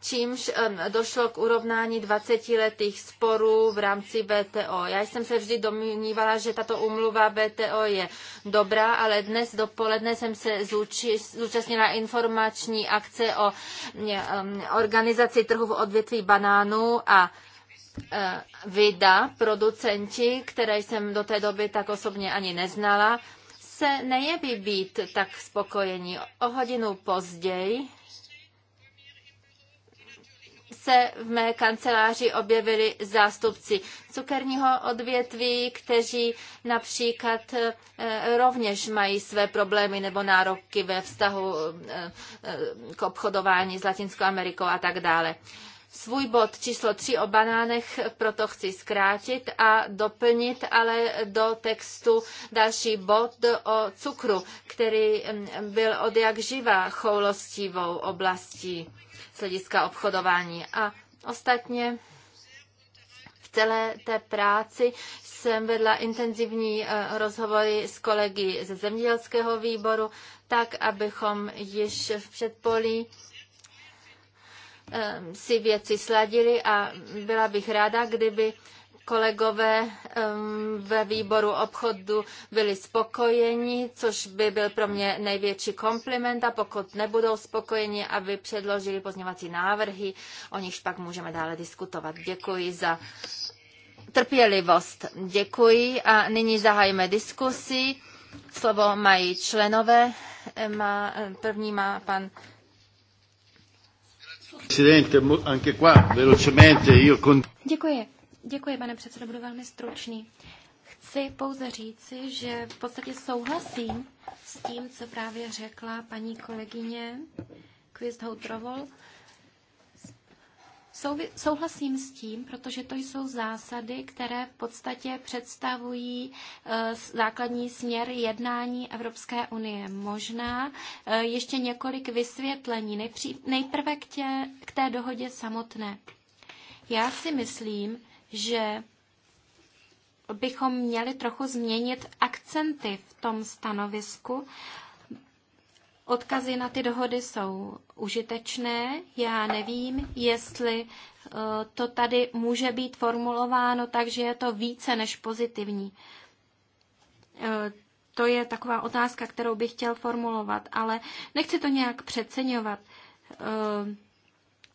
čímž došlo k urovnání 20-letých sporů v rámci WTO. Já jsem se vždy domnívala, že tato umluva WTO je dobrá, ale dnes dopoledne jsem se zúčastnila informační akce o organizaci trhu v odvětví banánů a e, Vida, producenti, které jsem do té doby tak osobně ani neznala, se nejeví být tak spokojení. O hodinu později se v mé kanceláři objevili zástupci cukerního odvětví, kteří například eh, rovněž mají své problémy nebo nároky ve vztahu eh, eh, k obchodování s Latinskou Amerikou a tak dále. Svůj bod číslo 3 o banánech proto chci zkrátit a doplnit ale do textu další bod o cukru, který mm, byl od jak živá choulostivou oblastí z hlediska obchodování. A ostatně v celé té práci jsem vedla intenzivní eh, rozhovory s kolegy ze zemědělského výboru, tak, abychom již v předpolí eh, si věci sladili a byla bych ráda, kdyby kolegové ve výboru obchodu byli spokojeni, což by byl pro mě největší kompliment a pokud nebudou spokojeni, aby předložili pozměvací návrhy, o nichž pak můžeme dále diskutovat. Děkuji za trpělivost. Děkuji a nyní zahájíme diskusi. Slovo mají členové. Má, první má pan Děkuji. Děkuji, pane předsedo, budu velmi stručný. Chci pouze říci, že v podstatě souhlasím s tím, co právě řekla paní kolegyně Quist-Houtrovol. Souhlasím s tím, protože to jsou zásady, které v podstatě představují eh, základní směr jednání Evropské unie. Možná eh, ještě několik vysvětlení. Nejprve k té dohodě samotné. Já si myslím, že bychom měli trochu změnit akcenty v tom stanovisku. Odkazy na ty dohody jsou užitečné. Já nevím, jestli e, to tady může být formulováno tak, že je to více než pozitivní. E, to je taková otázka, kterou bych chtěl formulovat, ale nechci to nějak přeceňovat. E,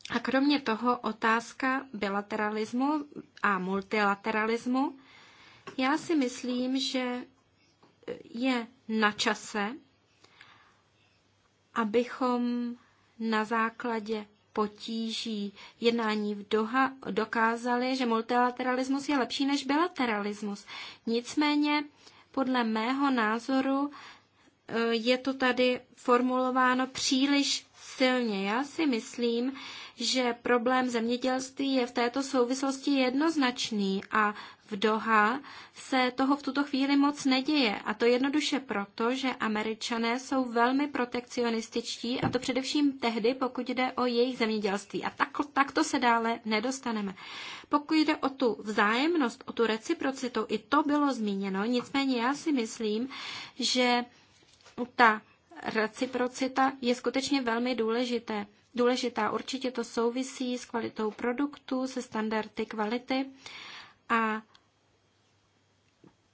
a kromě toho otázka bilateralismu a multilateralismu. Já si myslím, že je na čase, abychom na základě potíží jednání v Doha dokázali, že multilateralismus je lepší než bilateralismus. Nicméně, podle mého názoru, eh, je to tady formulováno příliš silně. Já si myslím, že problém zemědělství je v této souvislosti jednoznačný a v Doha se toho v tuto chvíli moc neděje a to jednoduše proto, že američané jsou velmi protekcionističtí a to především tehdy, pokud jde o jejich zemědělství a tak, tak to se dále nedostaneme. Pokud jde o tu vzájemnost, o tu reciprocitu, i to bylo zmíněno, nicméně já si myslím, že ta reciprocita je skutečně velmi důležité, důležitá. Určitě to souvisí s kvalitou produktu, se standardy kvality a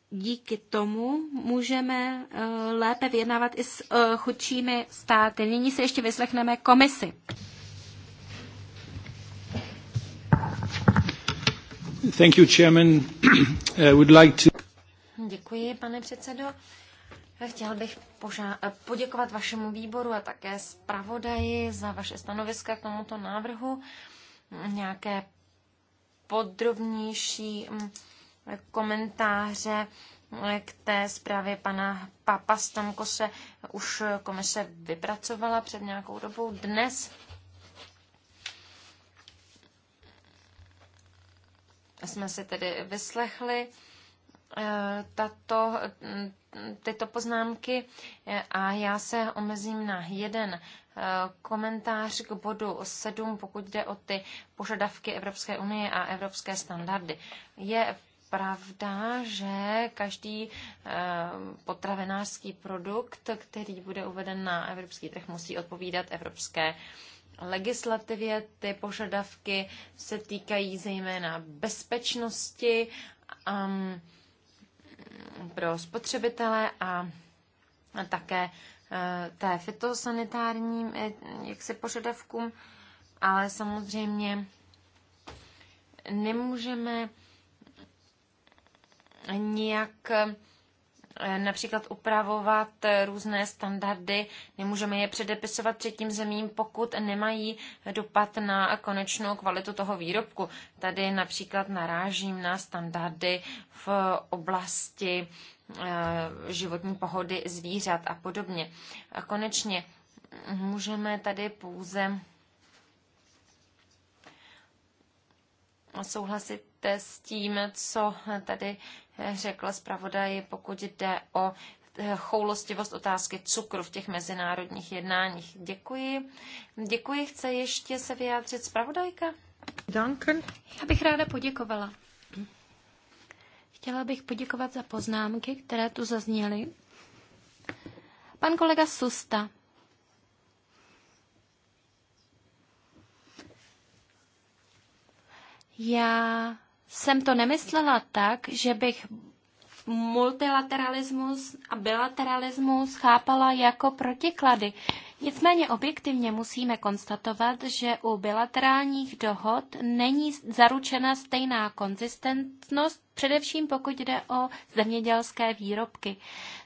díky tomu můžeme uh, lépe vyjednávat i s uh, chudšími státy. Nyní se ještě vyslechneme komisi. Thank you, Chairman. I uh, would like to... Děkuji, pane předsedo. Chtěl bych eh, poděkovat vašemu výboru a také zpravodaji za vaše stanoviska k tomuto návrhu. Nějaké podrobnější mm, komentáře eh, k té zprávě pana Papa Stankose už komise vypracovala před nějakou dobou dnes. Jsme si tedy vyslechli tato, tyto poznámky a já se omezím na jeden eh, komentář k bodu 7, pokud jde o ty požadavky Evropské unie a evropské standardy. Je pravda, že každý eh, potravinářský produkt, který bude uveden na evropský trh, musí odpovídat evropské legislativě. Ty požadavky se týkají zejména bezpečnosti, um, pro spotřebitele a také eh, té fitosanitárním eh, jaksi požadavkům, ale samozřejmě nemůžeme nijak Eh, například upravovat eh, různé standardy, nemůžeme je předepisovat třetím zemím, pokud nemají dopad na konečnou kvalitu toho výrobku. Tady například narážím na standardy v oblasti eh, životní pohody zvířat a podobně. A konečně můžeme tady pouze souhlasit s tím, co tady eh, řekla zpravodaj, pokud jde o eh, choulostivost otázky cukru v těch mezinárodních jednáních. Děkuji. Děkuji. Chce ještě se vyjádřit zpravodajka? Duncan. Já bych ráda poděkovala. Chtěla bych poděkovat za poznámky, které tu zazněly. Pan kolega Susta. Já jsem to nemyslela tak, že bych multilateralismus a bilateralismus chápala jako protiklady. Nicméně objektivně musíme konstatovat, že u bilaterálních dohod není zaručena stejná konzistentnost, především pokud jde o zemědělské výrobky.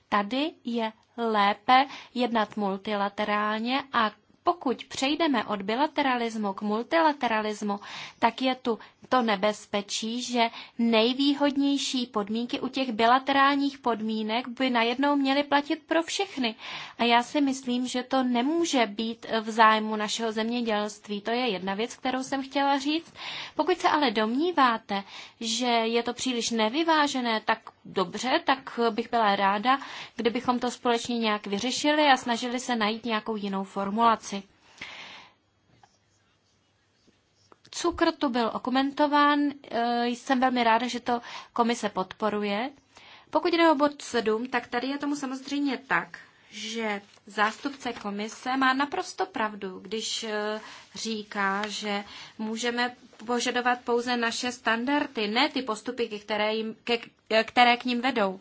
Tady je lépe jednat multilaterálně a pokud přejdeme od bilateralismu k multilateralismu, tak je tu to nebezpečí, že nejvýhodnější podmínky u těch bilaterálních podmínek by najednou měly platit pro všechny. A já si myslím, že to nemůže být v zájmu našeho zemědělství. To je jedna věc, kterou jsem chtěla říct. Pokud se ale domníváte, že je to příliš nevyvážené, tak dobře, tak bych byla ráda, kdybychom to společně nějak vyřešili a snažili se najít nějakou jinou formulaci. Cukr tu byl okomentován, eh, jsem velmi ráda, že to komise podporuje. Pokud jde o bod 7, tak tady je tomu samozřejmě tak, že zástupce komise má naprosto pravdu, když eh, říká, že můžeme požadovat pouze naše standardy, ne ty postupy, které, jim, ke, eh, které k ním vedou.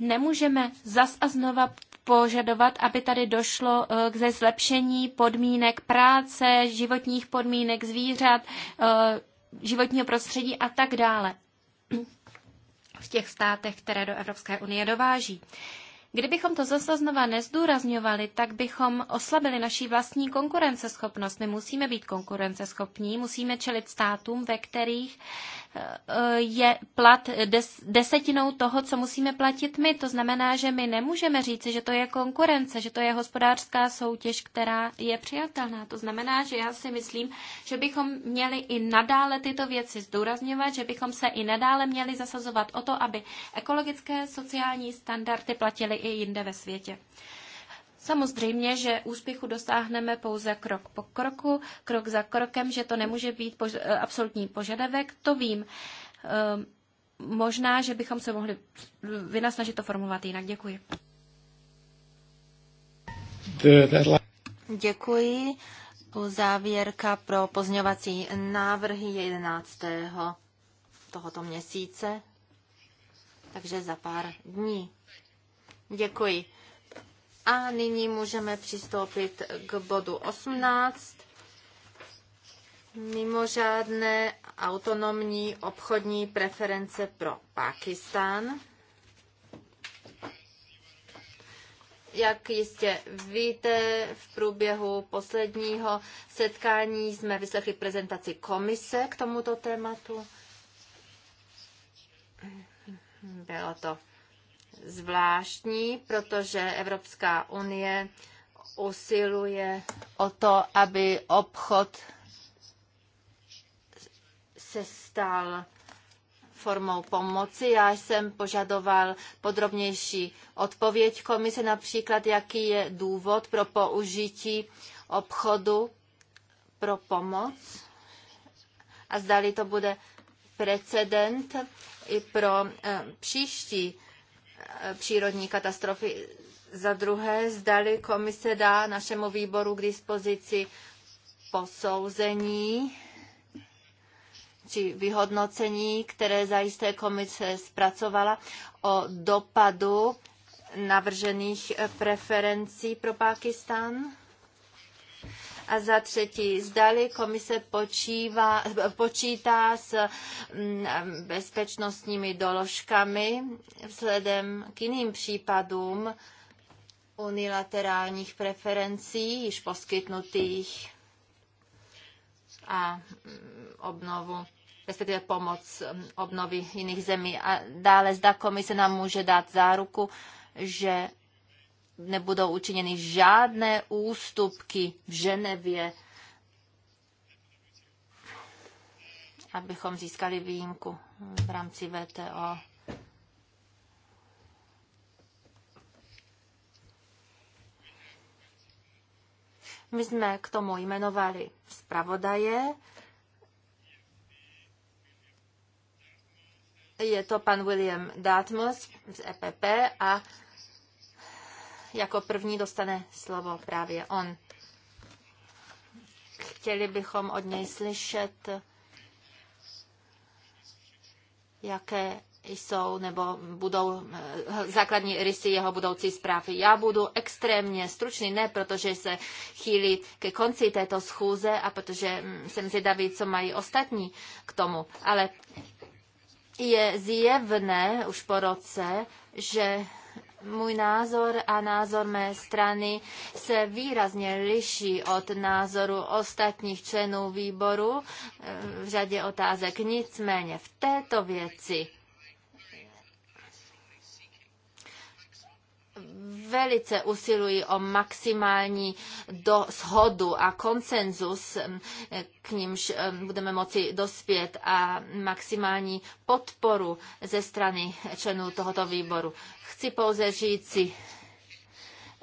Nemůžeme zas a znova požadovat, aby tady došlo eh, k zlepšení podmínek práce, životních podmínek zvířat, životního prostředí a tak dále v těch státech, které do Evropské unie dováží. Kdybychom to zase znova nezdůrazňovali, tak bychom oslabili naší vlastní konkurenceschopnost. My musíme být konkurenceschopní, musíme čelit státům, ve kterých eh, je plat desetinou toho, co musíme platit my. To znamená, že my nemůžeme říci, že to je konkurence, že to je hospodářská soutěž, která je přijatelná. To znamená, že já si myslím, že bychom měli i nadále tyto věci zdůrazňovat, že bychom se i nadále měli zasazovat o to, aby ekologické sociální standardy platily i jinde ve světě. Samozřejmě, že úspěchu dosáhneme pouze krok po kroku, krok za krokem, že to nemůže být pož- eh, absolutní požadavek, to vím. Eh, možná, že bychom se mohli vynasnažit to formulovat jinak. Děkuji. Děkuji. závěrka pro pozňovací návrhy 11. tohoto měsíce, takže za pár dní. Děkuji. A nyní můžeme přistoupit k bodu 18. Mimořádné autonomní obchodní preference pro Pakistán. Jak jistě víte, v průběhu posledního setkání jsme vyslechli prezentaci komise k tomuto tématu. Bylo to zvláštní, protože Evropská unie usiluje o to, aby obchod se stal formou pomoci. Já jsem požadoval podrobnější odpověď komise, například jaký je důvod pro použití obchodu pro pomoc a zdali to bude precedent i pro eh, příští přírodní katastrofy. Za druhé, zdali komise dá našemu výboru k dispozici posouzení či vyhodnocení, které zajisté komise zpracovala o dopadu navržených preferencí pro Pákistán. A za třetí, zdali komise počívá, počítá s mm, bezpečnostními doložkami vzhledem k jiným případům unilaterálních preferencí již poskytnutých a mm, obnovu respektive pomoc mm, obnovy jiných zemí. A dále zda komise nám může dát záruku, že nebudou učiněny žádné ústupky v Ženevě, abychom získali výjimku v rámci VTO. My jsme k tomu jmenovali zpravodaje. Je to pan William Dartmouth z EPP a jako první dostane slovo právě on. Chtěli bychom od něj slyšet, jaké jsou nebo budou eh, základní rysy jeho budoucí zprávy. Já budu extrémně stručný, ne protože se chýlí ke konci této schůze a protože mm, jsem zvědavý, co mají ostatní k tomu, ale je zjevné už po roce, že můj názor a názor mé strany se výrazně liší od názoru ostatních členů výboru eh, v řadě otázek. Nicméně v této věci velice usilují o maximální do, shodu a konsenzus, k nímž budeme moci dospět a maximální podporu ze strany členů tohoto výboru. Chci pouze říci,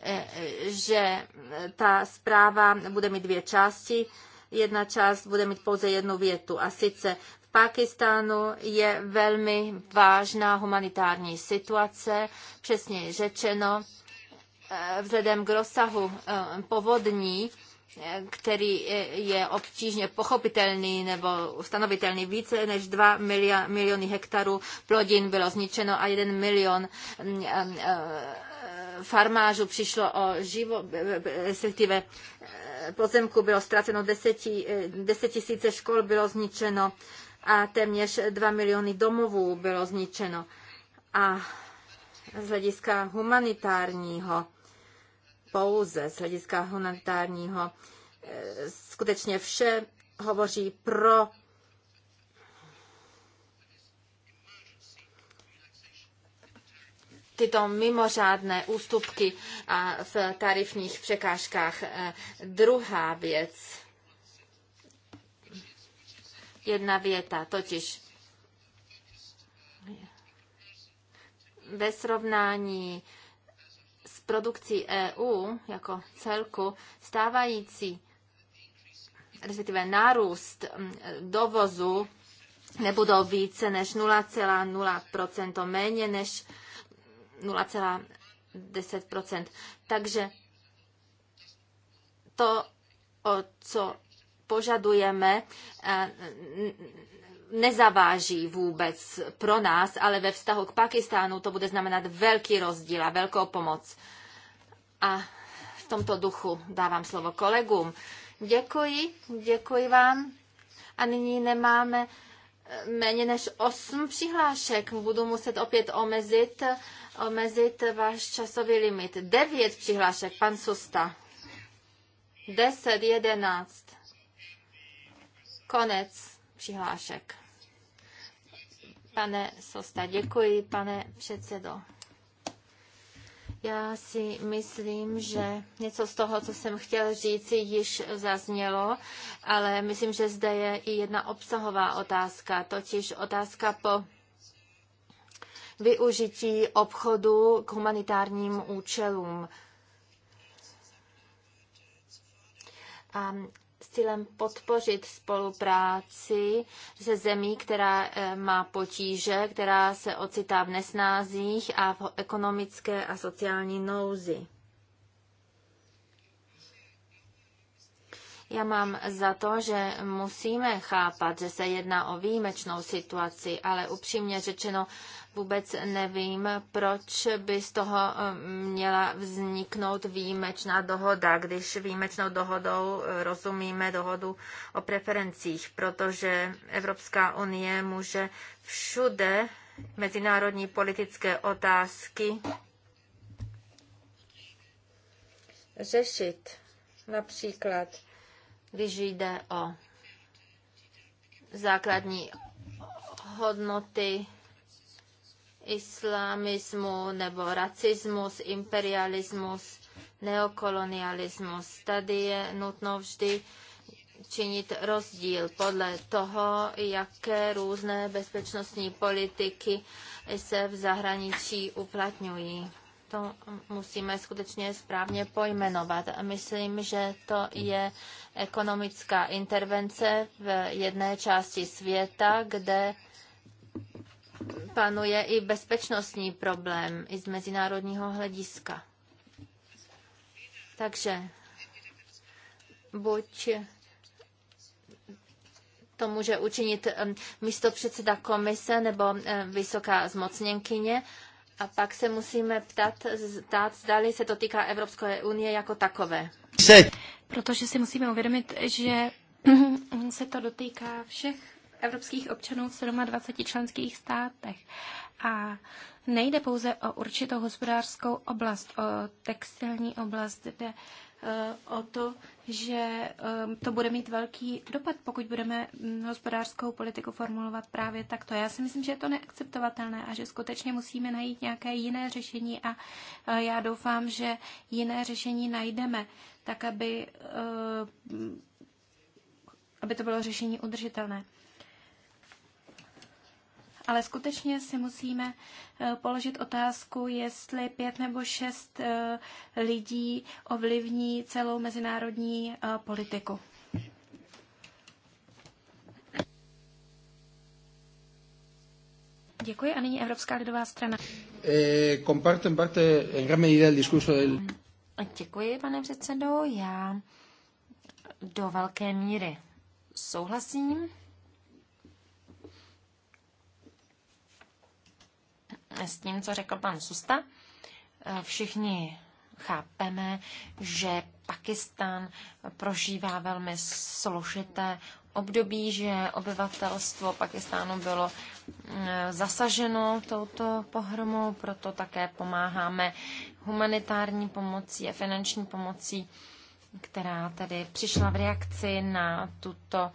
e, že ta zpráva bude mít dvě části. Jedna část bude mít pouze jednu větu a sice v Pakistánu je velmi vážná humanitární situace, přesně řečeno Eh, vzhledem k rozsahu eh, povodní, eh, který je obtížně pochopitelný nebo ustanovitelný. Více než 2 miliony hektarů plodin bylo zničeno a 1 milion mm, farmářů přišlo o živo, respektive pozemku bylo ztraceno, 10 tisíce škol bylo zničeno a téměř 2 miliony domovů bylo zničeno. A z hlediska humanitárního pouze z hlediska humanitárního. Eh, skutečně vše hovoří pro tyto mimořádné ústupky a v tarifních překážkách. Eh, druhá věc, jedna věta, totiž ve srovnání produkcí EU jako celku stávající respektive nárůst mm, dovozu nebudou více než 0,0%, méně než 0,10%. Takže to, o co požadujeme, nezaváží vůbec pro nás, ale ve vztahu k Pakistánu to bude znamenat velký rozdíl a velkou pomoc. A v tomto duchu dávám slovo kolegům. Děkuji, děkuji vám. A nyní nemáme eh, méně než osm přihlášek. Budu muset opět omezit, omezit váš časový limit. Devět přihlášek, pan Susta. deset, jedenáct. Konec přihlášek. Pane Sosta, děkuji, pane předsedo. Já si myslím, že něco z toho, co jsem chtěl říci, již zaznělo, ale myslím, že zde je i jedna obsahová otázka, totiž otázka po využití obchodu k humanitárním účelům. A cílem podpořit spolupráci se zemí, která eh, má potíže, která se ocitá v nesnázích a v ekonomické a sociální nouzi. Já mám za to, že musíme chápat, že se jedná o výjimečnou situaci, ale upřímně řečeno Vůbec nevím, proč by z toho eh, měla vzniknout výjimečná dohoda, když výjimečnou dohodou eh, rozumíme dohodu o preferencích, protože Evropská unie může všude mezinárodní politické otázky řešit. Například, když jde o základní hodnoty Islamismu nebo racismus, imperialismus, neokolonialismus. Tady je nutno vždy činit rozdíl podle toho, jaké různé bezpečnostní politiky se v zahraničí uplatňují. To musíme skutečně správně pojmenovat. Myslím, že to je ekonomická intervence v jedné části světa, kde panuje i bezpečnostní problém i z mezinárodního hlediska. Takže buď to může učinit um, místo předseda komise nebo um, vysoká zmocněnkyně. A pak se musíme ptát, ptát, zdali se to týká Evropské unie jako takové. Protože si musíme uvědomit, že se to dotýká všech evropských občanů v 27 členských státech. A nejde pouze o určitou hospodářskou oblast, o textilní oblast, jde e, o to, že e, to bude mít velký dopad, pokud budeme hospodářskou politiku formulovat právě takto. Já si myslím, že je to neakceptovatelné a že skutečně musíme najít nějaké jiné řešení a e, já doufám, že jiné řešení najdeme, tak aby, aby to bylo řešení udržitelné ale skutečně si musíme eh, položit otázku, jestli pět nebo šest eh, lidí ovlivní celou mezinárodní eh, politiku. Děkuji a nyní Evropská lidová strana. en gran medida el discurso del... Děkuji, pane předsedo. Já do velké míry souhlasím s tím, co řekl pan Susta. Eh, všichni chápeme, že Pakistan prožívá velmi složité období, že obyvatelstvo Pakistánu bylo mm, zasaženo touto pohromou, proto také pomáháme humanitární pomocí a finanční pomocí, která tedy přišla v reakci na tuto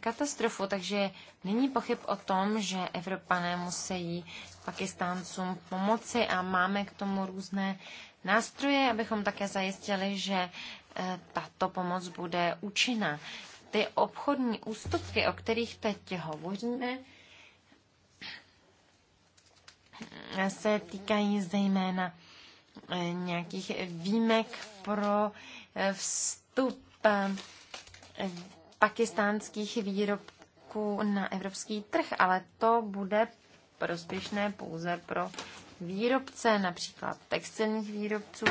katastrofu, takže není pochyb o tom, že Evropané musí Pakistáncům pomoci a máme k tomu různé nástroje, abychom také zajistili, že eh, tato pomoc bude účinná. Ty obchodní ústupky, o kterých teď hovoříme, eh, se týkají zejména eh, nějakých výjimek pro vstup pakistánských výrobků na evropský trh, ale to bude prospěšné pouze pro výrobce, například textilních výrobců,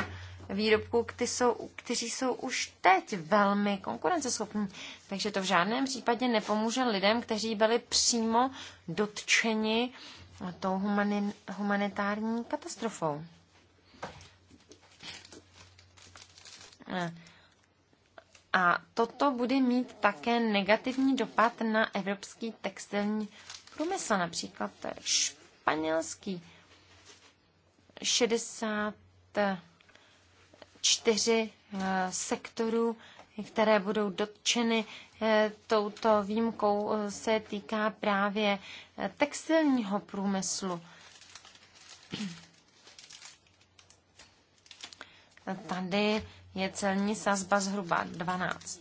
výrobků, kteří jsou, kteří jsou už teď velmi konkurenceschopní. Takže to v žádném případě nepomůže lidem, kteří byli přímo dotčeni tou humani- humanitární katastrofou. Eh, a toto bude mít také negativní dopad na evropský textilní průmysl, například španělský 64 eh, sektorů, které budou dotčeny eh, touto výjimkou, eh, se týká právě textilního průmyslu. Tady je celní sazba zhruba 12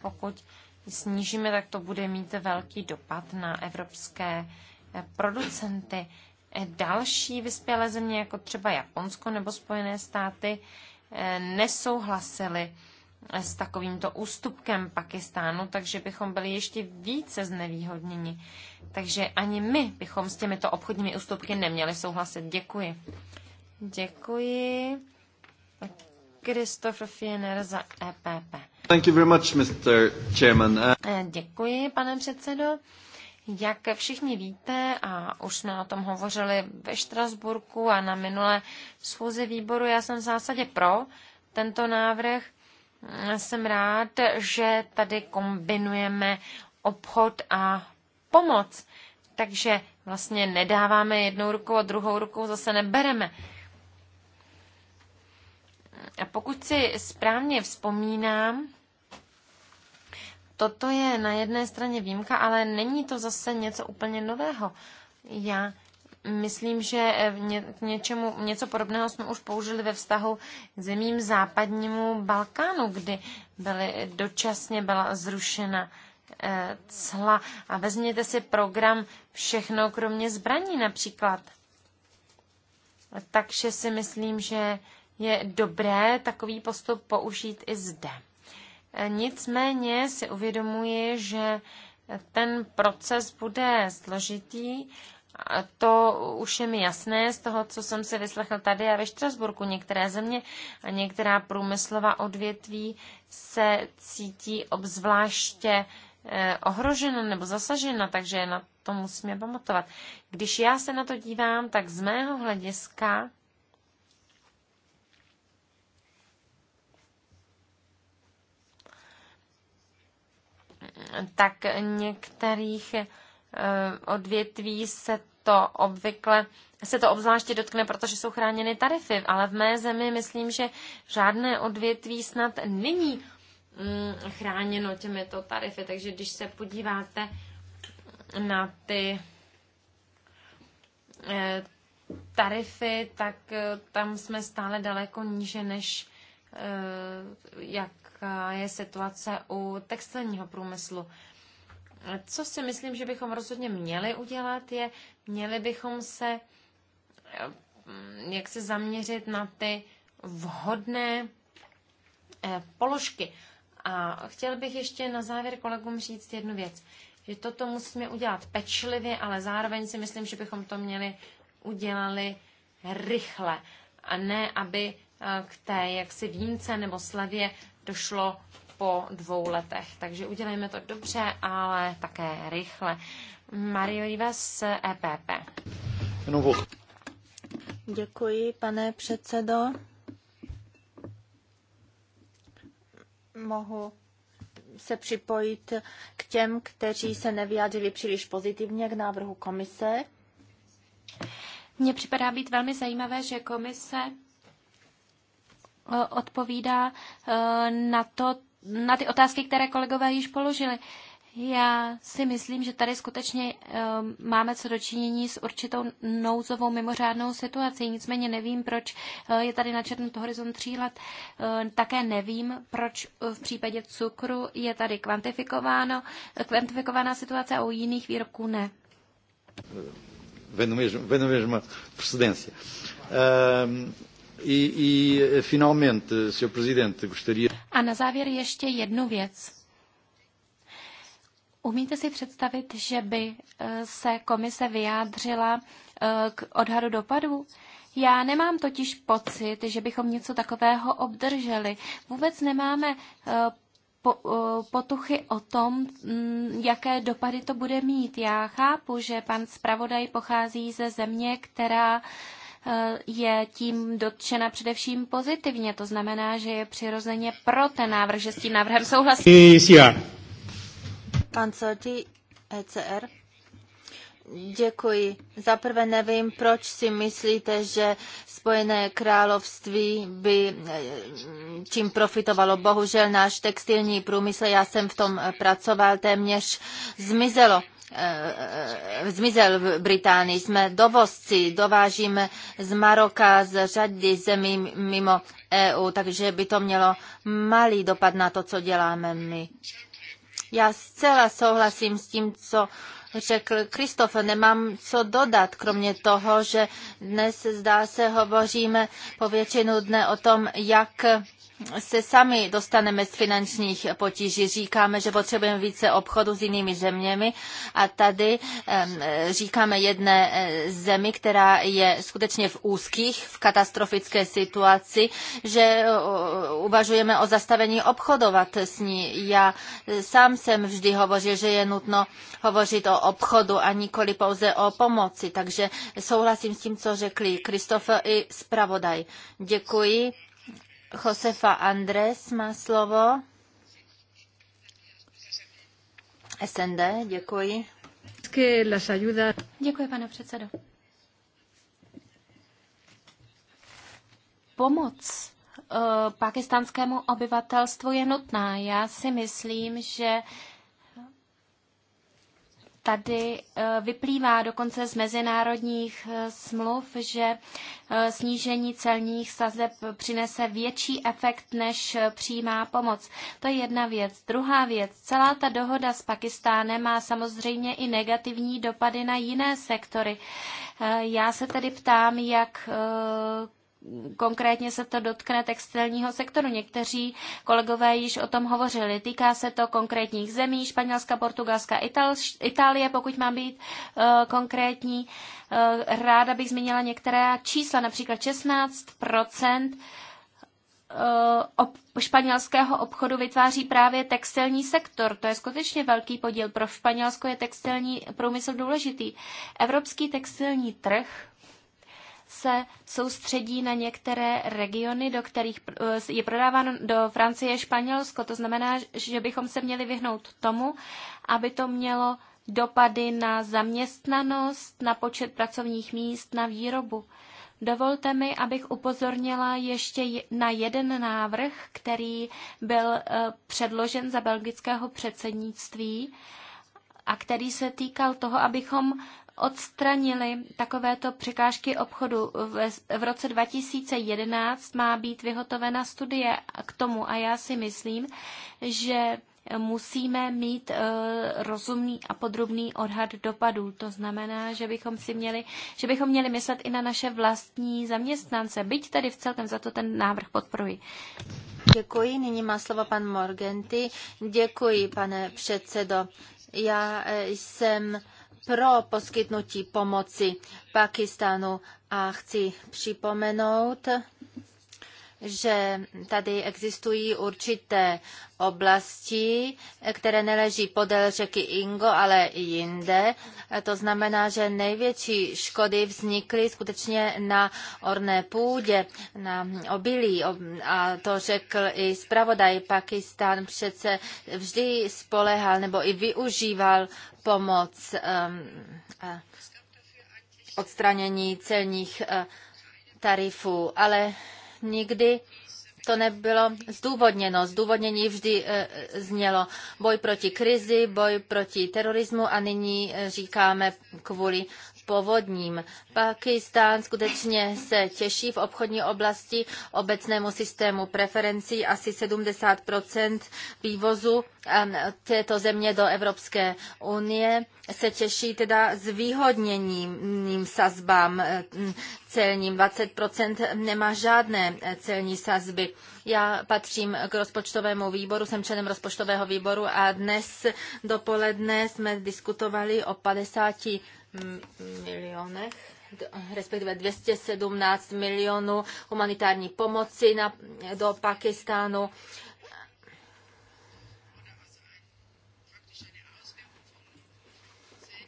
Pokud snížíme, tak to bude mít velký dopad na evropské eh, producenty. Eh, další vyspělé země, jako třeba Japonsko nebo Spojené státy, eh, nesouhlasily s takovýmto ústupkem Pakistánu, takže bychom byli ještě více znevýhodněni. Takže ani my bychom s těmito obchodními ústupky neměli souhlasit. Děkuji. Děkuji za EPP. Thank you very much, Mr. Chairman. Uh, eh, děkuji, pane předsedo. Jak všichni víte, a už jsme o tom hovořili ve Štrasburku a na minulé schůzi výboru, já jsem v zásadě pro tento návrh. Jsem rád, že tady kombinujeme obchod a pomoc. Takže vlastně nedáváme jednou rukou a druhou rukou zase nebereme. A pokud si správně vzpomínám, toto je na jedné straně výjimka, ale není to zase něco úplně nového. Já myslím, že k něčemu, něco podobného jsme už použili ve vztahu k zemím západnímu Balkánu, kdy byly, dočasně byla zrušena eh, cla. A vezměte si program všechno kromě zbraní například. Takže si myslím, že je dobré takový postup použít i zde. Nicméně si uvědomuji, že ten proces bude složitý. A to už je mi jasné z toho, co jsem si vyslechl tady a ve Štrasburku. Některé země a některá průmyslová odvětví se cítí obzvláště eh, ohrožena nebo zasažena, takže na to musíme pamatovat. Když já se na to dívám, tak z mého hlediska tak některých eh, odvětví se to obvykle se to obzvláště dotkne, protože jsou chráněny tarify, ale v mé zemi myslím, že žádné odvětví snad není mm, chráněno těmito tarify. Takže když se podíváte na ty eh, tarify, tak eh, tam jsme stále daleko níže než Eh, jaká je situace u textilního průmyslu. Co si myslím, že bychom rozhodně měli udělat, je, měli bychom se eh, jak se zaměřit na ty vhodné eh, položky. A chtěl bych ještě na závěr kolegům říct jednu věc, že toto musíme udělat pečlivě, ale zároveň si myslím, že bychom to měli udělali rychle a ne, aby Eh, k té jaksi výjimce nebo slevě došlo po dvou letech. Takže udělejme to dobře, ale také rychle. Mario Ives, EPP. Novo. Děkuji, pane předsedo. Mohu se připojit k těm, kteří se nevyjádřili příliš pozitivně k návrhu komise. Mně připadá být velmi zajímavé, že komise odpovídá e, na, to, na ty otázky, které kolegové již položili. Já si myslím, že tady skutečně e, máme co dočinění s určitou nouzovou mimořádnou situací. Nicméně nevím, proč e, je tady na načrtnut horizont tří let. také nevím, proč v případě cukru je tady kvantifikováno, kvantifikovaná situace a u jiných výrobků ne. Vem no mesmo, vem na Uh, E, e, finalmente, Presidente, gostaria... A na závěr ještě jednu věc. Umíte si představit, že by e, se komise vyjádřila k odhadu dopadů? Já nemám totiž pocit, že bychom něco takového obdrželi. Vůbec nemáme potuchy o tom, mm, jaké dopady to bude mít. Já chápu, že pan zpravodaj pochází ze země, která je tím dotčena především pozitivně. To znamená, že je přirozeně pro ten návrh, že s tím návrhem souhlasí. Pan Soti, ECR. Děkuji. Za prvé nevím, proč si myslíte, že Spojené království by e, čím profitovalo. Bohužel náš textilní průmysl, já jsem v tom e, pracoval, téměř zmizelo. Eh, zmizel v Británii. Jsme dovozci, dovážíme z Maroka, z řady zemí mimo EU, takže by to mělo malý dopad na to, co děláme my. Já zcela souhlasím s tím, co řekl Kristof, nemám co dodat, kromě toho, že dnes zdá se hovoříme po většinu dne o tom, jak se sami dostaneme z finančních potíží. Říkáme, že potřebujeme více obchodu s jinými zeměmi a tady říkáme jedné eh, zemi, která je skutečně v úzkých, v katastrofické situaci, že eh, uvažujeme o zastavení obchodovat s ní. Já eh, sám jsem vždy hovořil, že je nutno hovořit o obchodu a nikoli pouze o pomoci. Takže souhlasím s tím, co řekli Kristof i zpravodaj. Děkuji. Josefa Andres má slovo. SND, děkuji. Děkuji, pane předsedo. Pomoc eh, pakistánskému obyvatelstvu je nutná. Já si myslím, že tady eh, vyplývá dokonce z mezinárodních eh, smluv, že eh, snížení celních sazeb přinese větší efekt než přímá pomoc. To je jedna věc. Druhá věc, celá ta dohoda s Pakistánem má samozřejmě i negativní dopady na jiné sektory. Já se tedy ptám, jak konkrétně se to dotkne textilního sektoru. Někteří kolegové již o tom hovořili. Týká se to konkrétních zemí, Španělska, Portugalska, Ital, Itálie, pokud mám být eh, konkrétní. Eh, ráda bych zmínila některá čísla, například 16 eh, španělského obchodu vytváří právě textilní sektor. To je skutečně velký podíl. Pro Španělsko je textilní průmysl důležitý. Evropský textilní trh se soustředí na některé regiony, do kterých eh, je prodáváno do Francie, Španělsko. To znamená, že bychom se měli vyhnout tomu, aby to mělo dopady na zaměstnanost, na počet pracovních míst, na výrobu. Dovolte mi, abych upozornila ještě na jeden návrh, který byl eh, předložen za belgického předsednictví a který se týkal toho, abychom odstranili takovéto překážky obchodu. V roce 2011 má být vyhotovena studie k tomu a já si myslím, že musíme mít e, rozumný a podrobný odhad dopadů. To znamená, že bychom, si měli, že bychom měli myslet i na naše vlastní zaměstnance. Byť tady v celkem za to ten návrh podporuji. Děkuji. Nyní má slovo pan Morgenty. Děkuji, pane předsedo. Já e, jsem pro poskytnutí pomoci Pakistánu a chci připomenout, že tady existují určité oblasti, které neleží podél řeky Ingo, ale i jinde. To znamená, že největší škody vznikly skutečně na orné půdě, na obilí. A to řekl i zpravodaj Pakistan přece vždy spolehal nebo i využíval pomoc um, odstranění celních uh, tarifů, ale nikdy to nebylo zdůvodněno. Zdůvodnění vždy e, znělo boj proti krizi, boj proti terorismu a nyní eh, říkáme kvůli povodním. Pakistán skutečně se těší v obchodní oblasti obecnému systému preferencí asi 70 vývozu této země do Evropské unie se těší teda zvýhodněným sazbám celním. 20% nemá žádné celní sazby. Já patřím k rozpočtovému výboru, jsem členem rozpočtového výboru a dnes dopoledne jsme diskutovali o 50 milionech, respektive 217 milionů humanitární pomoci na, do Pakistánu.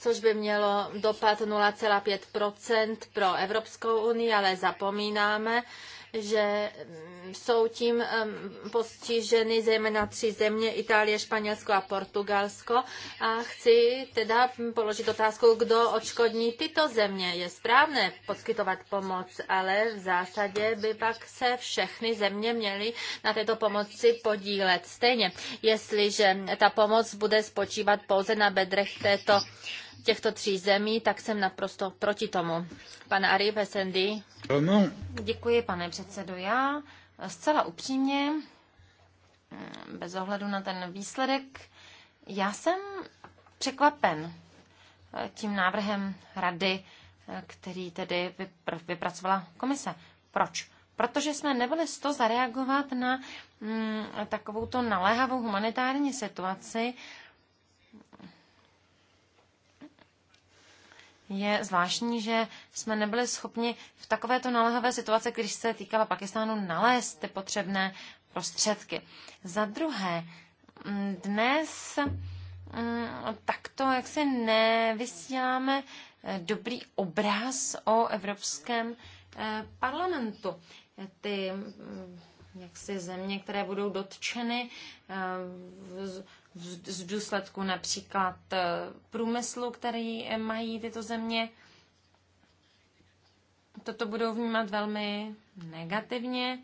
což by mělo dopad 0,5 pro Evropskou unii, ale zapomínáme, že mm, jsou tím mm, postiženy zejména tři země, Itálie, Španělsko a Portugalsko. A chci teda položit otázku, kdo odškodní tyto země. Je správné poskytovat pomoc, ale v zásadě by pak se všechny země měly na této pomoci podílet. Stejně, jestliže ta pomoc bude spočívat pouze na bedrech této těchto tří zemí, tak jsem naprosto proti tomu. Pan Ari Vesendi. Děkuji, pane předsedo. Já zcela upřímně, mm, bez ohledu na ten výsledek, já jsem překvapen eh, tím návrhem rady, eh, který tedy vypracovala komise. Proč? Protože jsme nebyli z toho zareagovat na mm, takovouto naléhavou humanitární situaci, je zvláštní, že jsme nebyli schopni v takovéto naléhavé situaci, když se týkala Pakistánu, nalézt ty potřebné prostředky. Za druhé, mm, dnes mm, takto jak si nevysíláme eh, dobrý obraz o Evropském eh, parlamentu. Ty mm, jaksi země, které budou dotčeny eh, z důsledku například eh, průmyslu, který eh, mají tyto země. Toto budou vnímat velmi negativně,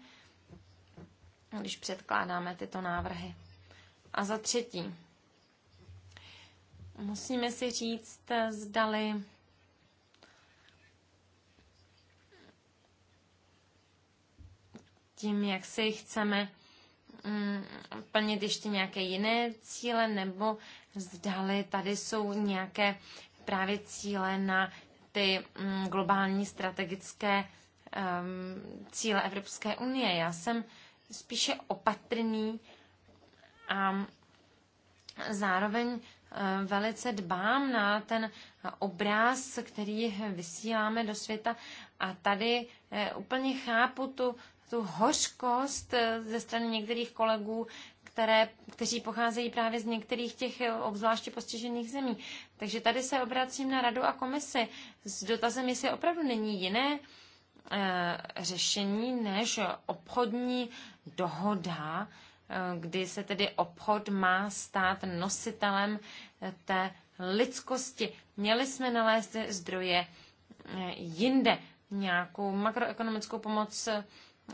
když předkládáme tyto návrhy. A za třetí, musíme si říct, eh, zdali tím, jak si chceme Mm, plnit ještě nějaké jiné cíle, nebo zdali tady jsou nějaké právě cíle na ty mm, globální strategické cíle Evropské unie. Já jsem spíše opatrný a zároveň eh, velice dbám na ten obraz, který vysíláme do světa a tady eh, úplně chápu tu tu hořkost eh, ze strany některých kolegů, které, kteří pocházejí právě z některých těch eh, obzvláště postižených zemí. Takže tady se obracím na radu a komisi s dotazem, jestli opravdu není jiné eh, řešení než obchodní dohoda, kdy se tedy obchod má stát nositelem té lidskosti. Měli jsme nalézt zdroje jinde, nějakou makroekonomickou pomoc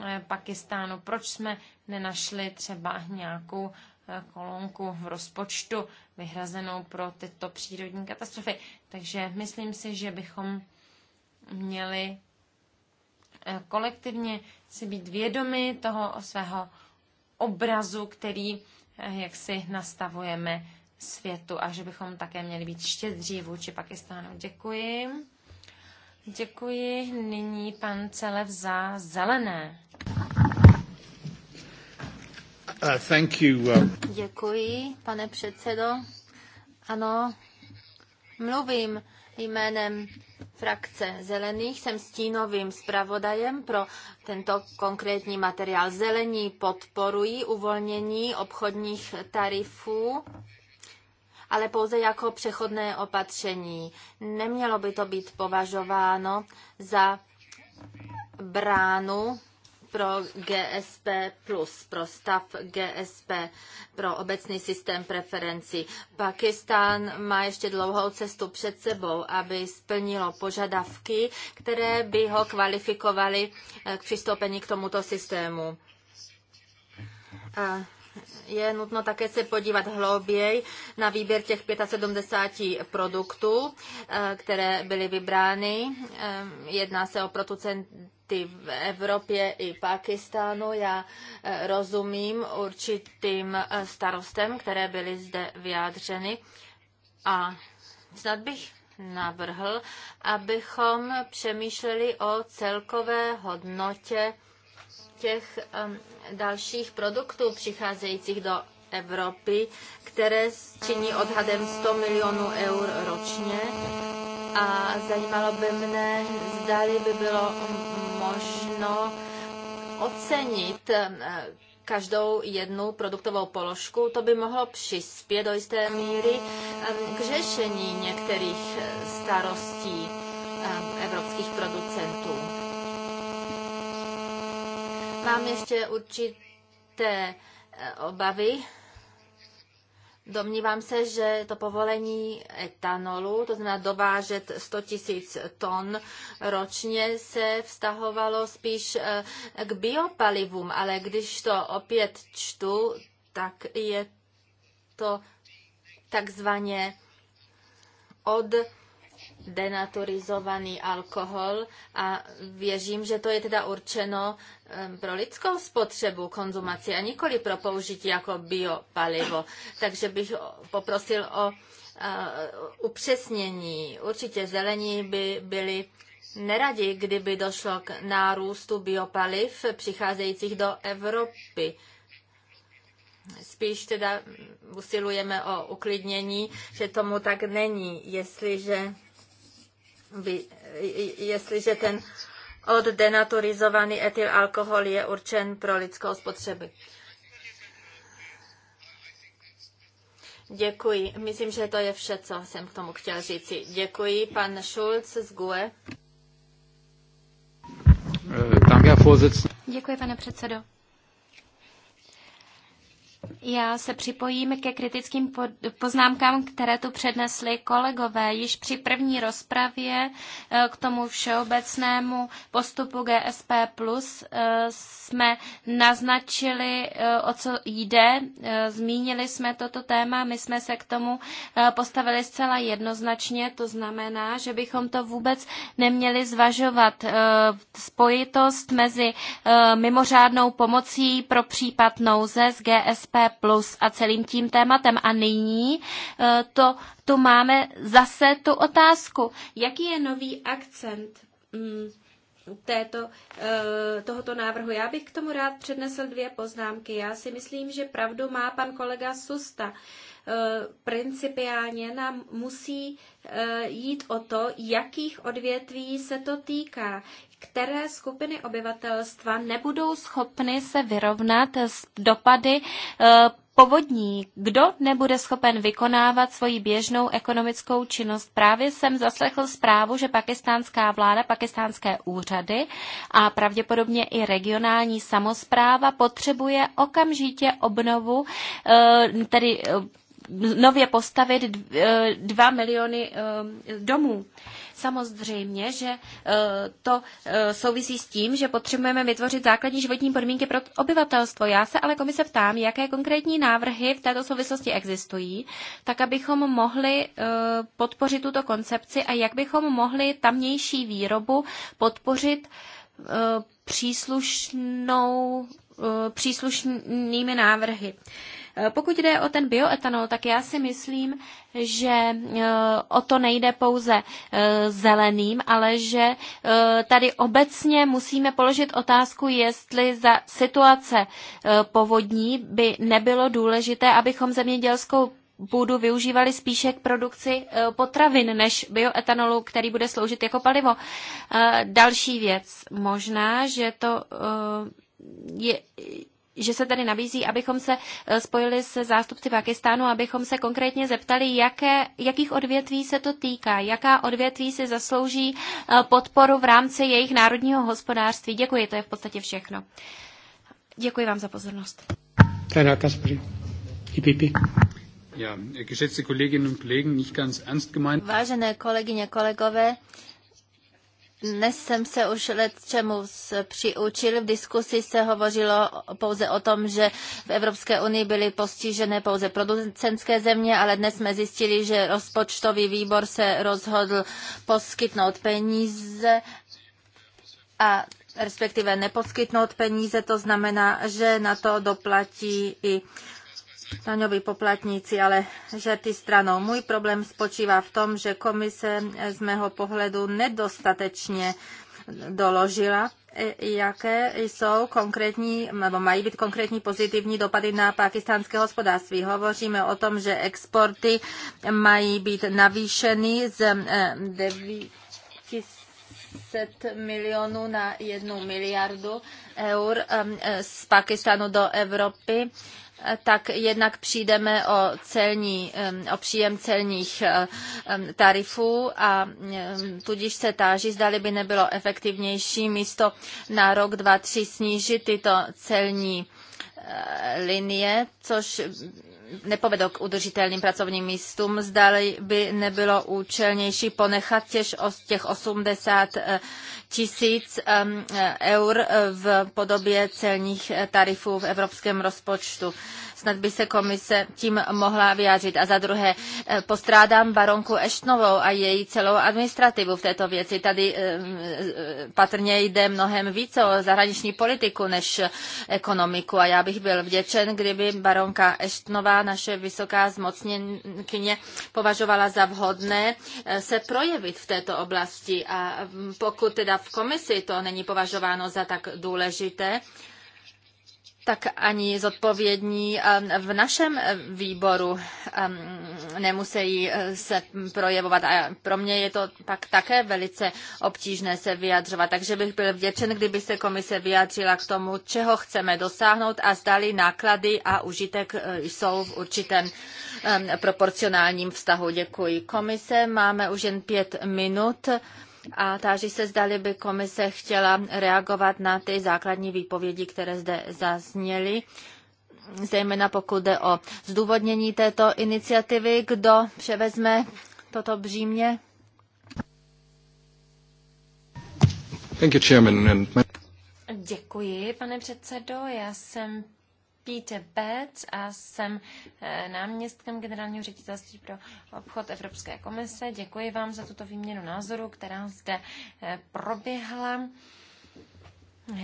Eh, Pakistánu. Proč jsme nenašli třeba nějakou eh, kolonku v rozpočtu vyhrazenou pro tyto přírodní katastrofy. Takže myslím si, že bychom měli eh, kolektivně si být vědomi toho svého obrazu, který jak si nastavujeme světu a že bychom také měli být štědří vůči Pakistánu. Děkuji. Děkuji. Nyní pan Celev za zelené. Uh, thank you. Uh... Děkuji, pane předsedo. Ano, mluvím jménem frakce Zelených. Jsem stínovým zpravodajem pro tento konkrétní materiál. Zelení podporují uvolnění obchodních tarifů ale pouze jako přechodné opatření. Nemělo by to být považováno za bránu pro GSP+, plus, pro stav GSP, pro obecný systém preferencí. Pakistán má ještě dlouhou cestu před sebou, aby splnilo požadavky, které by ho kvalifikovaly eh, k přistoupení k tomuto systému. A je nutno také se podívat hlouběji na výběr těch 75 produktů, eh, které byly vybrány. Eh, jedná se o producenty v Evropě i Pakistánu. Já eh, rozumím určitým starostem, které byly zde vyjádřeny. A snad bych navrhl, abychom přemýšleli o celkové hodnotě těch um, dalších produktů přicházejících do Evropy, které činí odhadem 100 milionů eur ročně. A zajímalo by mne, zdali by bylo možno ocenit um, každou jednu produktovou položku. To by mohlo přispět do jisté míry um, k řešení některých eh, starostí evropských produktů. Mám ještě určité eh, obavy. Domnívám se, že to povolení etanolu, to znamená dovážet 100 tisíc ton ročně, se vztahovalo spíš eh, k biopalivům, ale když to opět čtu, tak je to takzvaně od denaturizovaný alkohol a věřím, že to je teda určeno pro lidskou spotřebu, konzumaci a nikoli pro použití jako biopalivo. Takže bych poprosil o upřesnění. Určitě zelení by byli neradi, kdyby došlo k nárůstu biopaliv přicházejících do Evropy. Spíš teda usilujeme o uklidnění, že tomu tak není, jestliže, by, jestliže ten oddenaturizovaný etylalkohol je určen pro lidskou spotřebu. Děkuji. Myslím, že to je vše, co jsem k tomu chtěl říci. Děkuji. Pan Schulz z GUE. Děkuji, pane předsedo. Já se připojím ke kritickým poznámkám, které tu přednesli kolegové. Již při první rozpravě e, k tomu všeobecnému postupu GSP Plus e, jsme naznačili, e, o co jde. Zmínili jsme toto téma, my jsme se k tomu postavili zcela jednoznačně. To znamená, že bychom to vůbec neměli zvažovat. Spojitost mezi mimořádnou pomocí pro případ nouze z GSP Plus a celým tím tématem. A nyní eh, to, tu máme zase tu otázku. Jaký je nový akcent? Mm, této, eh, tohoto návrhu. Já bych k tomu rád přednesl dvě poznámky. Já si myslím, že pravdu má pan kolega Susta. Eh, principiálně nám musí jít o to, jakých odvětví se to týká které skupiny obyvatelstva nebudou schopny se vyrovnat s dopady eh, povodní. Kdo nebude schopen vykonávat svoji běžnou ekonomickou činnost? Právě jsem zaslechl zprávu, že pakistánská vláda, pakistánské úřady a pravděpodobně i regionální samozpráva potřebuje okamžitě obnovu, eh, tedy eh, nově postavit dva miliony domů. Samozřejmě, že eh, to eh, souvisí s tím, že potřebujeme vytvořit základní životní podmínky pro obyvatelstvo. Já se ale komise ptám, jaké konkrétní návrhy v této souvislosti existují, tak abychom mohli eh, podpořit tuto koncepci a jak bychom mohli tamnější výrobu podpořit příslušnou, příslušnými návrhy. Pokud jde o ten bioetanol, tak já si myslím, že e, o to nejde pouze e, zeleným, ale že e, tady obecně musíme položit otázku, jestli za situace povodní by nebylo důležité, abychom zemědělskou půdu využívali spíše k produkci potravin než bioetanolu, který bude sloužit jako palivo. Další věc, možná, že to je, že se tady nabízí, abychom se eh, spojili se zástupci Pakistánu, abychom se konkrétně zeptali, jaké, jakých odvětví se to týká, jaká odvětví si zaslouží eh, podporu v rámci jejich národního hospodářství. Děkuji, to je v podstatě všechno. Děkuji vám za pozornost. Vážené kolegyně, kolegové, dnes jsem se už let čemu přiučil. V diskusi se hovořilo pouze o tom, že v Evropské unii byly postižené pouze producentské země, ale dnes jsme zjistili, že rozpočtový výbor se rozhodl poskytnout peníze a respektive neposkytnout peníze, to znamená, že na to doplatí i daňoví poplatníci, ale žerty stranou. Můj problém spočívá v tom, že komise z mého pohledu nedostatečně doložila, e, jaké jsou konkrétní, nebo mají být konkrétní pozitivní dopady na pakistánské hospodářství. Hovoříme o tom, že exporty mají být navýšeny z 900 e, milionů na jednu miliardu eur e, z Pakistanu do Evropy tak jednak přijdeme o, celní, o příjem celních tarifů a tudíž se táží, zdali by nebylo efektivnější místo na rok, dva, tři snížit tyto celní eh, linie, což nepovedlo k udržitelným pracovním místům. Zdali by nebylo účelnější ponechat těž těch 80 tisíc um, eh, eur eh, v podobě celních eh, tarifů v evropském rozpočtu. Snad by se komise tím mohla vyjádřit. A za druhé, eh, postrádám baronku Eštnovou a její celou administrativu v této věci. Tady eh, eh, patrně jde mnohem více o zahraniční politiku než ekonomiku a já bych byl vděčen, kdyby baronka Eštnová, naše vysoká zmocněnkyně, považovala za vhodné se projevit v této oblasti a mm, pokud teda v komisi to není považováno za tak důležité, tak ani zodpovědní ehm, v našem ehm, výboru ehm, nemusí eh, se projevovat. A pro mě je to pak také velice obtížné se vyjadřovat. Takže bych byl vděčen, kdyby se komise vyjádřila k tomu, čeho chceme dosáhnout a zdali náklady a užitek eh, jsou v určitém proporcionálním vztahu. Děkuji. Komise, máme už jen pět minut a táži se, zdali by komise chtěla reagovat na ty základní výpovědi, které zde zazněly zejména pokud jde o zdůvodnění této iniciativy, kdo převezme toto břímě. Thank you, chairman. Děkuji, pane předsedo. Já jsem Peter Betz a jsem eh, náměstkem generálního ředitelství pro obchod Evropské komise. Děkuji vám za tuto výměnu názoru, která zde eh, proběhla.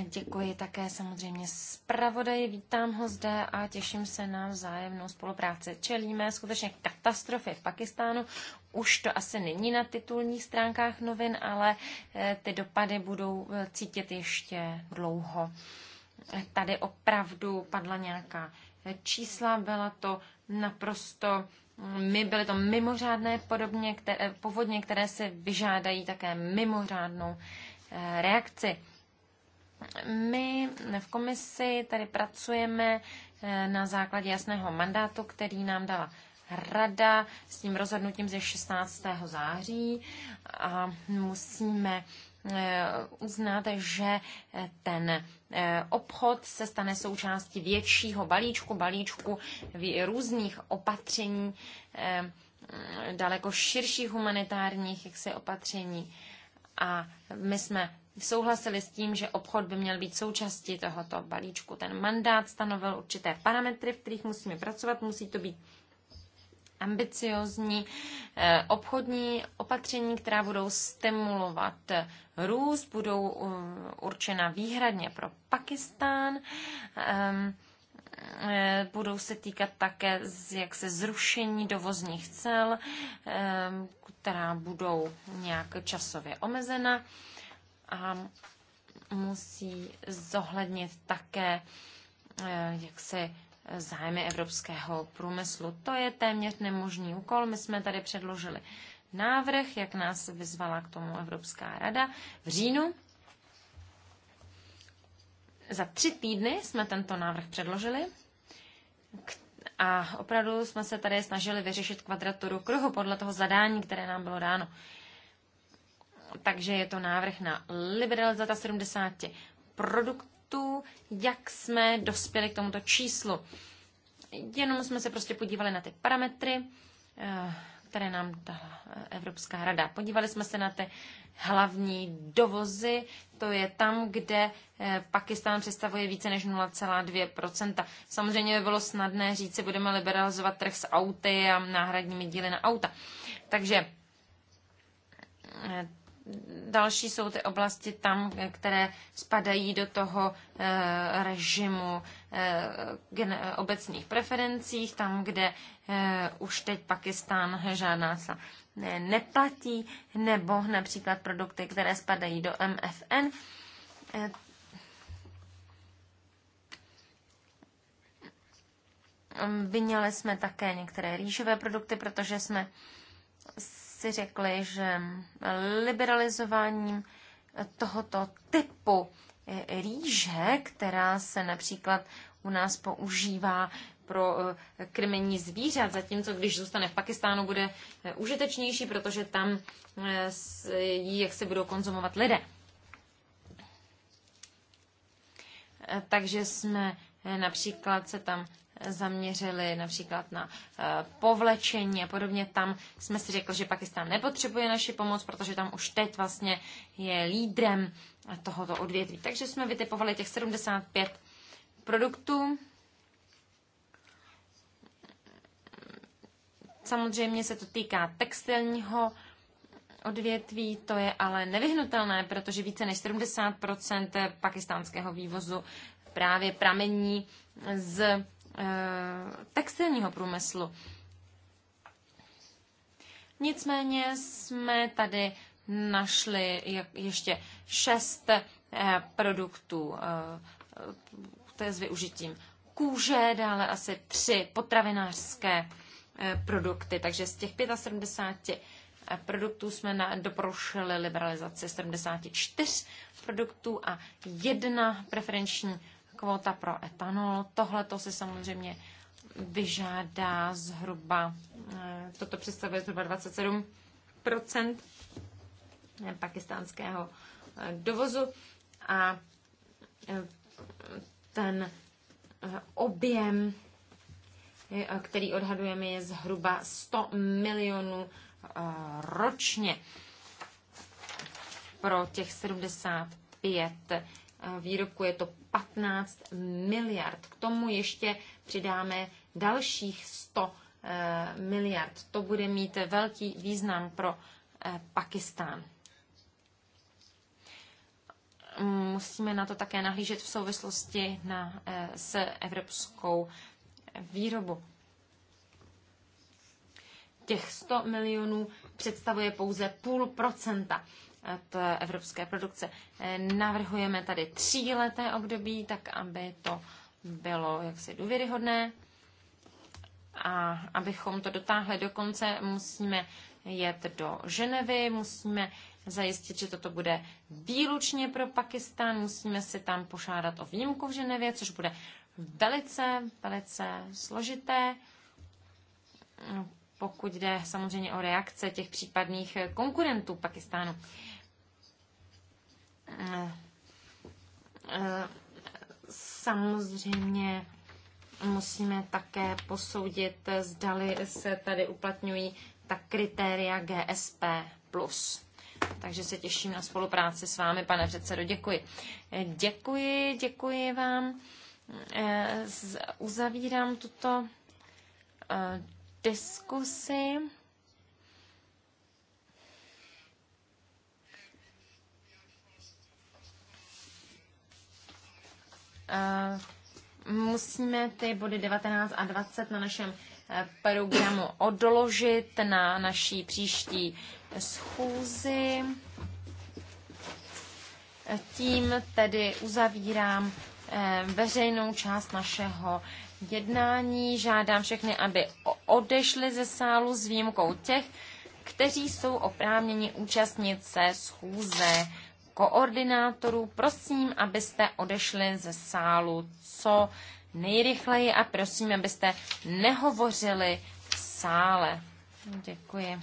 Děkuji také samozřejmě zpravodaji, vítám ho zde a těším se na vzájemnou spolupráci. Čelíme skutečně katastrofy v Pakistánu. Už to asi není na titulních stránkách novin, ale eh, ty dopady budou cítit ještě dlouho tady opravdu padla nějaká čísla, byla to naprosto my byly to mimořádné podobně, které, povodně, které se vyžádají také mimořádnou eh, reakci. My v komisi tady pracujeme eh, na základě jasného mandátu, který nám dala rada s tím rozhodnutím ze 16. září a musíme eh, uznat, že ten Eh, obchod se stane součástí většího balíčku, balíčku různých opatření, eh, daleko širších humanitárních jaksi opatření. A my jsme souhlasili s tím, že obchod by měl být součástí tohoto balíčku. Ten mandát stanovil určité parametry, v kterých musíme pracovat. Musí to být ambiciozní eh, obchodní opatření, která budou stimulovat růst, budou eh, určena výhradně pro Pakistán ehm, eh, budou se týkat také jak se zrušení dovozních cel, ehm, která budou nějak časově omezena a musí zohlednit také jak se zájmy evropského průmyslu. To je téměř nemožný úkol. My jsme tady předložili návrh, jak nás vyzvala k tomu Evropská rada v říjnu. Za tři týdny jsme tento návrh předložili a opravdu jsme se tady snažili vyřešit kvadraturu kruhu podle toho zadání, které nám bylo dáno. Takže je to návrh na liberalizaci 70 produkt, tu, jak jsme dospěli k tomuto číslu. Jenom jsme se prostě podívali na ty parametry, eh, které nám dala Evropská rada. Podívali jsme se na ty hlavní dovozy, to je tam, kde eh, Pakistán představuje více než 0,2%. Samozřejmě by bylo snadné říct, že budeme liberalizovat trh s auty a náhradními díly na auta. Takže eh, další jsou ty oblasti tam, které spadají do toho eh, režimu eh, obecných preferencích, tam, kde eh, už teď Pakistán žádná se neplatí, nebo například produkty, které spadají do MFN. Vyněli jsme také některé rýžové produkty, protože jsme si řekli, že liberalizováním tohoto typu rýže, která se například u nás používá pro eh, krmení zvířat, zatímco když zůstane v Pakistánu, bude eh, užitečnější, protože tam eh, ji jak se budou konzumovat lidé. Takže jsme například se tam zaměřili například na eh, povlečení a podobně. Tam jsme si řekli, že Pakistán nepotřebuje naši pomoc, protože tam už teď vlastně je lídrem tohoto odvětví. Takže jsme vytipovali těch 75 produktů. Samozřejmě se to týká textilního odvětví, to je ale nevyhnutelné, protože více než 70 pakistánského vývozu právě pramení z Eh, textilního průmyslu. Nicméně jsme tady našli ještě šest eh, produktů eh, to je s využitím kůže, dále asi tři potravinářské produkty. Takže z těch 75 produktů jsme na, doporušili liberalizaci 74 produktů a jedna preferenční kvota pro etanol. Tohle to se samozřejmě vyžádá zhruba, eh, toto představuje zhruba 27 eh, pakistánského eh, dovozu a ten objem, který odhadujeme, je zhruba 100 milionů ročně pro těch 75 výrobku je to 15 miliard. K tomu ještě přidáme dalších 100 eh, miliard. To bude mít velký význam pro eh, Pakistán. Musíme na to také nahlížet v souvislosti na, eh, s evropskou výrobu. Těch 100 milionů představuje pouze půl procenta té evropské produkce. Navrhujeme tady tříleté období, tak aby to bylo jaksi důvěryhodné. A abychom to dotáhli do konce, musíme jet do Ženevy, musíme zajistit, že toto bude výlučně pro Pakistan, musíme si tam pošádat o výjimku v Ženevě, což bude velice, velice složité, pokud jde samozřejmě o reakce těch případných konkurentů Pakistánu. Samozřejmě musíme také posoudit, zdali se tady uplatňují ta kritéria GSP+. Takže se těším na spolupráci s vámi, pane předsedo. Děkuji. Děkuji, děkuji vám. Eh, uzavírám tuto eh, diskusi. Eh, musíme ty body 19 a 20 na našem eh, programu odložit na naší příští schůzi. Eh, tím tedy uzavírám veřejnou část našeho jednání. Žádám všechny, aby odešli ze sálu s výjimkou těch, kteří jsou oprávněni účastnit se schůze koordinátorů, prosím, abyste odešli ze sálu co nejrychleji a prosím, abyste nehovořili v sále. Děkuji.